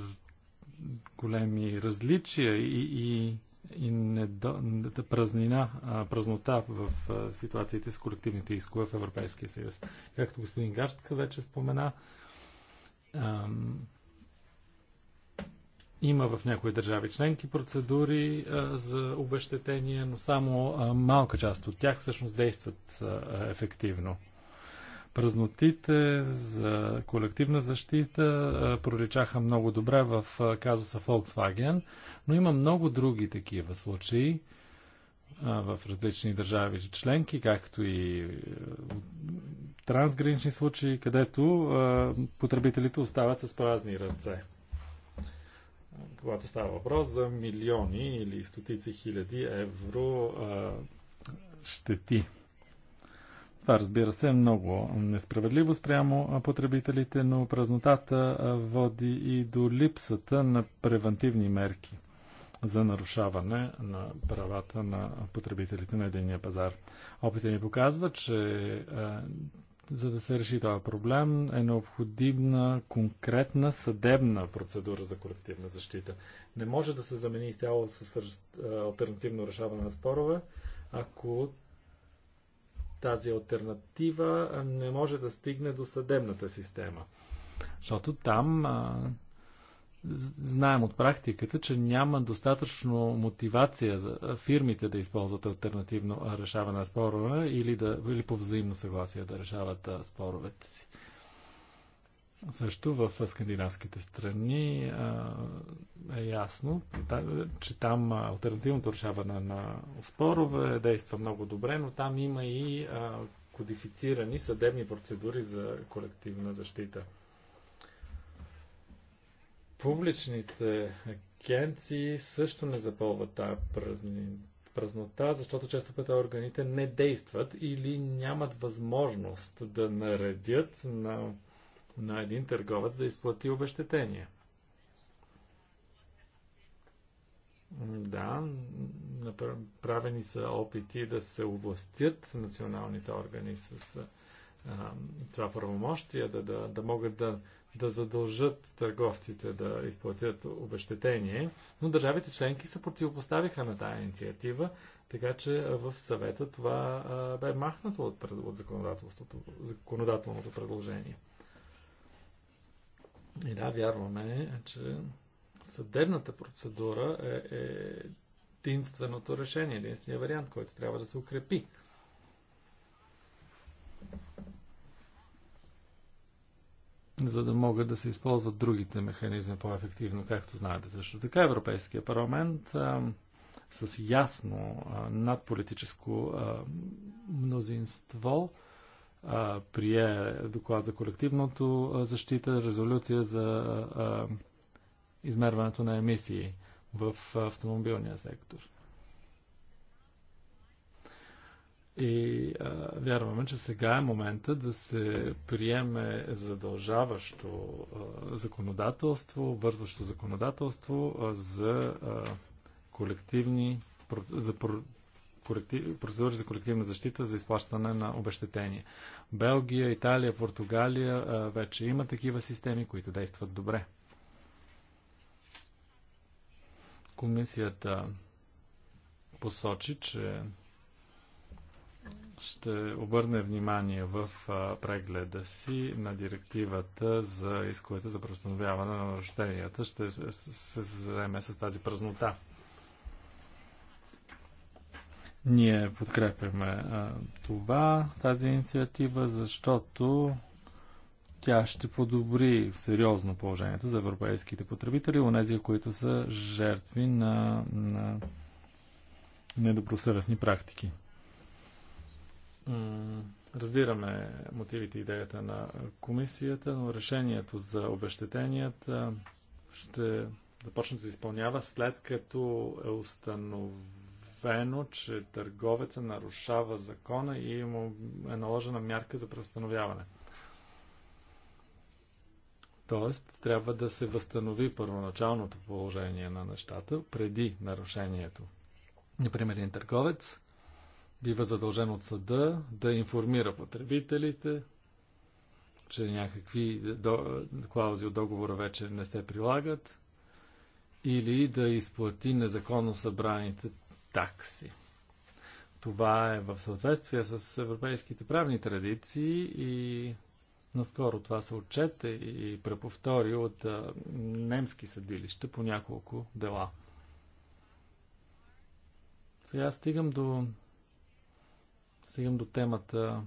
големи различия и, и и недо... празнина, а, празнота в а, ситуациите с колективните искове в Европейския съюз. Както господин Гарстка вече спомена, има в някои държави членки процедури а, за обещетение, но само а, малка част от тях всъщност действат а, ефективно. Празнотите за колективна защита проличаха много добре в казуса Volkswagen, но има много други такива случаи в различни държави членки, както и трансгранични случаи, където потребителите остават с празни ръце. Когато става въпрос за милиони или стотици хиляди евро щети. Това, разбира се, е много несправедливо спрямо потребителите, но празнотата води и до липсата на превентивни мерки за нарушаване на правата на потребителите на единния пазар. Опитът ни показва, че за да се реши този проблем е необходимна конкретна съдебна процедура за колективна защита. Не може да се замени изцяло с альтернативно решаване на спорове, ако тази альтернатива не може да стигне до съдебната система. Защото там а, знаем от практиката, че няма достатъчно мотивация за фирмите да използват альтернативно решаване на спорове или, да, или по взаимно съгласие да решават а, споровете си. Също в скандинавските страни а, е ясно, че там альтернативното решаване на спорове действа много добре, но там има и а, кодифицирани съдебни процедури за колективна защита. Публичните агенции също не запълват тази празни, празнота, защото често пъти органите не действат или нямат възможност да наредят на на един търговец да изплати обещетение. Да, правени са опити да се овластят националните органи с а, това правомощие, да, да, да могат да, да задължат търговците да изплатят обещетение, но държавите членки се противопоставиха на тази инициатива, така че в съвета това а, бе махнато от, от законодателството, законодателното предложение. И да, вярваме, че съдебната процедура е, е единственото решение, единствения вариант, който трябва да се укрепи. за да могат да се използват другите механизми по-ефективно, както знаете. Също така Европейския парламент а, с ясно а, надполитическо а, мнозинство а, прие доклад за колективното защита, резолюция за измерването на емисии в автомобилния сектор. И а, вярваме, че сега е момента да се приеме задължаващо а, законодателство, вързващо законодателство а, за а, колективни, за процедури за колективна защита за изплащане на обещетения. Белгия, Италия, Португалия вече има такива системи, които действат добре. Комисията посочи, че ще обърне внимание в прегледа си на директивата за исковете за преустановяване на нарушенията. Ще се заеме с тази празнота. Ние подкрепяме това, тази инициатива, защото тя ще подобри сериозно положението за европейските потребители, онези, които са жертви на, на недобросъвестни практики. Разбираме мотивите и идеята на комисията, но решението за обещетенията ще започне да се изпълнява след като е установено установено, че търговеца нарушава закона и е му е наложена мярка за преустановяване. Тоест, трябва да се възстанови първоначалното положение на нещата преди нарушението. Например, един търговец бива задължен от съда да информира потребителите, че някакви клаузи от договора вече не се прилагат или да изплати незаконно събраните такси. Това е в съответствие с европейските правни традиции и наскоро това се отчете и преповтори от немски съдилища по няколко дела. Сега стигам до, стигам до темата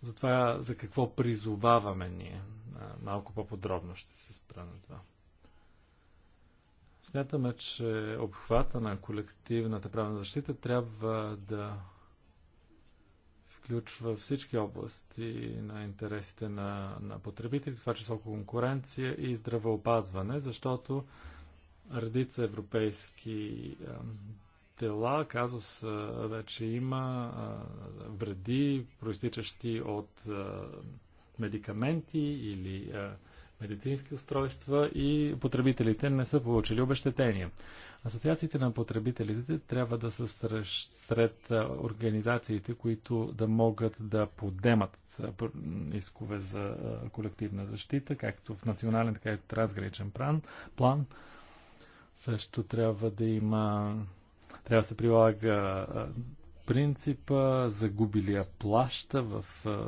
за това за какво призоваваме ние. Малко по-подробно ще се спра на това. Смятаме, че обхвата на колективната правна защита трябва да включва всички области на интересите на, на потребители, това число конкуренция и здравеопазване, защото редица европейски тела, дела, казус вече има вреди, проистичащи от медикаменти или медицински устройства и потребителите не са получили обещетения. Асоциациите на потребителите трябва да са сред организациите, които да могат да подемат искове за колективна защита, както в национален, така и в трансграничен план. Също трябва да има трябва да се прилага принципа загубилия плаща в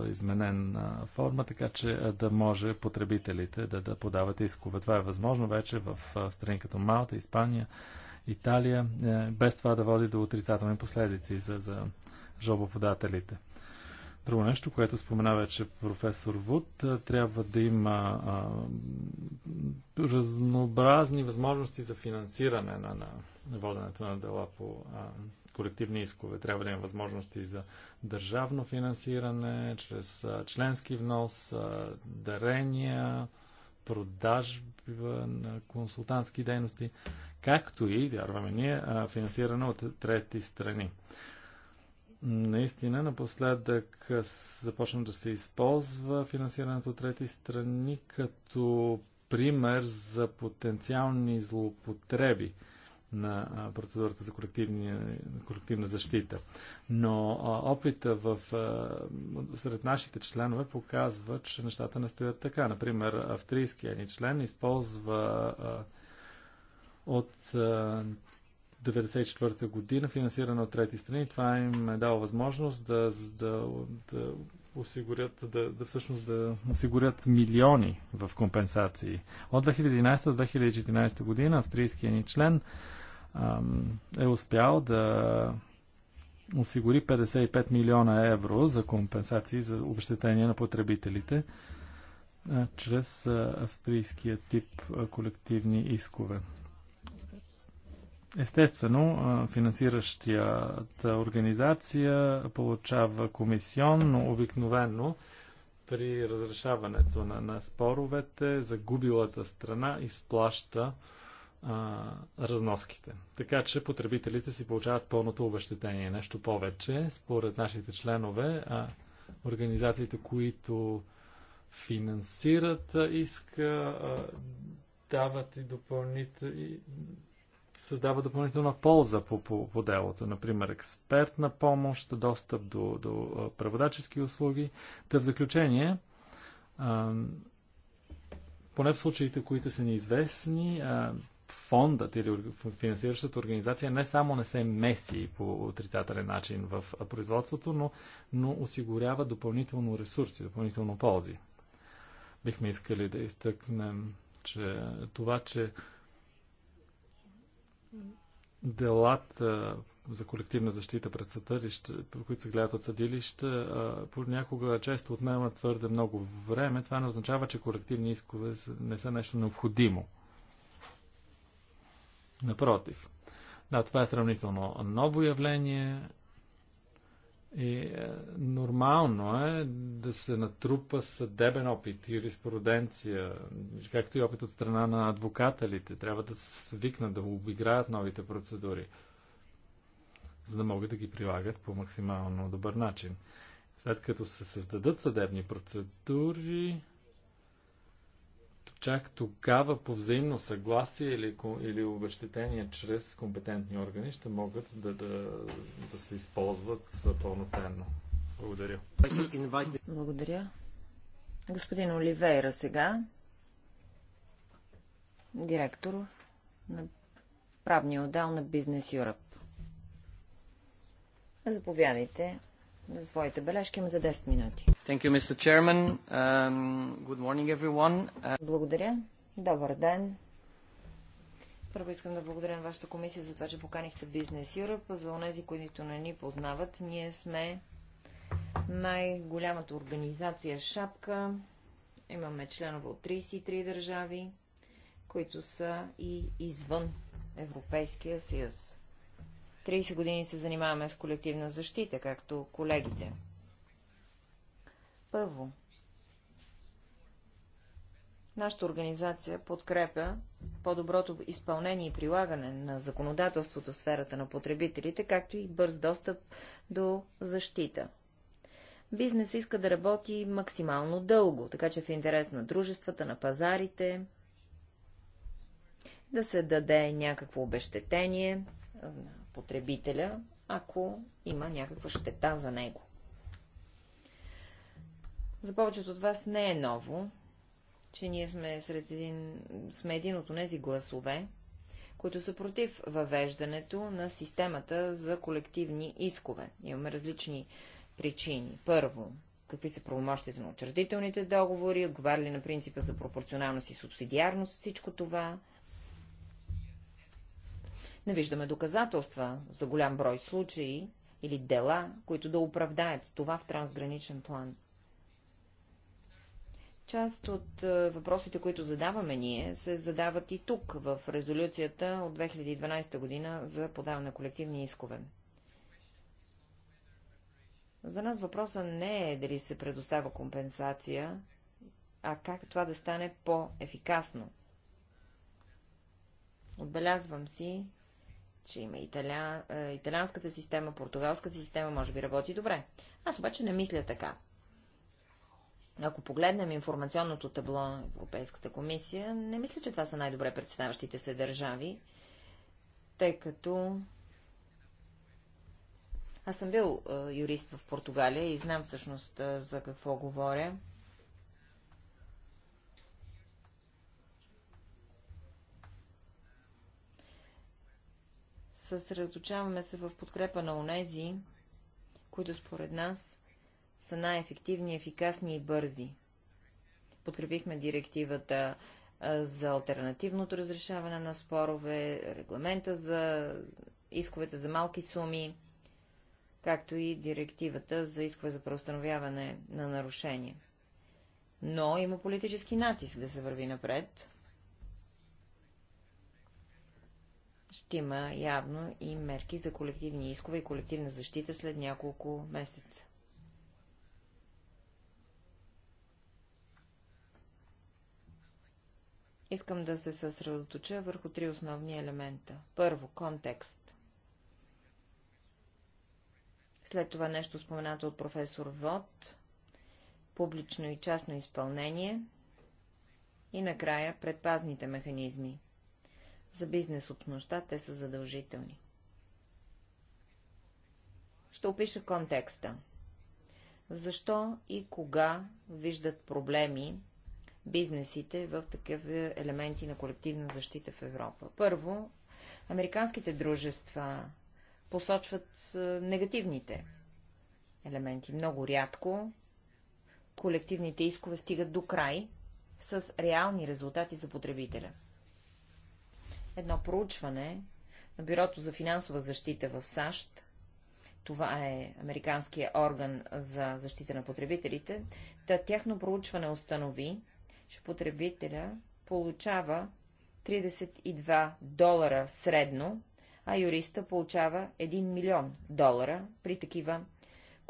изменена форма, така че да може потребителите да, да подават искове. Това е възможно вече в страни като Малта, Испания, Италия, е, без това да води до отрицателни последици за, за жалбоподателите. Друго нещо, което спомена вече професор Вуд, е, трябва да има а, разнообразни възможности за финансиране на, на воденето на дела по а, колективни искове. Трябва да има възможности за държавно финансиране, чрез членски внос, дарения, продажба на консултантски дейности, както и, вярваме ние, финансиране от трети страни. Наистина, напоследък започна да се използва финансирането от трети страни като пример за потенциални злоупотреби – на процедурата за колективна защита. Но опита в, сред нашите членове показва, че нещата не стоят така. Например, австрийският ни член използва от 1994 година финансиране от трети страни. Това им е дало възможност да, да, да осигурят, да, да всъщност да осигурят милиони в компенсации. От 2011 до 2014 година австрийският ни член е успял да осигури 55 милиона евро за компенсации за обещетение на потребителите чрез австрийския тип колективни искове. Естествено, финансиращията организация получава комисион, но обикновено при разрешаването на, на споровете загубилата страна изплаща а, разноските. Така че потребителите си получават пълното обещетение. Нещо повече, според нашите членове, а, организациите, които финансират иска, а, дават и допълнителни, създава допълнителна полза по, по, по делото. Например, експертна помощ, достъп до, до преводачески услуги. Та в заключение, поне в случаите, които са ни известни, фондът или финансиращата организация не само не се меси по отрицателен начин в производството, но, но осигурява допълнително ресурси, допълнително ползи. Бихме искали да изтъкнем, че това, че делата за колективна защита пред съдилище, които се гледат от съдилища, понякога често отнемат твърде много време. Това не означава, че колективни искове не са нещо необходимо. Напротив. Да, това е сравнително ново явление и е, нормално е да се натрупа съдебен опит, юриспруденция, както и опит от страна на адвокателите. Трябва да се свикнат да обиграят новите процедури, за да могат да ги прилагат по максимално добър начин. След като се създадат съдебни процедури, чак тогава по взаимно съгласие или, или обещетение чрез компетентни органи ще могат да, да, да се използват пълноценно. Благодаря. Благодаря. Господин Оливейра сега, директор на правния отдел на Бизнес Юръп. Заповядайте за своите бележки. Имате 10 минути. Thank you, Mr. Chairman. Um, good morning, everyone. Uh... Благодаря. Добър ден. Първо искам да благодаря на вашата комисия за това, че поканихте Бизнес Юръп. За онези, които не ни познават, ние сме най-голямата организация Шапка. Имаме членове от 33 държави, които са и извън Европейския съюз. 30 години се занимаваме с колективна защита, както колегите. Първо, нашата организация подкрепя по-доброто изпълнение и прилагане на законодателството в сферата на потребителите, както и бърз достъп до защита. Бизнес иска да работи максимално дълго, така че в интерес на дружествата, на пазарите, да се даде някакво обещетение на потребителя, ако има някаква щета за него. За повечето от вас не е ново, че ние сме, сред един, сме един от тези гласове, които са против въвеждането на системата за колективни искове. Имаме различни причини. Първо, какви са правомощите на учредителните договори, отговаря ли на принципа за пропорционалност и субсидиарност всичко това, не виждаме доказателства за голям брой случаи или дела, които да оправдаят това в трансграничен план. Част от е, въпросите, които задаваме ние, се задават и тук, в резолюцията от 2012 година за подаване на колективни искове. За нас въпросът не е дали се предоставя компенсация, а как това да стане по-ефикасно. Отбелязвам си, че има италя... Е, италианската система, португалската система, може би работи добре. Аз обаче не мисля така. Ако погледнем информационното табло на Европейската комисия, не мисля, че това са най-добре представящите се държави, тъй като аз съм бил е, юрист в Португалия и знам всъщност е, за какво говоря. Съсредоточаваме се в подкрепа на онези, които според нас са най-ефективни, ефикасни и бързи. Подкрепихме директивата за альтернативното разрешаване на спорове, регламента за исковете за малки суми, както и директивата за искове за преустановяване на нарушения. Но има политически натиск да се върви напред. ще има явно и мерки за колективни искове и колективна защита след няколко месеца. Искам да се съсредоточа върху три основни елемента. Първо, контекст. След това нещо споменато от професор Вод, публично и частно изпълнение и накрая предпазните механизми. За бизнес общността те са задължителни. Ще опиша контекста. Защо и кога виждат проблеми бизнесите в такива елементи на колективна защита в Европа? Първо, американските дружества посочват е, негативните елементи. Много рядко колективните искове стигат до край с реални резултати за потребителя едно проучване на Бюрото за финансова защита в САЩ. Това е Американския орган за защита на потребителите. Та тяхно проучване установи, че потребителя получава 32 долара средно, а юриста получава 1 милион долара при такива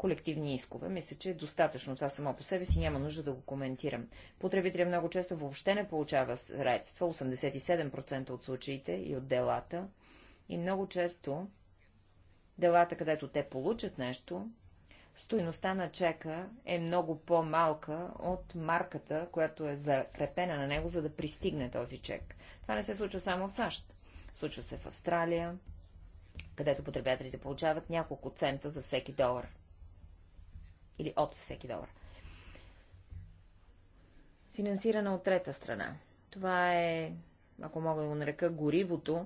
колективни искове. Мисля, че е достатъчно това само по себе си, няма нужда да го коментирам. Потребителя много често въобще не получава средства, 87% от случаите и от делата, и много често делата, където те получат нещо, стоиността на чека е много по-малка от марката, която е закрепена на него, за да пристигне този чек. Това не се случва само в САЩ. Случва се в Австралия, където потребителите получават няколко цента за всеки долар или от всеки долар. Финансирана от трета страна. Това е, ако мога да го нарека, горивото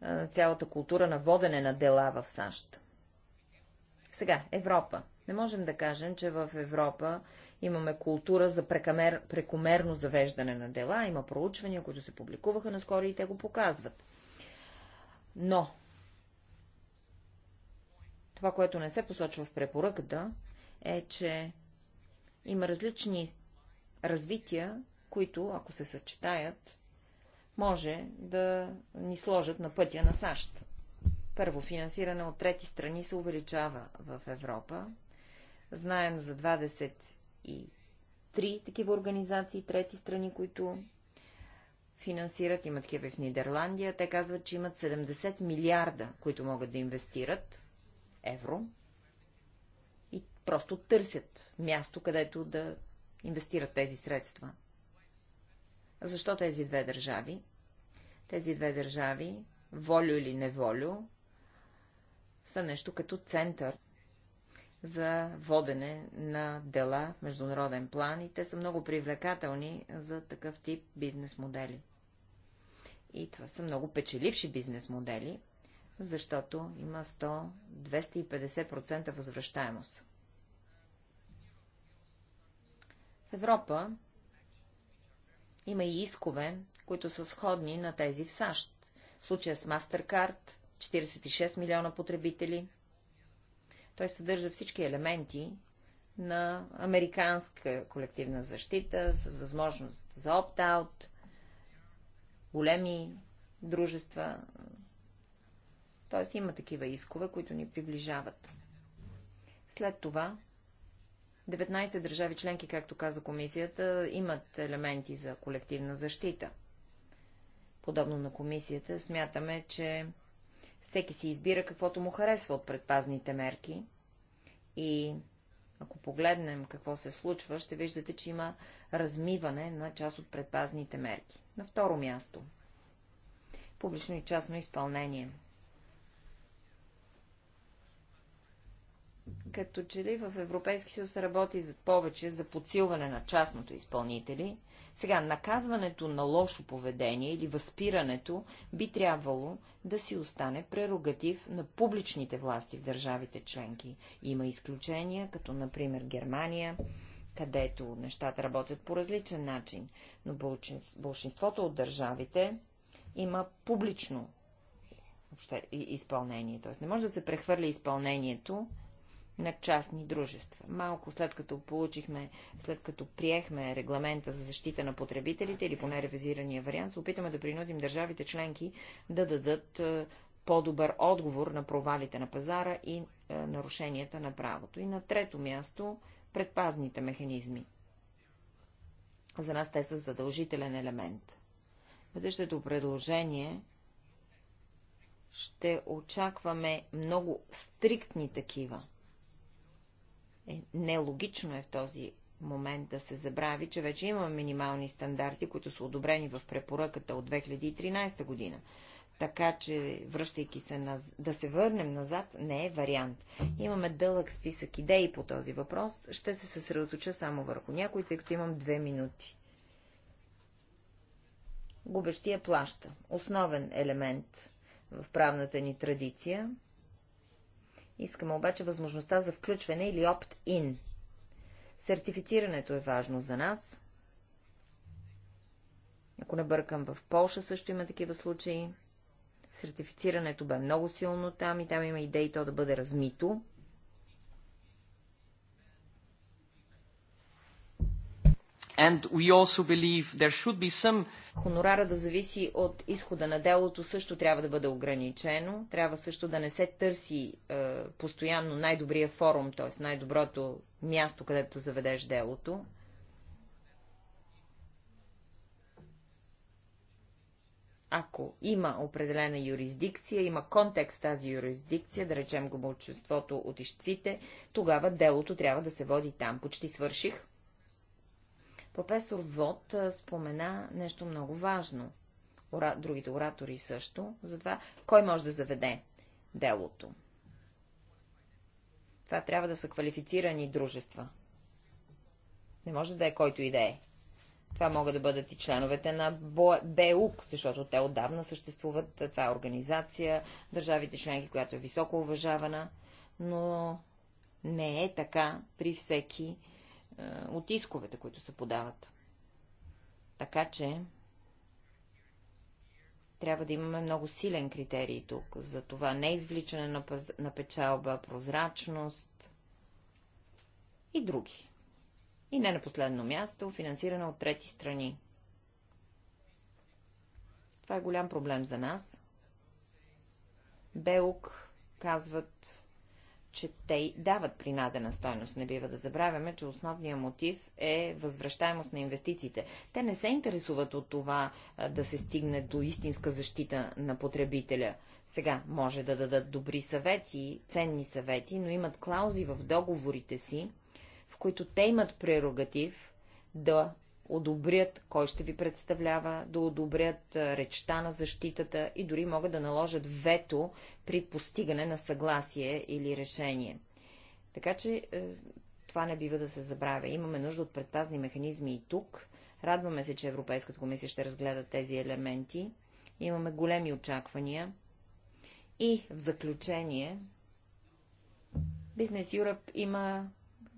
на цялата култура на водене на дела в САЩ. Сега, Европа. Не можем да кажем, че в Европа имаме култура за прекамер... прекомерно завеждане на дела. Има проучвания, които се публикуваха наскоро и те го показват. Но това, което не се посочва в препоръката, е, че има различни развития, които, ако се съчетаят, може да ни сложат на пътя на САЩ. Първо, финансиране от трети страни се увеличава в Европа. Знаем за 23 такива организации, трети страни, които финансират, имат такива в Нидерландия. Те казват, че имат 70 милиарда, които могат да инвестират евро и просто търсят място, където да инвестират тези средства. Защо тези две държави? Тези две държави, волю или неволю, са нещо като център за водене на дела в международен план и те са много привлекателни за такъв тип бизнес модели. И това са много печеливши бизнес модели, защото има 100-250% възвръщаемост. В Европа има и искове, които са сходни на тези в САЩ. В случая с MasterCard 46 милиона потребители. Той съдържа всички елементи на американска колективна защита, с възможност за опт-аут, големи дружества т.е. има такива искове, които ни приближават. След това 19 държави членки, както каза комисията, имат елементи за колективна защита. Подобно на комисията, смятаме, че всеки си избира каквото му харесва от предпазните мерки. И ако погледнем какво се случва, ще виждате, че има размиване на част от предпазните мерки. На второ място. Публично и частно изпълнение – като че ли в Европейски съюз работи за повече за подсилване на частното изпълнители. Сега, наказването на лошо поведение или възпирането би трябвало да си остане прерогатив на публичните власти в държавите членки. Има изключения, като например Германия, където нещата работят по различен начин, но большинството от държавите има публично изпълнение. Т.е. не може да се прехвърля изпълнението на частни дружества. Малко след като получихме, след като приехме регламента за защита на потребителите или поне ревизирания вариант, се опитаме да принудим държавите членки да дадат е, по-добър отговор на провалите на пазара и е, нарушенията на правото. И на трето място предпазните механизми. За нас те са задължителен елемент. Бъдещето предложение ще очакваме много стриктни такива е, нелогично е в този момент да се забрави, че вече има минимални стандарти, които са одобрени в препоръката от 2013 година. Така че, връщайки се на... да се върнем назад, не е вариант. Имаме дълъг списък идеи по този въпрос. Ще се съсредоточа само върху някой, тъй като имам две минути. Губещия плаща. Основен елемент в правната ни традиция Искаме обаче възможността за включване или опт-ин. Сертифицирането е важно за нас. Ако не бъркам, в Полша също има такива случаи. Сертифицирането бе много силно там и там има идеи то да бъде размито. And we also believe there should be some... Хонорара да зависи от изхода на делото също трябва да бъде ограничено. Трябва също да не се търси е, постоянно най-добрия форум, т.е. най-доброто място, където заведеш делото. Ако има определена юрисдикция, има контекст тази юрисдикция, да речем го мълчеството от ищците, тогава делото трябва да се води там. Почти свърших. Професор Вод спомена нещо много важно. Ора... Другите оратори също. затова кой може да заведе делото? Това трябва да са квалифицирани дружества. Не може да е който и да е. Това могат да бъдат и членовете на БУК, защото те отдавна съществуват. Това е организация, държавите членки, която е високо уважавана, но не е така при всеки е, от исковете, които се подават. Така че трябва да имаме много силен критерий тук за това не извличане на, пъз... на печалба, прозрачност и други. И не на последно място, финансиране от трети страни. Това е голям проблем за нас. Белк казват, че те дават принадена стойност. Не бива да забравяме, че основният мотив е възвръщаемост на инвестициите. Те не се интересуват от това да се стигне до истинска защита на потребителя. Сега може да дадат добри съвети, ценни съвети, но имат клаузи в договорите си, в които те имат прерогатив да одобрят кой ще ви представлява, да одобрят речта на защитата и дори могат да наложат вето при постигане на съгласие или решение. Така че е, това не бива да се забравя. Имаме нужда от предпазни механизми и тук. Радваме се, че Европейската комисия ще разгледа тези елементи. Имаме големи очаквания. И в заключение, Бизнес Юръп има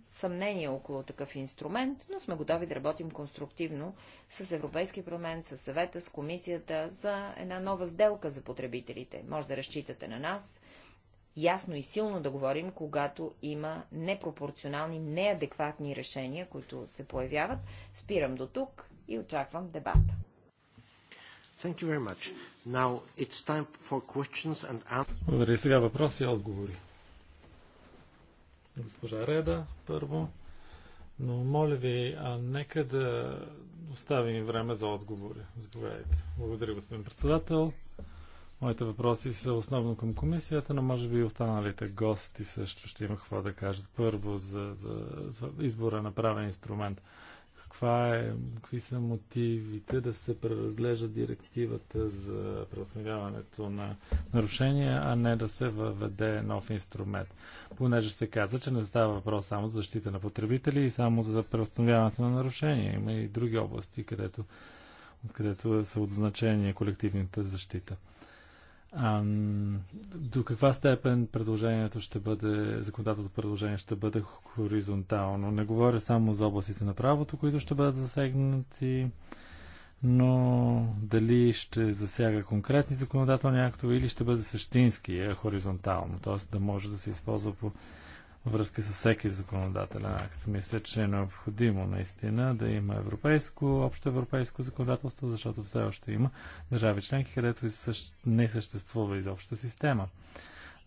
съмнение около такъв инструмент, но сме готови да работим конструктивно с Европейския промен, с съвета, с комисията за една нова сделка за потребителите. Може да разчитате на нас ясно и силно да говорим, когато има непропорционални, неадекватни решения, които се появяват. Спирам до тук и очаквам дебата. Благодаря. Сега въпроси и отговори госпожа Реда първо. Но моля ви, а нека да оставим време за отговори. Заповядайте. Благодаря, господин председател. Моите въпроси са основно към комисията, но може би и останалите гости също ще има какво да кажат. Първо за, за избора на правен инструмент каква е, какви са мотивите да се преразглежда директивата за преустановяването на нарушения, а не да се въведе нов инструмент. Понеже се каза, че не става въпрос само за защита на потребители и само за преустановяването на нарушения. Има и други области, където, откъдето са от значение колективната защита до каква степен предложението ще бъде, законодателното предложение ще бъде хоризонтално? Не говоря само за областите на правото, които ще бъдат засегнати, но дали ще засяга конкретни законодателни актове или ще бъде същински, е хоризонтално, т.е. да може да се използва по връзка с всеки законодателен акт. Мисля, че е необходимо наистина да има европейско, общо европейско законодателство, защото все още има държави членки, където не съществува изобщо система.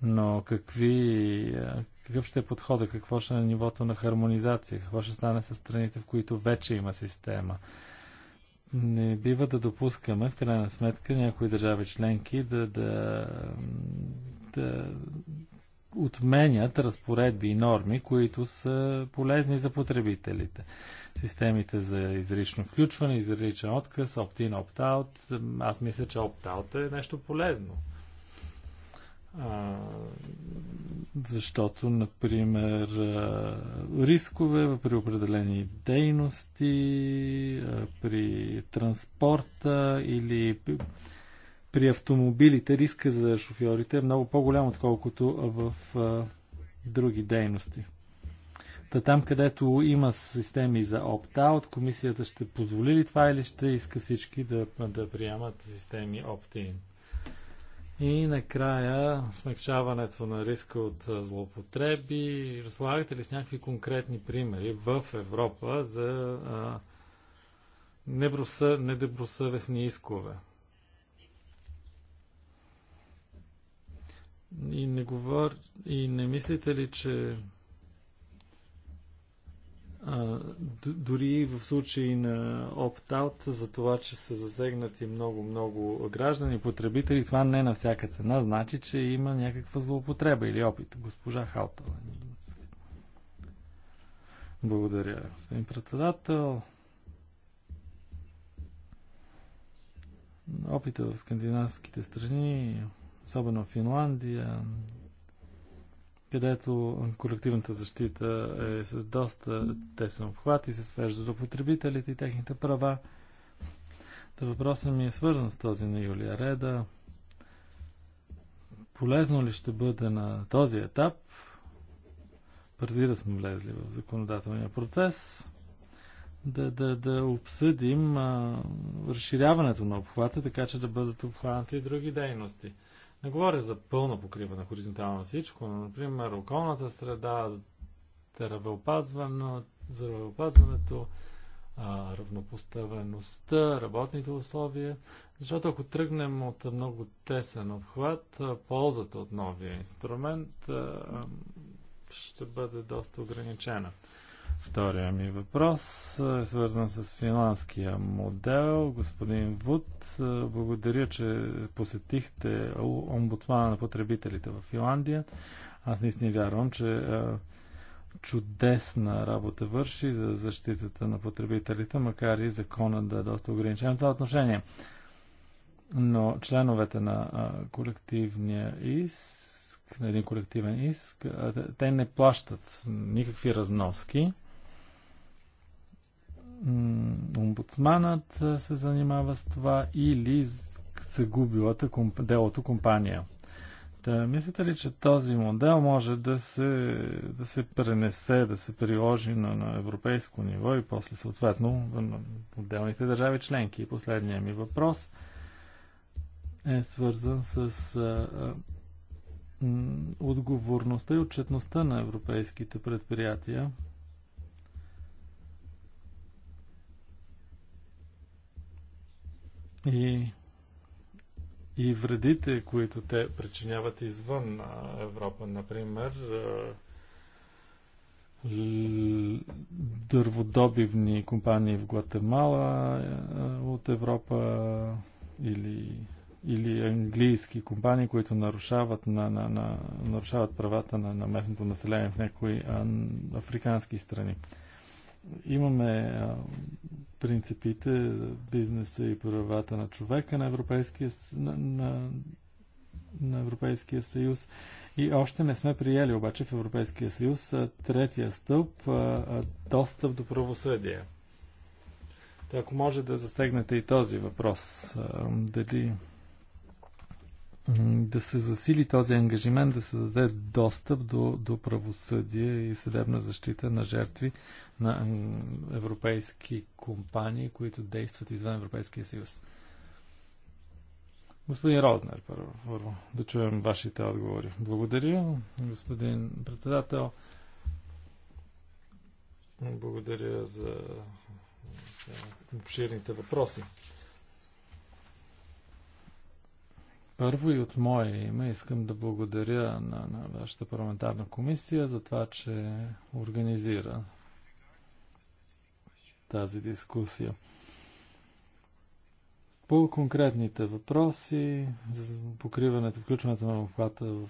Но какви, какъв ще е подхода, какво ще е нивото на хармонизация, какво ще стане с страните, в които вече има система. Не бива да допускаме, в крайна сметка, някои държави членки да, да, да отменят разпоредби и норми, които са полезни за потребителите. Системите за изрично включване, изричен отказ, opt-in, opt-out. Аз мисля, че opt-out е нещо полезно. А, защото, например, рискове при определени дейности, при транспорта или при автомобилите риска за шофьорите е много по-голям, отколкото в а, други дейности. Та там, където има системи за опт-аут, комисията ще позволи ли това или ще иска всички да, да приемат системи opt-in? И накрая смягчаването на риска от злоупотреби. Разполагате ли с някакви конкретни примери в Европа за а, недобросъвестни искове? И не говор... И не мислите ли, че а, дори в случай на опт-аут за това, че са засегнати много-много граждани, потребители, това не на всяка цена, значи, че има някаква злоупотреба или опит. Госпожа Халтова, Благодаря, господин председател. Опита в скандинавските страни особено в Финландия, където колективната защита е с доста тесен обхват и се свежда до потребителите и техните права. Та въпросът ми е свързан с този на Юлия Реда. Полезно ли ще бъде на този етап, преди да сме влезли в законодателния процес, да, да, да обсъдим а, разширяването на обхвата, така че да бъдат обхванати и други дейности? Не говоря за покрива покриване хоризонтално на всичко, но, например, околната среда, здравеопазването, равнопоставеността, работните условия, защото ако тръгнем от много тесен обхват, ползата от новия инструмент ще бъде доста ограничена. Втория ми въпрос е свързан с финландския модел. Господин Вуд, е, благодаря, че посетихте омбудсмана на потребителите в Финландия. Аз наистина вярвам, че е, чудесна работа върши за защитата на потребителите, макар и закона да е доста ограничен в това отношение. Но членовете на е, колективния ИС на един колективен иск, те не плащат никакви разноски омбудсманът се занимава с това или загубилата комп... делото компания. Та, мислите ли, че този модел може да се, да се пренесе, да се приложи на, на европейско ниво и после съответно на отделните държави членки? И последният ми въпрос е свързан с а, а, отговорността и отчетността на европейските предприятия и, и вредите, които те причиняват извън Европа. Например, дърводобивни компании в Гватемала от Европа или, или английски компании, които нарушават, на, на, на, нарушават правата на, на местното население в някои африкански страни. Имаме принципите за бизнеса и правата на човека на Европейския, на, на, на Европейския съюз. И още не сме приели обаче в Европейския съюз третия стълб достъп до правосъдие. Та, ако може да застегнете и този въпрос, дали да се засили този ангажимент, да се даде достъп до, до правосъдие и съдебна защита на жертви на европейски компании, които действат извън Европейския съюз. Господин Рознер, първо, първо да чуем вашите отговори. Благодаря, господин председател. Благодаря за обширните въпроси. Първо и от мое име искам да благодаря на, на вашата парламентарна комисия за това, че организира тази дискусия. По конкретните въпроси, за покриването, включването на обхвата в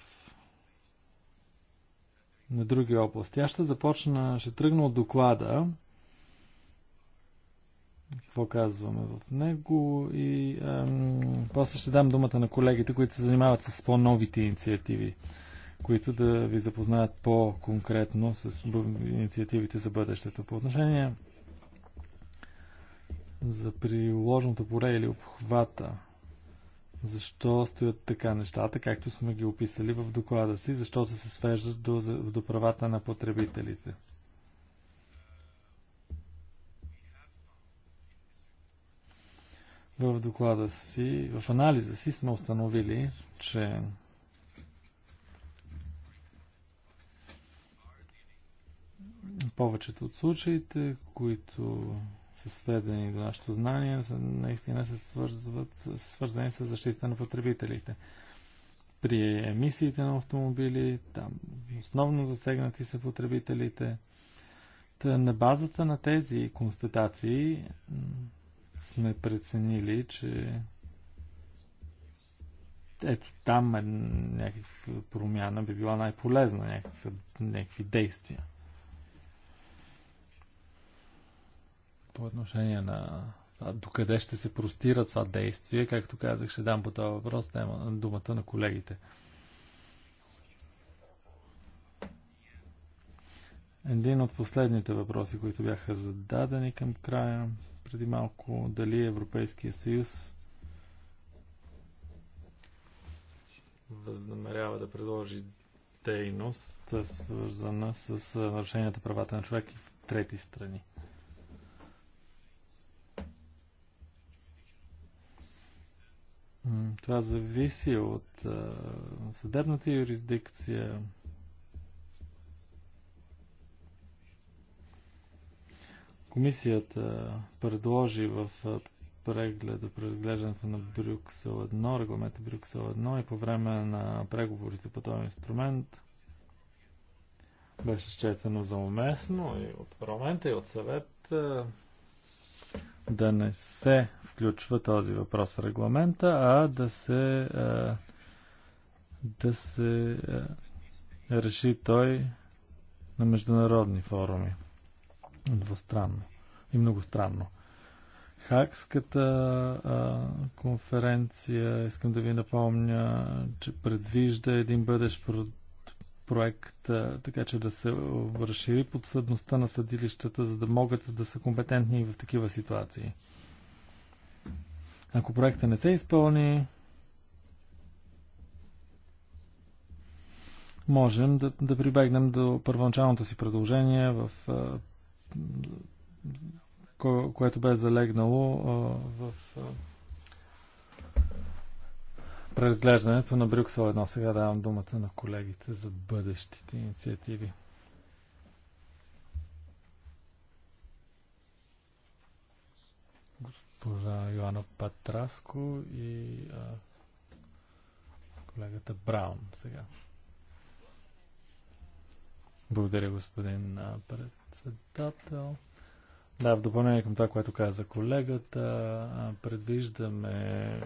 на други области. Аз ще започна, ще тръгна от доклада, какво казваме в него и ем, после ще дам думата на колегите, които се занимават с по-новите инициативи, които да ви запознаят по-конкретно с инициативите за бъдещето. По отношение за приложното поле или обхвата. Защо стоят така нещата, както сме ги описали в доклада си, защо се свеждат до, до правата на потребителите. В доклада си, в анализа си сме установили, че повечето от случаите, които са сведени до нашето знание, наистина се свързват, са свързани с защита на потребителите. При емисиите на автомобили, там основно засегнати са потребителите. Та на базата на тези констатации сме преценили, че ето там е някаква промяна би била най-полезна, някакви, някакви действия. по отношение на това, докъде ще се простира това действие, както казах, ще дам по този въпрос тема, думата на колегите. Един от последните въпроси, които бяха зададени към края преди малко, дали Европейския съюз възнамерява да предложи дейност, свързана с нарушенията правата на човек и в трети страни. Това зависи от съдебната юрисдикция. Комисията предложи в прегледа, преразглеждането на Брюксел 1, регламента Брюксел 1 и по време на преговорите по този инструмент беше счетено за уместно и от парламента, и от съвет да не се включва този въпрос в регламента, а да се, е, да се е, реши той на международни форуми. Двустранно и многостранно. Хакската а, е, конференция, искам да ви напомня, че предвижда един бъдещ проект, така че да се разшири подсъдността на съдилищата, за да могат да са компетентни и в такива ситуации. Ако проекта не се изпълни, можем да, да прибегнем до първоначалното си предложение, в, което бе залегнало в преразглеждането на Брюксел едно Сега давам думата на колегите за бъдещите инициативи. Госпожа Йоанна Патраско и а, колегата Браун сега. Благодаря, господин председател. Да, в допълнение към това, което каза колегата, предвиждаме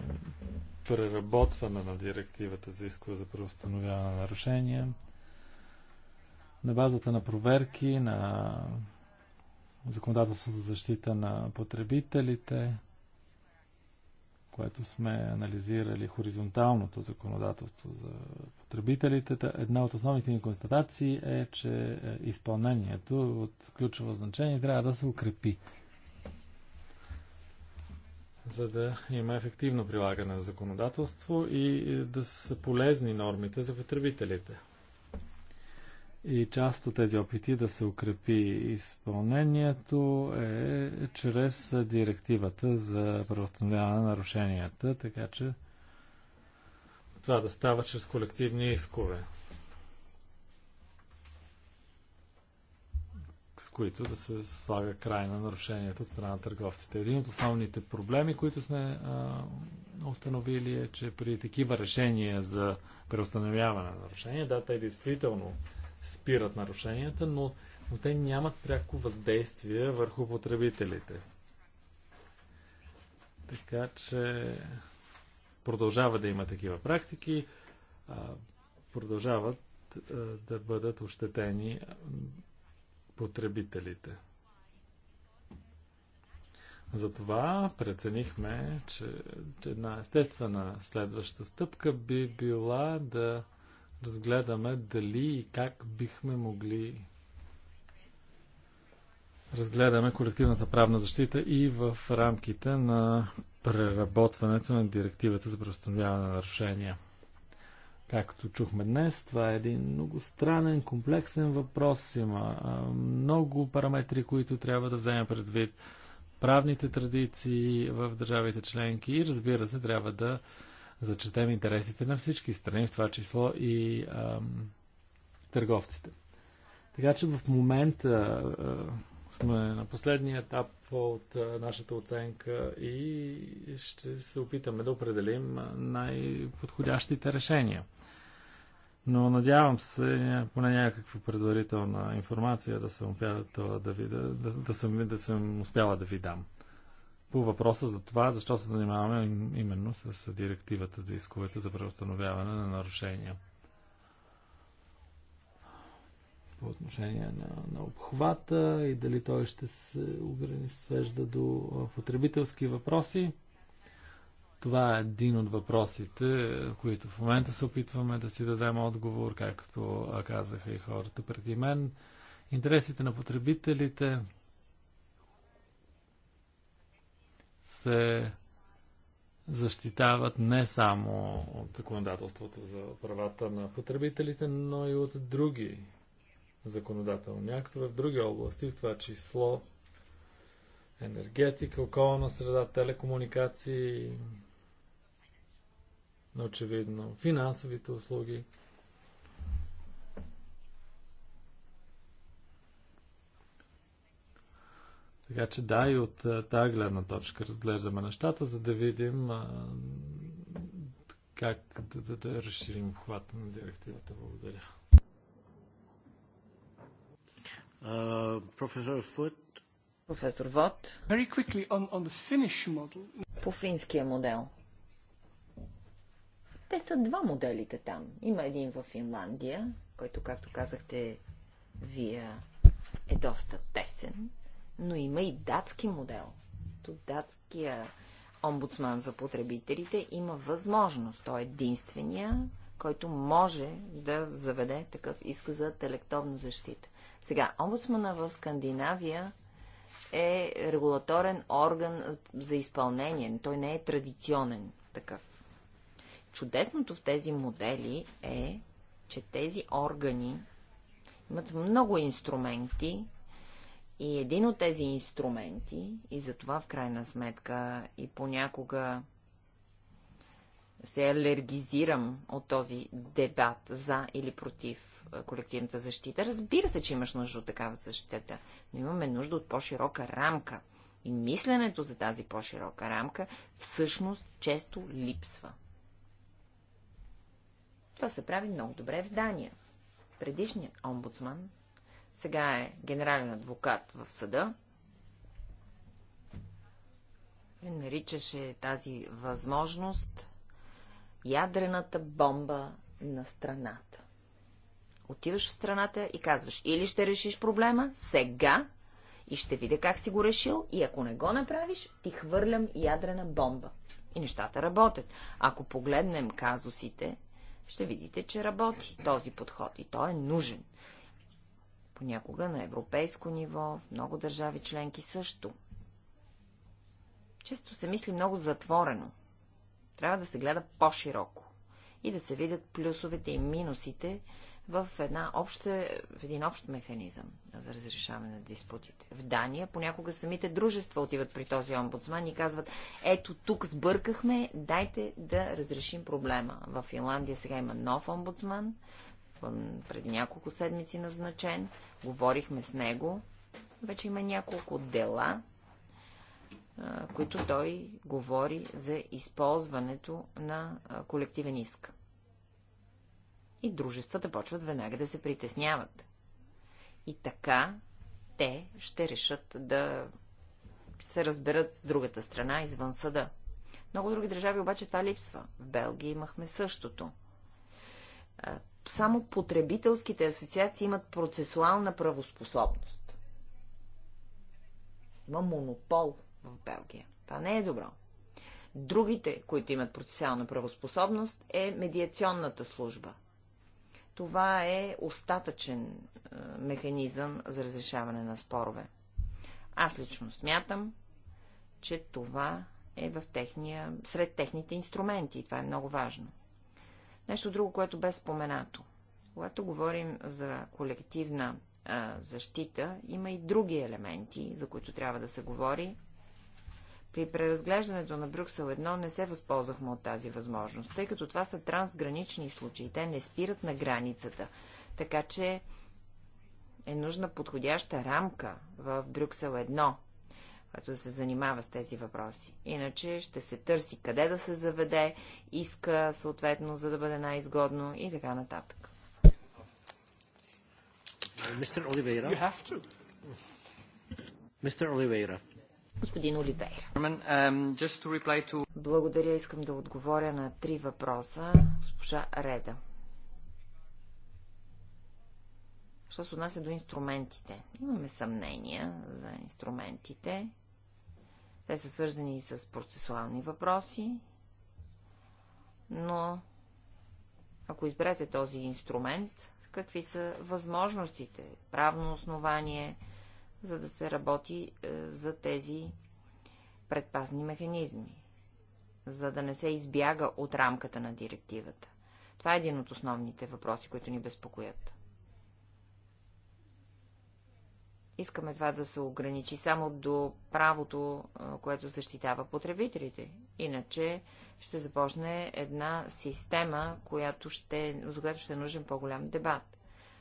преработване на директивата за искове за преустановяване на нарушения на базата на проверки на законодателството за защита на потребителите, което сме анализирали хоризонталното законодателство за потребителите, една от основните ни констатации е, че е, изпълнението от ключово значение трябва да се укрепи за да има ефективно прилагане на законодателство и е, да са полезни нормите за потребителите. И част от тези опити да се укрепи изпълнението е чрез директивата за преустановяване на нарушенията, така че това да става чрез колективни искове, с които да се слага край на нарушенията от страна на търговците. Един от основните проблеми, които сме а, установили е, че при такива решения за преустановяване на нарушения, да, те действително спират нарушенията, но, но те нямат пряко въздействие върху потребителите. Така че продължава да има такива практики, продължават да бъдат ощетени потребителите. Затова преценихме, че, че една естествена следваща стъпка би била да разгледаме дали и как бихме могли разгледаме колективната правна защита и в рамките на преработването на директивата за преустановяване на нарушения. Както чухме днес, това е един много странен, комплексен въпрос. Има много параметри, които трябва да вземем предвид правните традиции в държавите членки и разбира се, трябва да зачетем интересите на всички страни, в това число и ам, търговците. Така че в момента сме на последния етап от нашата оценка и ще се опитаме да определим най-подходящите решения. Но надявам се, поне някаква предварителна информация да съм, успяла да, да, да, да, съм, да съм успяла да ви дам по въпроса за това, защо се занимаваме именно с директивата за исковете за преустановяване на нарушения. По отношение на, на обхвата и дали той ще се уверени, свежда до потребителски въпроси. Това е един от въпросите, които в момента се опитваме да си дадем отговор, както казаха и хората преди мен. Интересите на потребителите, се защитават не само от законодателството за правата на потребителите, но и от други законодателни актове в други области, в това число енергетика, околна среда, телекомуникации, очевидно финансовите услуги. Така че да, и от тази гледна точка разглеждаме нещата, за да видим как да, да, да разширим обхвата на директивата. Благодаря. Uh, професор Вот. Професор Вод. On, on По финския модел. Те са два моделите там. Има един в Финландия, който, както казахте, вие е доста тесен но има и датски модел. То датския омбудсман за потребителите има възможност. Той е единствения, който може да заведе такъв иск за електронна защита. Сега, омбудсмана в Скандинавия е регулаторен орган за изпълнение. Той не е традиционен такъв. Чудесното в тези модели е, че тези органи имат много инструменти, и един от тези инструменти, и за това в крайна сметка и понякога се алергизирам от този дебат за или против колективната защита. Разбира се, че имаш нужда от такава защита, но имаме нужда от по-широка рамка. И мисленето за тази по-широка рамка всъщност често липсва. Това се прави много добре в Дания. Предишният омбудсман сега е генерален адвокат в съда. И наричаше тази възможност ядрената бомба на страната. Отиваш в страната и казваш, или ще решиш проблема сега и ще видя как си го решил, и ако не го направиш, ти хвърлям ядрена бомба. И нещата работят. Ако погледнем казусите, ще видите, че работи този подход и той е нужен понякога на европейско ниво, в много държави членки също. Често се мисли много затворено. Трябва да се гледа по-широко и да се видят плюсовете и минусите в, една обща, в един общ механизъм за разрешаване на диспутите. В Дания понякога самите дружества отиват при този омбудсман и казват, ето тук сбъркахме, дайте да разрешим проблема. В Финландия сега има нов омбудсман, преди няколко седмици назначен, говорихме с него, вече има няколко дела, които той говори за използването на колективен иск. И дружествата почват веднага да се притесняват. И така те ще решат да се разберат с другата страна извън съда. Много други държави обаче това липсва. В Белгия имахме същото само потребителските асоциации имат процесуална правоспособност. Има монопол в Белгия. Това не е добро. Другите, които имат процесуална правоспособност, е медиационната служба. Това е остатъчен е, механизъм за разрешаване на спорове. Аз лично смятам, че това е в техния, сред техните инструменти и това е много важно. Нещо друго, което бе споменато. Когато говорим за колективна а, защита, има и други елементи, за които трябва да се говори. При преразглеждането на Брюксел 1 не се възползвахме от тази възможност, тъй като това са трансгранични случаи. Те не спират на границата. Така че е нужна подходяща рамка в Брюксел който се занимава с тези въпроси. Иначе ще се търси къде да се заведе, иска съответно, за да бъде най-изгодно и така нататък. Мистер Оливейра. You have to. Мистер Оливейра. Господин Оливейра. Um, Благодаря, искам да отговоря на три въпроса. Госпожа Реда. Що се отнася до инструментите? Имаме съмнения за инструментите. Те са свързани и с процесуални въпроси, но ако изберете този инструмент, какви са възможностите, правно основание, за да се работи е, за тези предпазни механизми, за да не се избяга от рамката на директивата. Това е един от основните въпроси, които ни безпокоят. искаме това да се ограничи само до правото, което защитава потребителите. Иначе ще започне една система, която ще, за която ще е нужен по-голям дебат.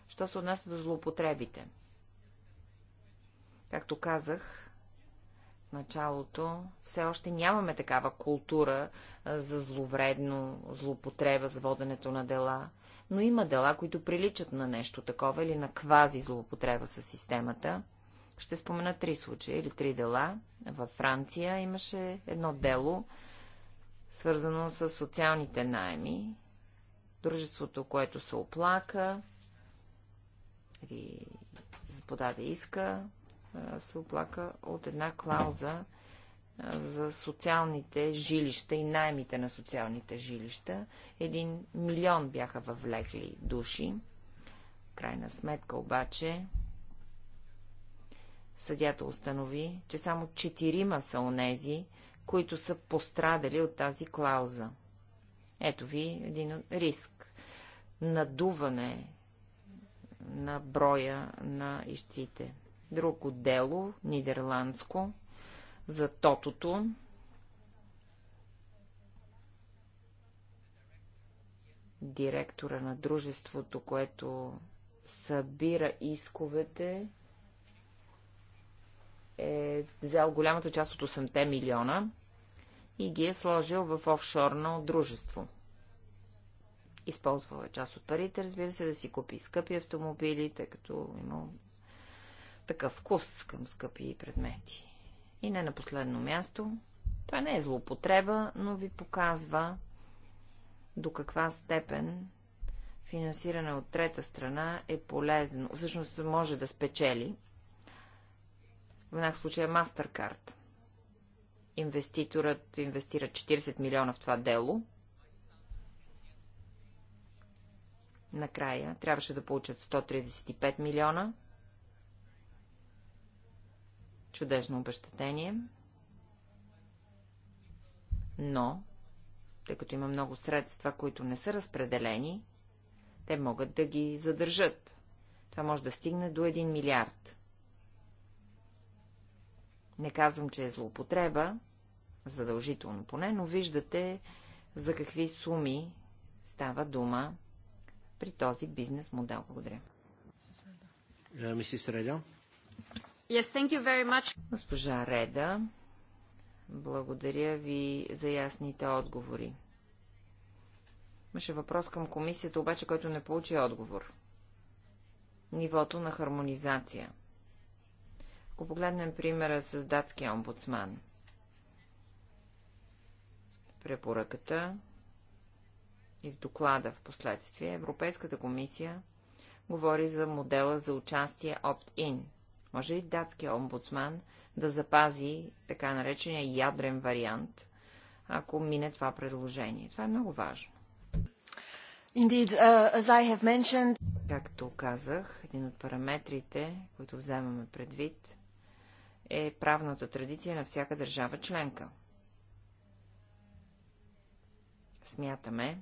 Що се отнася до злоупотребите? Както казах, в началото все още нямаме такава култура за зловредно злоупотреба за воденето на дела – но има дела, които приличат на нещо такова или на квази злоупотреба с системата. Ще спомена три случая или три дела. Във Франция имаше едно дело, свързано с социалните найми. Дружеството, което се оплака или подаде иска, се оплака от една клауза за социалните жилища и наймите на социалните жилища. Един милион бяха въвлекли души. Крайна сметка обаче съдята установи, че само четирима са онези, които са пострадали от тази клауза. Ето ви един риск. Надуване на броя на ищците. Друго дело, нидерландско, за тотото. Директора на дружеството, което събира исковете, е взел голямата част от 8 милиона и ги е сложил в офшорно дружество. Използвал е част от парите, разбира се, да си купи скъпи автомобили, тъй като имал такъв вкус към скъпи предмети. И не на последно място, това не е злоупотреба, но ви показва до каква степен финансиране от трета страна е полезно. Всъщност може да спечели. Споменах случая MasterCard. Инвеститорът инвестира 40 милиона в това дело. Накрая трябваше да получат 135 милиона чудесно обещетение, но, тъй като има много средства, които не са разпределени, те могат да ги задържат. Това може да стигне до 1 милиард. Не казвам, че е злоупотреба, задължително поне, но виждате за какви суми става дума при този бизнес модел. Благодаря. Мисис Реда. Yes, thank you very much. Госпожа Реда, благодаря ви за ясните отговори. Имаше въпрос към комисията, обаче, който не получи отговор. Нивото на хармонизация. Ако погледнем примера с датския омбудсман, препоръката и в доклада в последствие Европейската комисия говори за модела за участие опт-ин – може ли датския омбудсман да запази така наречения ядрен вариант, ако мине това предложение? Това е много важно. Indeed, uh, as I have mentioned... Както казах, един от параметрите, които вземаме предвид, е правната традиция на всяка държава членка. Смятаме,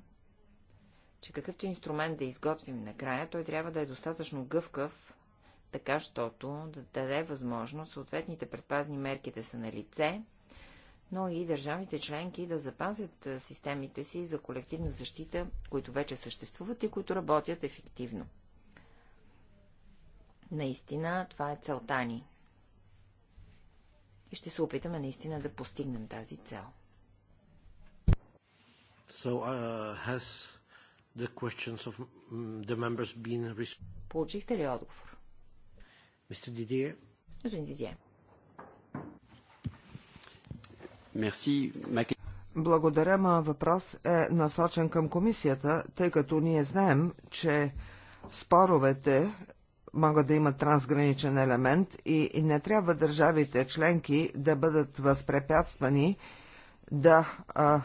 че какъвто инструмент да изготвим накрая, той трябва да е достатъчно гъвкав така, щото да даде възможност съответните предпазни мерки да са на лице, но и държавите членки да запазят системите си за колективна защита, които вече съществуват и които работят ефективно. Наистина, това е целта ни. И ще се опитаме наистина да постигнем тази цел. So, uh, has the questions of mm, the members been... Получихте ли отговор? Mr. Didier. Господин Дидие. Мерси. Благодаря, моя въпрос е насочен към комисията, тъй като ние знаем, че споровете могат да имат трансграничен елемент и не трябва държавите членки да бъдат възпрепятствани да а,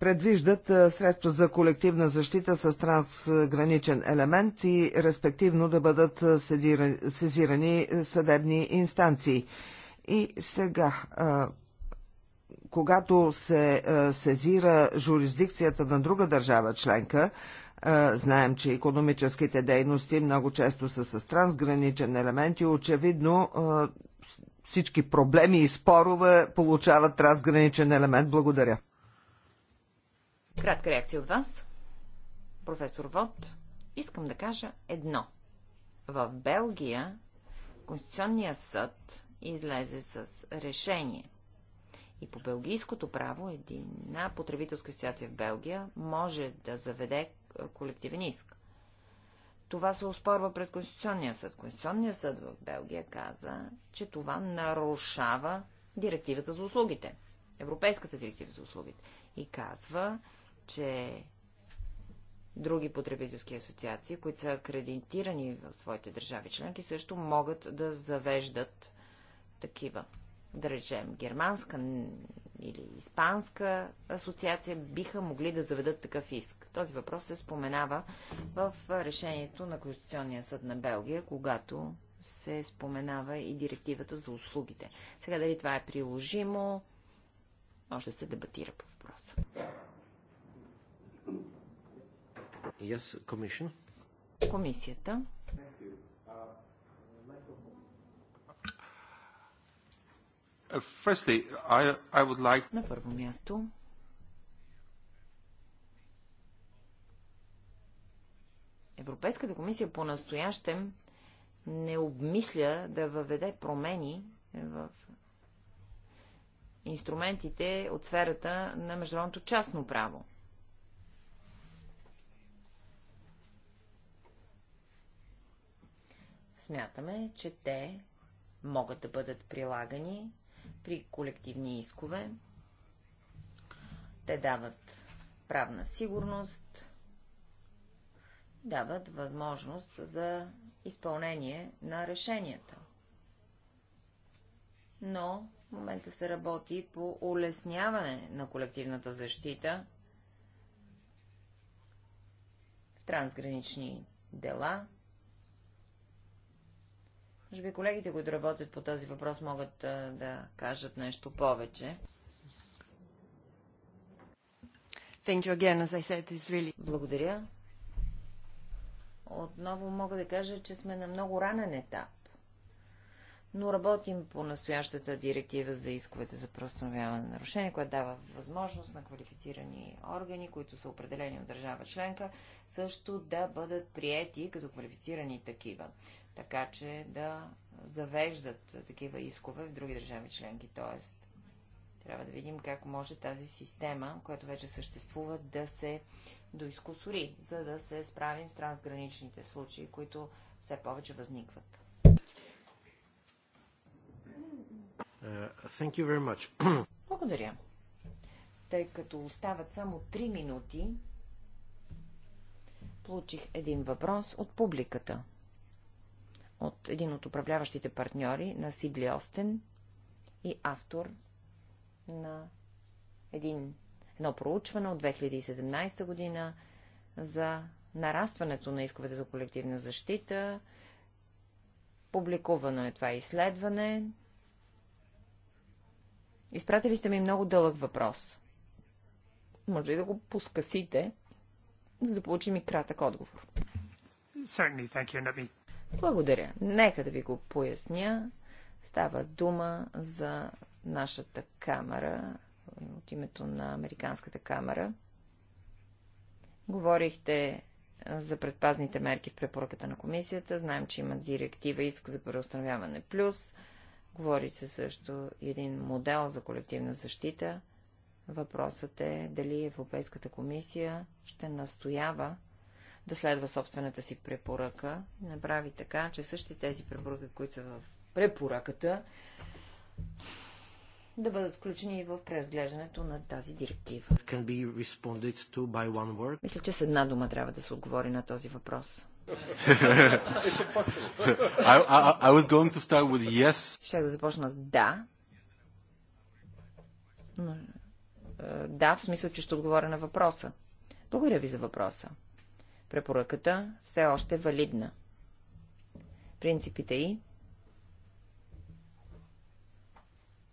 предвиждат е, средства за колективна защита с трансграничен елемент и респективно да бъдат е, сезирани е, съдебни инстанции. И сега, когато се сезира юрисдикцията на друга държава членка, Знаем, че економическите дейности много често са с трансграничен елемент и очевидно всички проблеми и спорове получават трансграничен елемент. Благодаря. Кратка реакция от вас. Професор Вод, искам да кажа едно. В Белгия Конституционният съд излезе с решение. И по белгийското право една потребителска асоциация в Белгия може да заведе колективен иск. Това се оспорва пред Конституционния съд. Конституционният съд в Белгия каза, че това нарушава директивата за услугите. Европейската директива за услугите. И казва, че други потребителски асоциации, които са акредитирани в своите държави членки, също могат да завеждат такива. Да речем, германска или испанска асоциация биха могли да заведат такъв иск. Този въпрос се споменава в решението на Конституционния съд на Белгия, когато се споменава и директивата за услугите. Сега дали това е приложимо, може да се дебатира по въпроса. Yes, commission. Комисията. Uh, firstly, I, I would like... На първо място, Европейската комисия по-настоящем не обмисля да въведе промени в инструментите от сферата на международното частно право. Смятаме, че те могат да бъдат прилагани при колективни искове. Те дават правна сигурност, дават възможност за изпълнение на решенията. Но в момента се работи по улесняване на колективната защита в трансгранични дела, може би колегите, които работят по този въпрос, могат а, да кажат нещо повече. Thank you again, as I said, it's really... Благодаря. Отново мога да кажа, че сме на много ранен етап, но работим по настоящата директива за исковете за преустановяване на нарушение, която дава възможност на квалифицирани органи, които са определени от държава членка, също да бъдат приети като квалифицирани такива така че да завеждат такива искове в други държави членки. Тоест, трябва да видим как може тази система, която вече съществува, да се доискусори, за да се справим с трансграничните случаи, които все повече възникват. Uh, Благодаря. Тъй като остават само 3 минути, получих един въпрос от публиката от един от управляващите партньори на Сибли Остен и автор на един, едно проучване от 2017 година за нарастването на исковете за колективна защита. Публикувано е това изследване. Изпратили сте ми много дълъг въпрос. Може ли да го поскъсите, за да получим и кратък отговор? Certainly, thank you. Let me благодаря. Нека да ви го поясня. Става дума за нашата камера, от името на Американската камера. Говорихте за предпазните мерки в препоръката на комисията. Знаем, че има директива иск за преустановяване плюс. Говори се също един модел за колективна защита. Въпросът е дали Европейската комисия ще настоява да следва собствената си препоръка. Направи така, че същите тези препоръки, които са в препоръката, да бъдат включени и в преразглеждането на тази директива. Мисля, че с една дума трябва да се отговори на този въпрос. [LAUGHS] Ще да започна с да. Е, да, в смисъл, че ще отговоря на въпроса. Благодаря ви за въпроса. Препоръката все още е валидна. Принципите и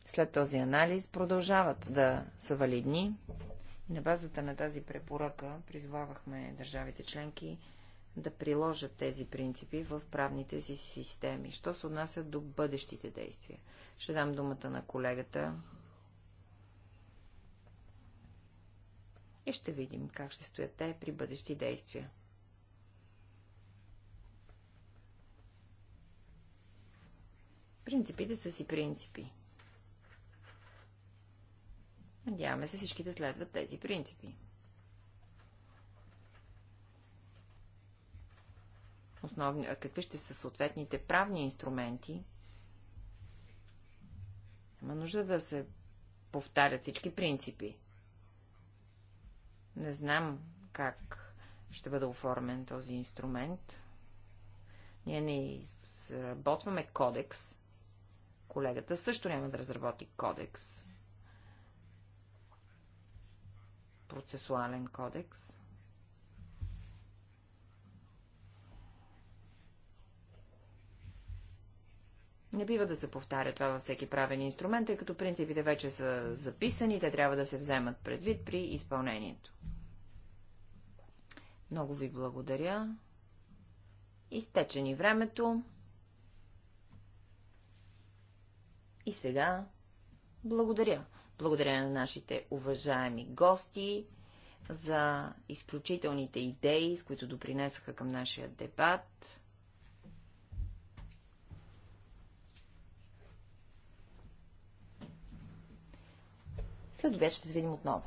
след този анализ продължават да са валидни. На базата на тази препоръка призвавахме държавите членки да приложат тези принципи в правните си системи. Що се отнася до бъдещите действия? Ще дам думата на колегата и ще видим как ще стоят те при бъдещи действия. Принципите са си принципи. Надяваме се всички да следват тези принципи. Основни, а какви ще са съответните правни инструменти? Има нужда да се повтарят всички принципи. Не знам как ще бъде оформен този инструмент. Ние не изработваме кодекс, Колегата също няма да разработи кодекс. Процесуален кодекс. Не бива да се повтаря това във всеки правен инструмент, тъй като принципите вече са записани, те трябва да се вземат предвид при изпълнението. Много ви благодаря. Изтече ни времето. И сега благодаря. Благодаря на нашите уважаеми гости за изключителните идеи, с които допринесаха към нашия дебат. След обед ще се видим отново.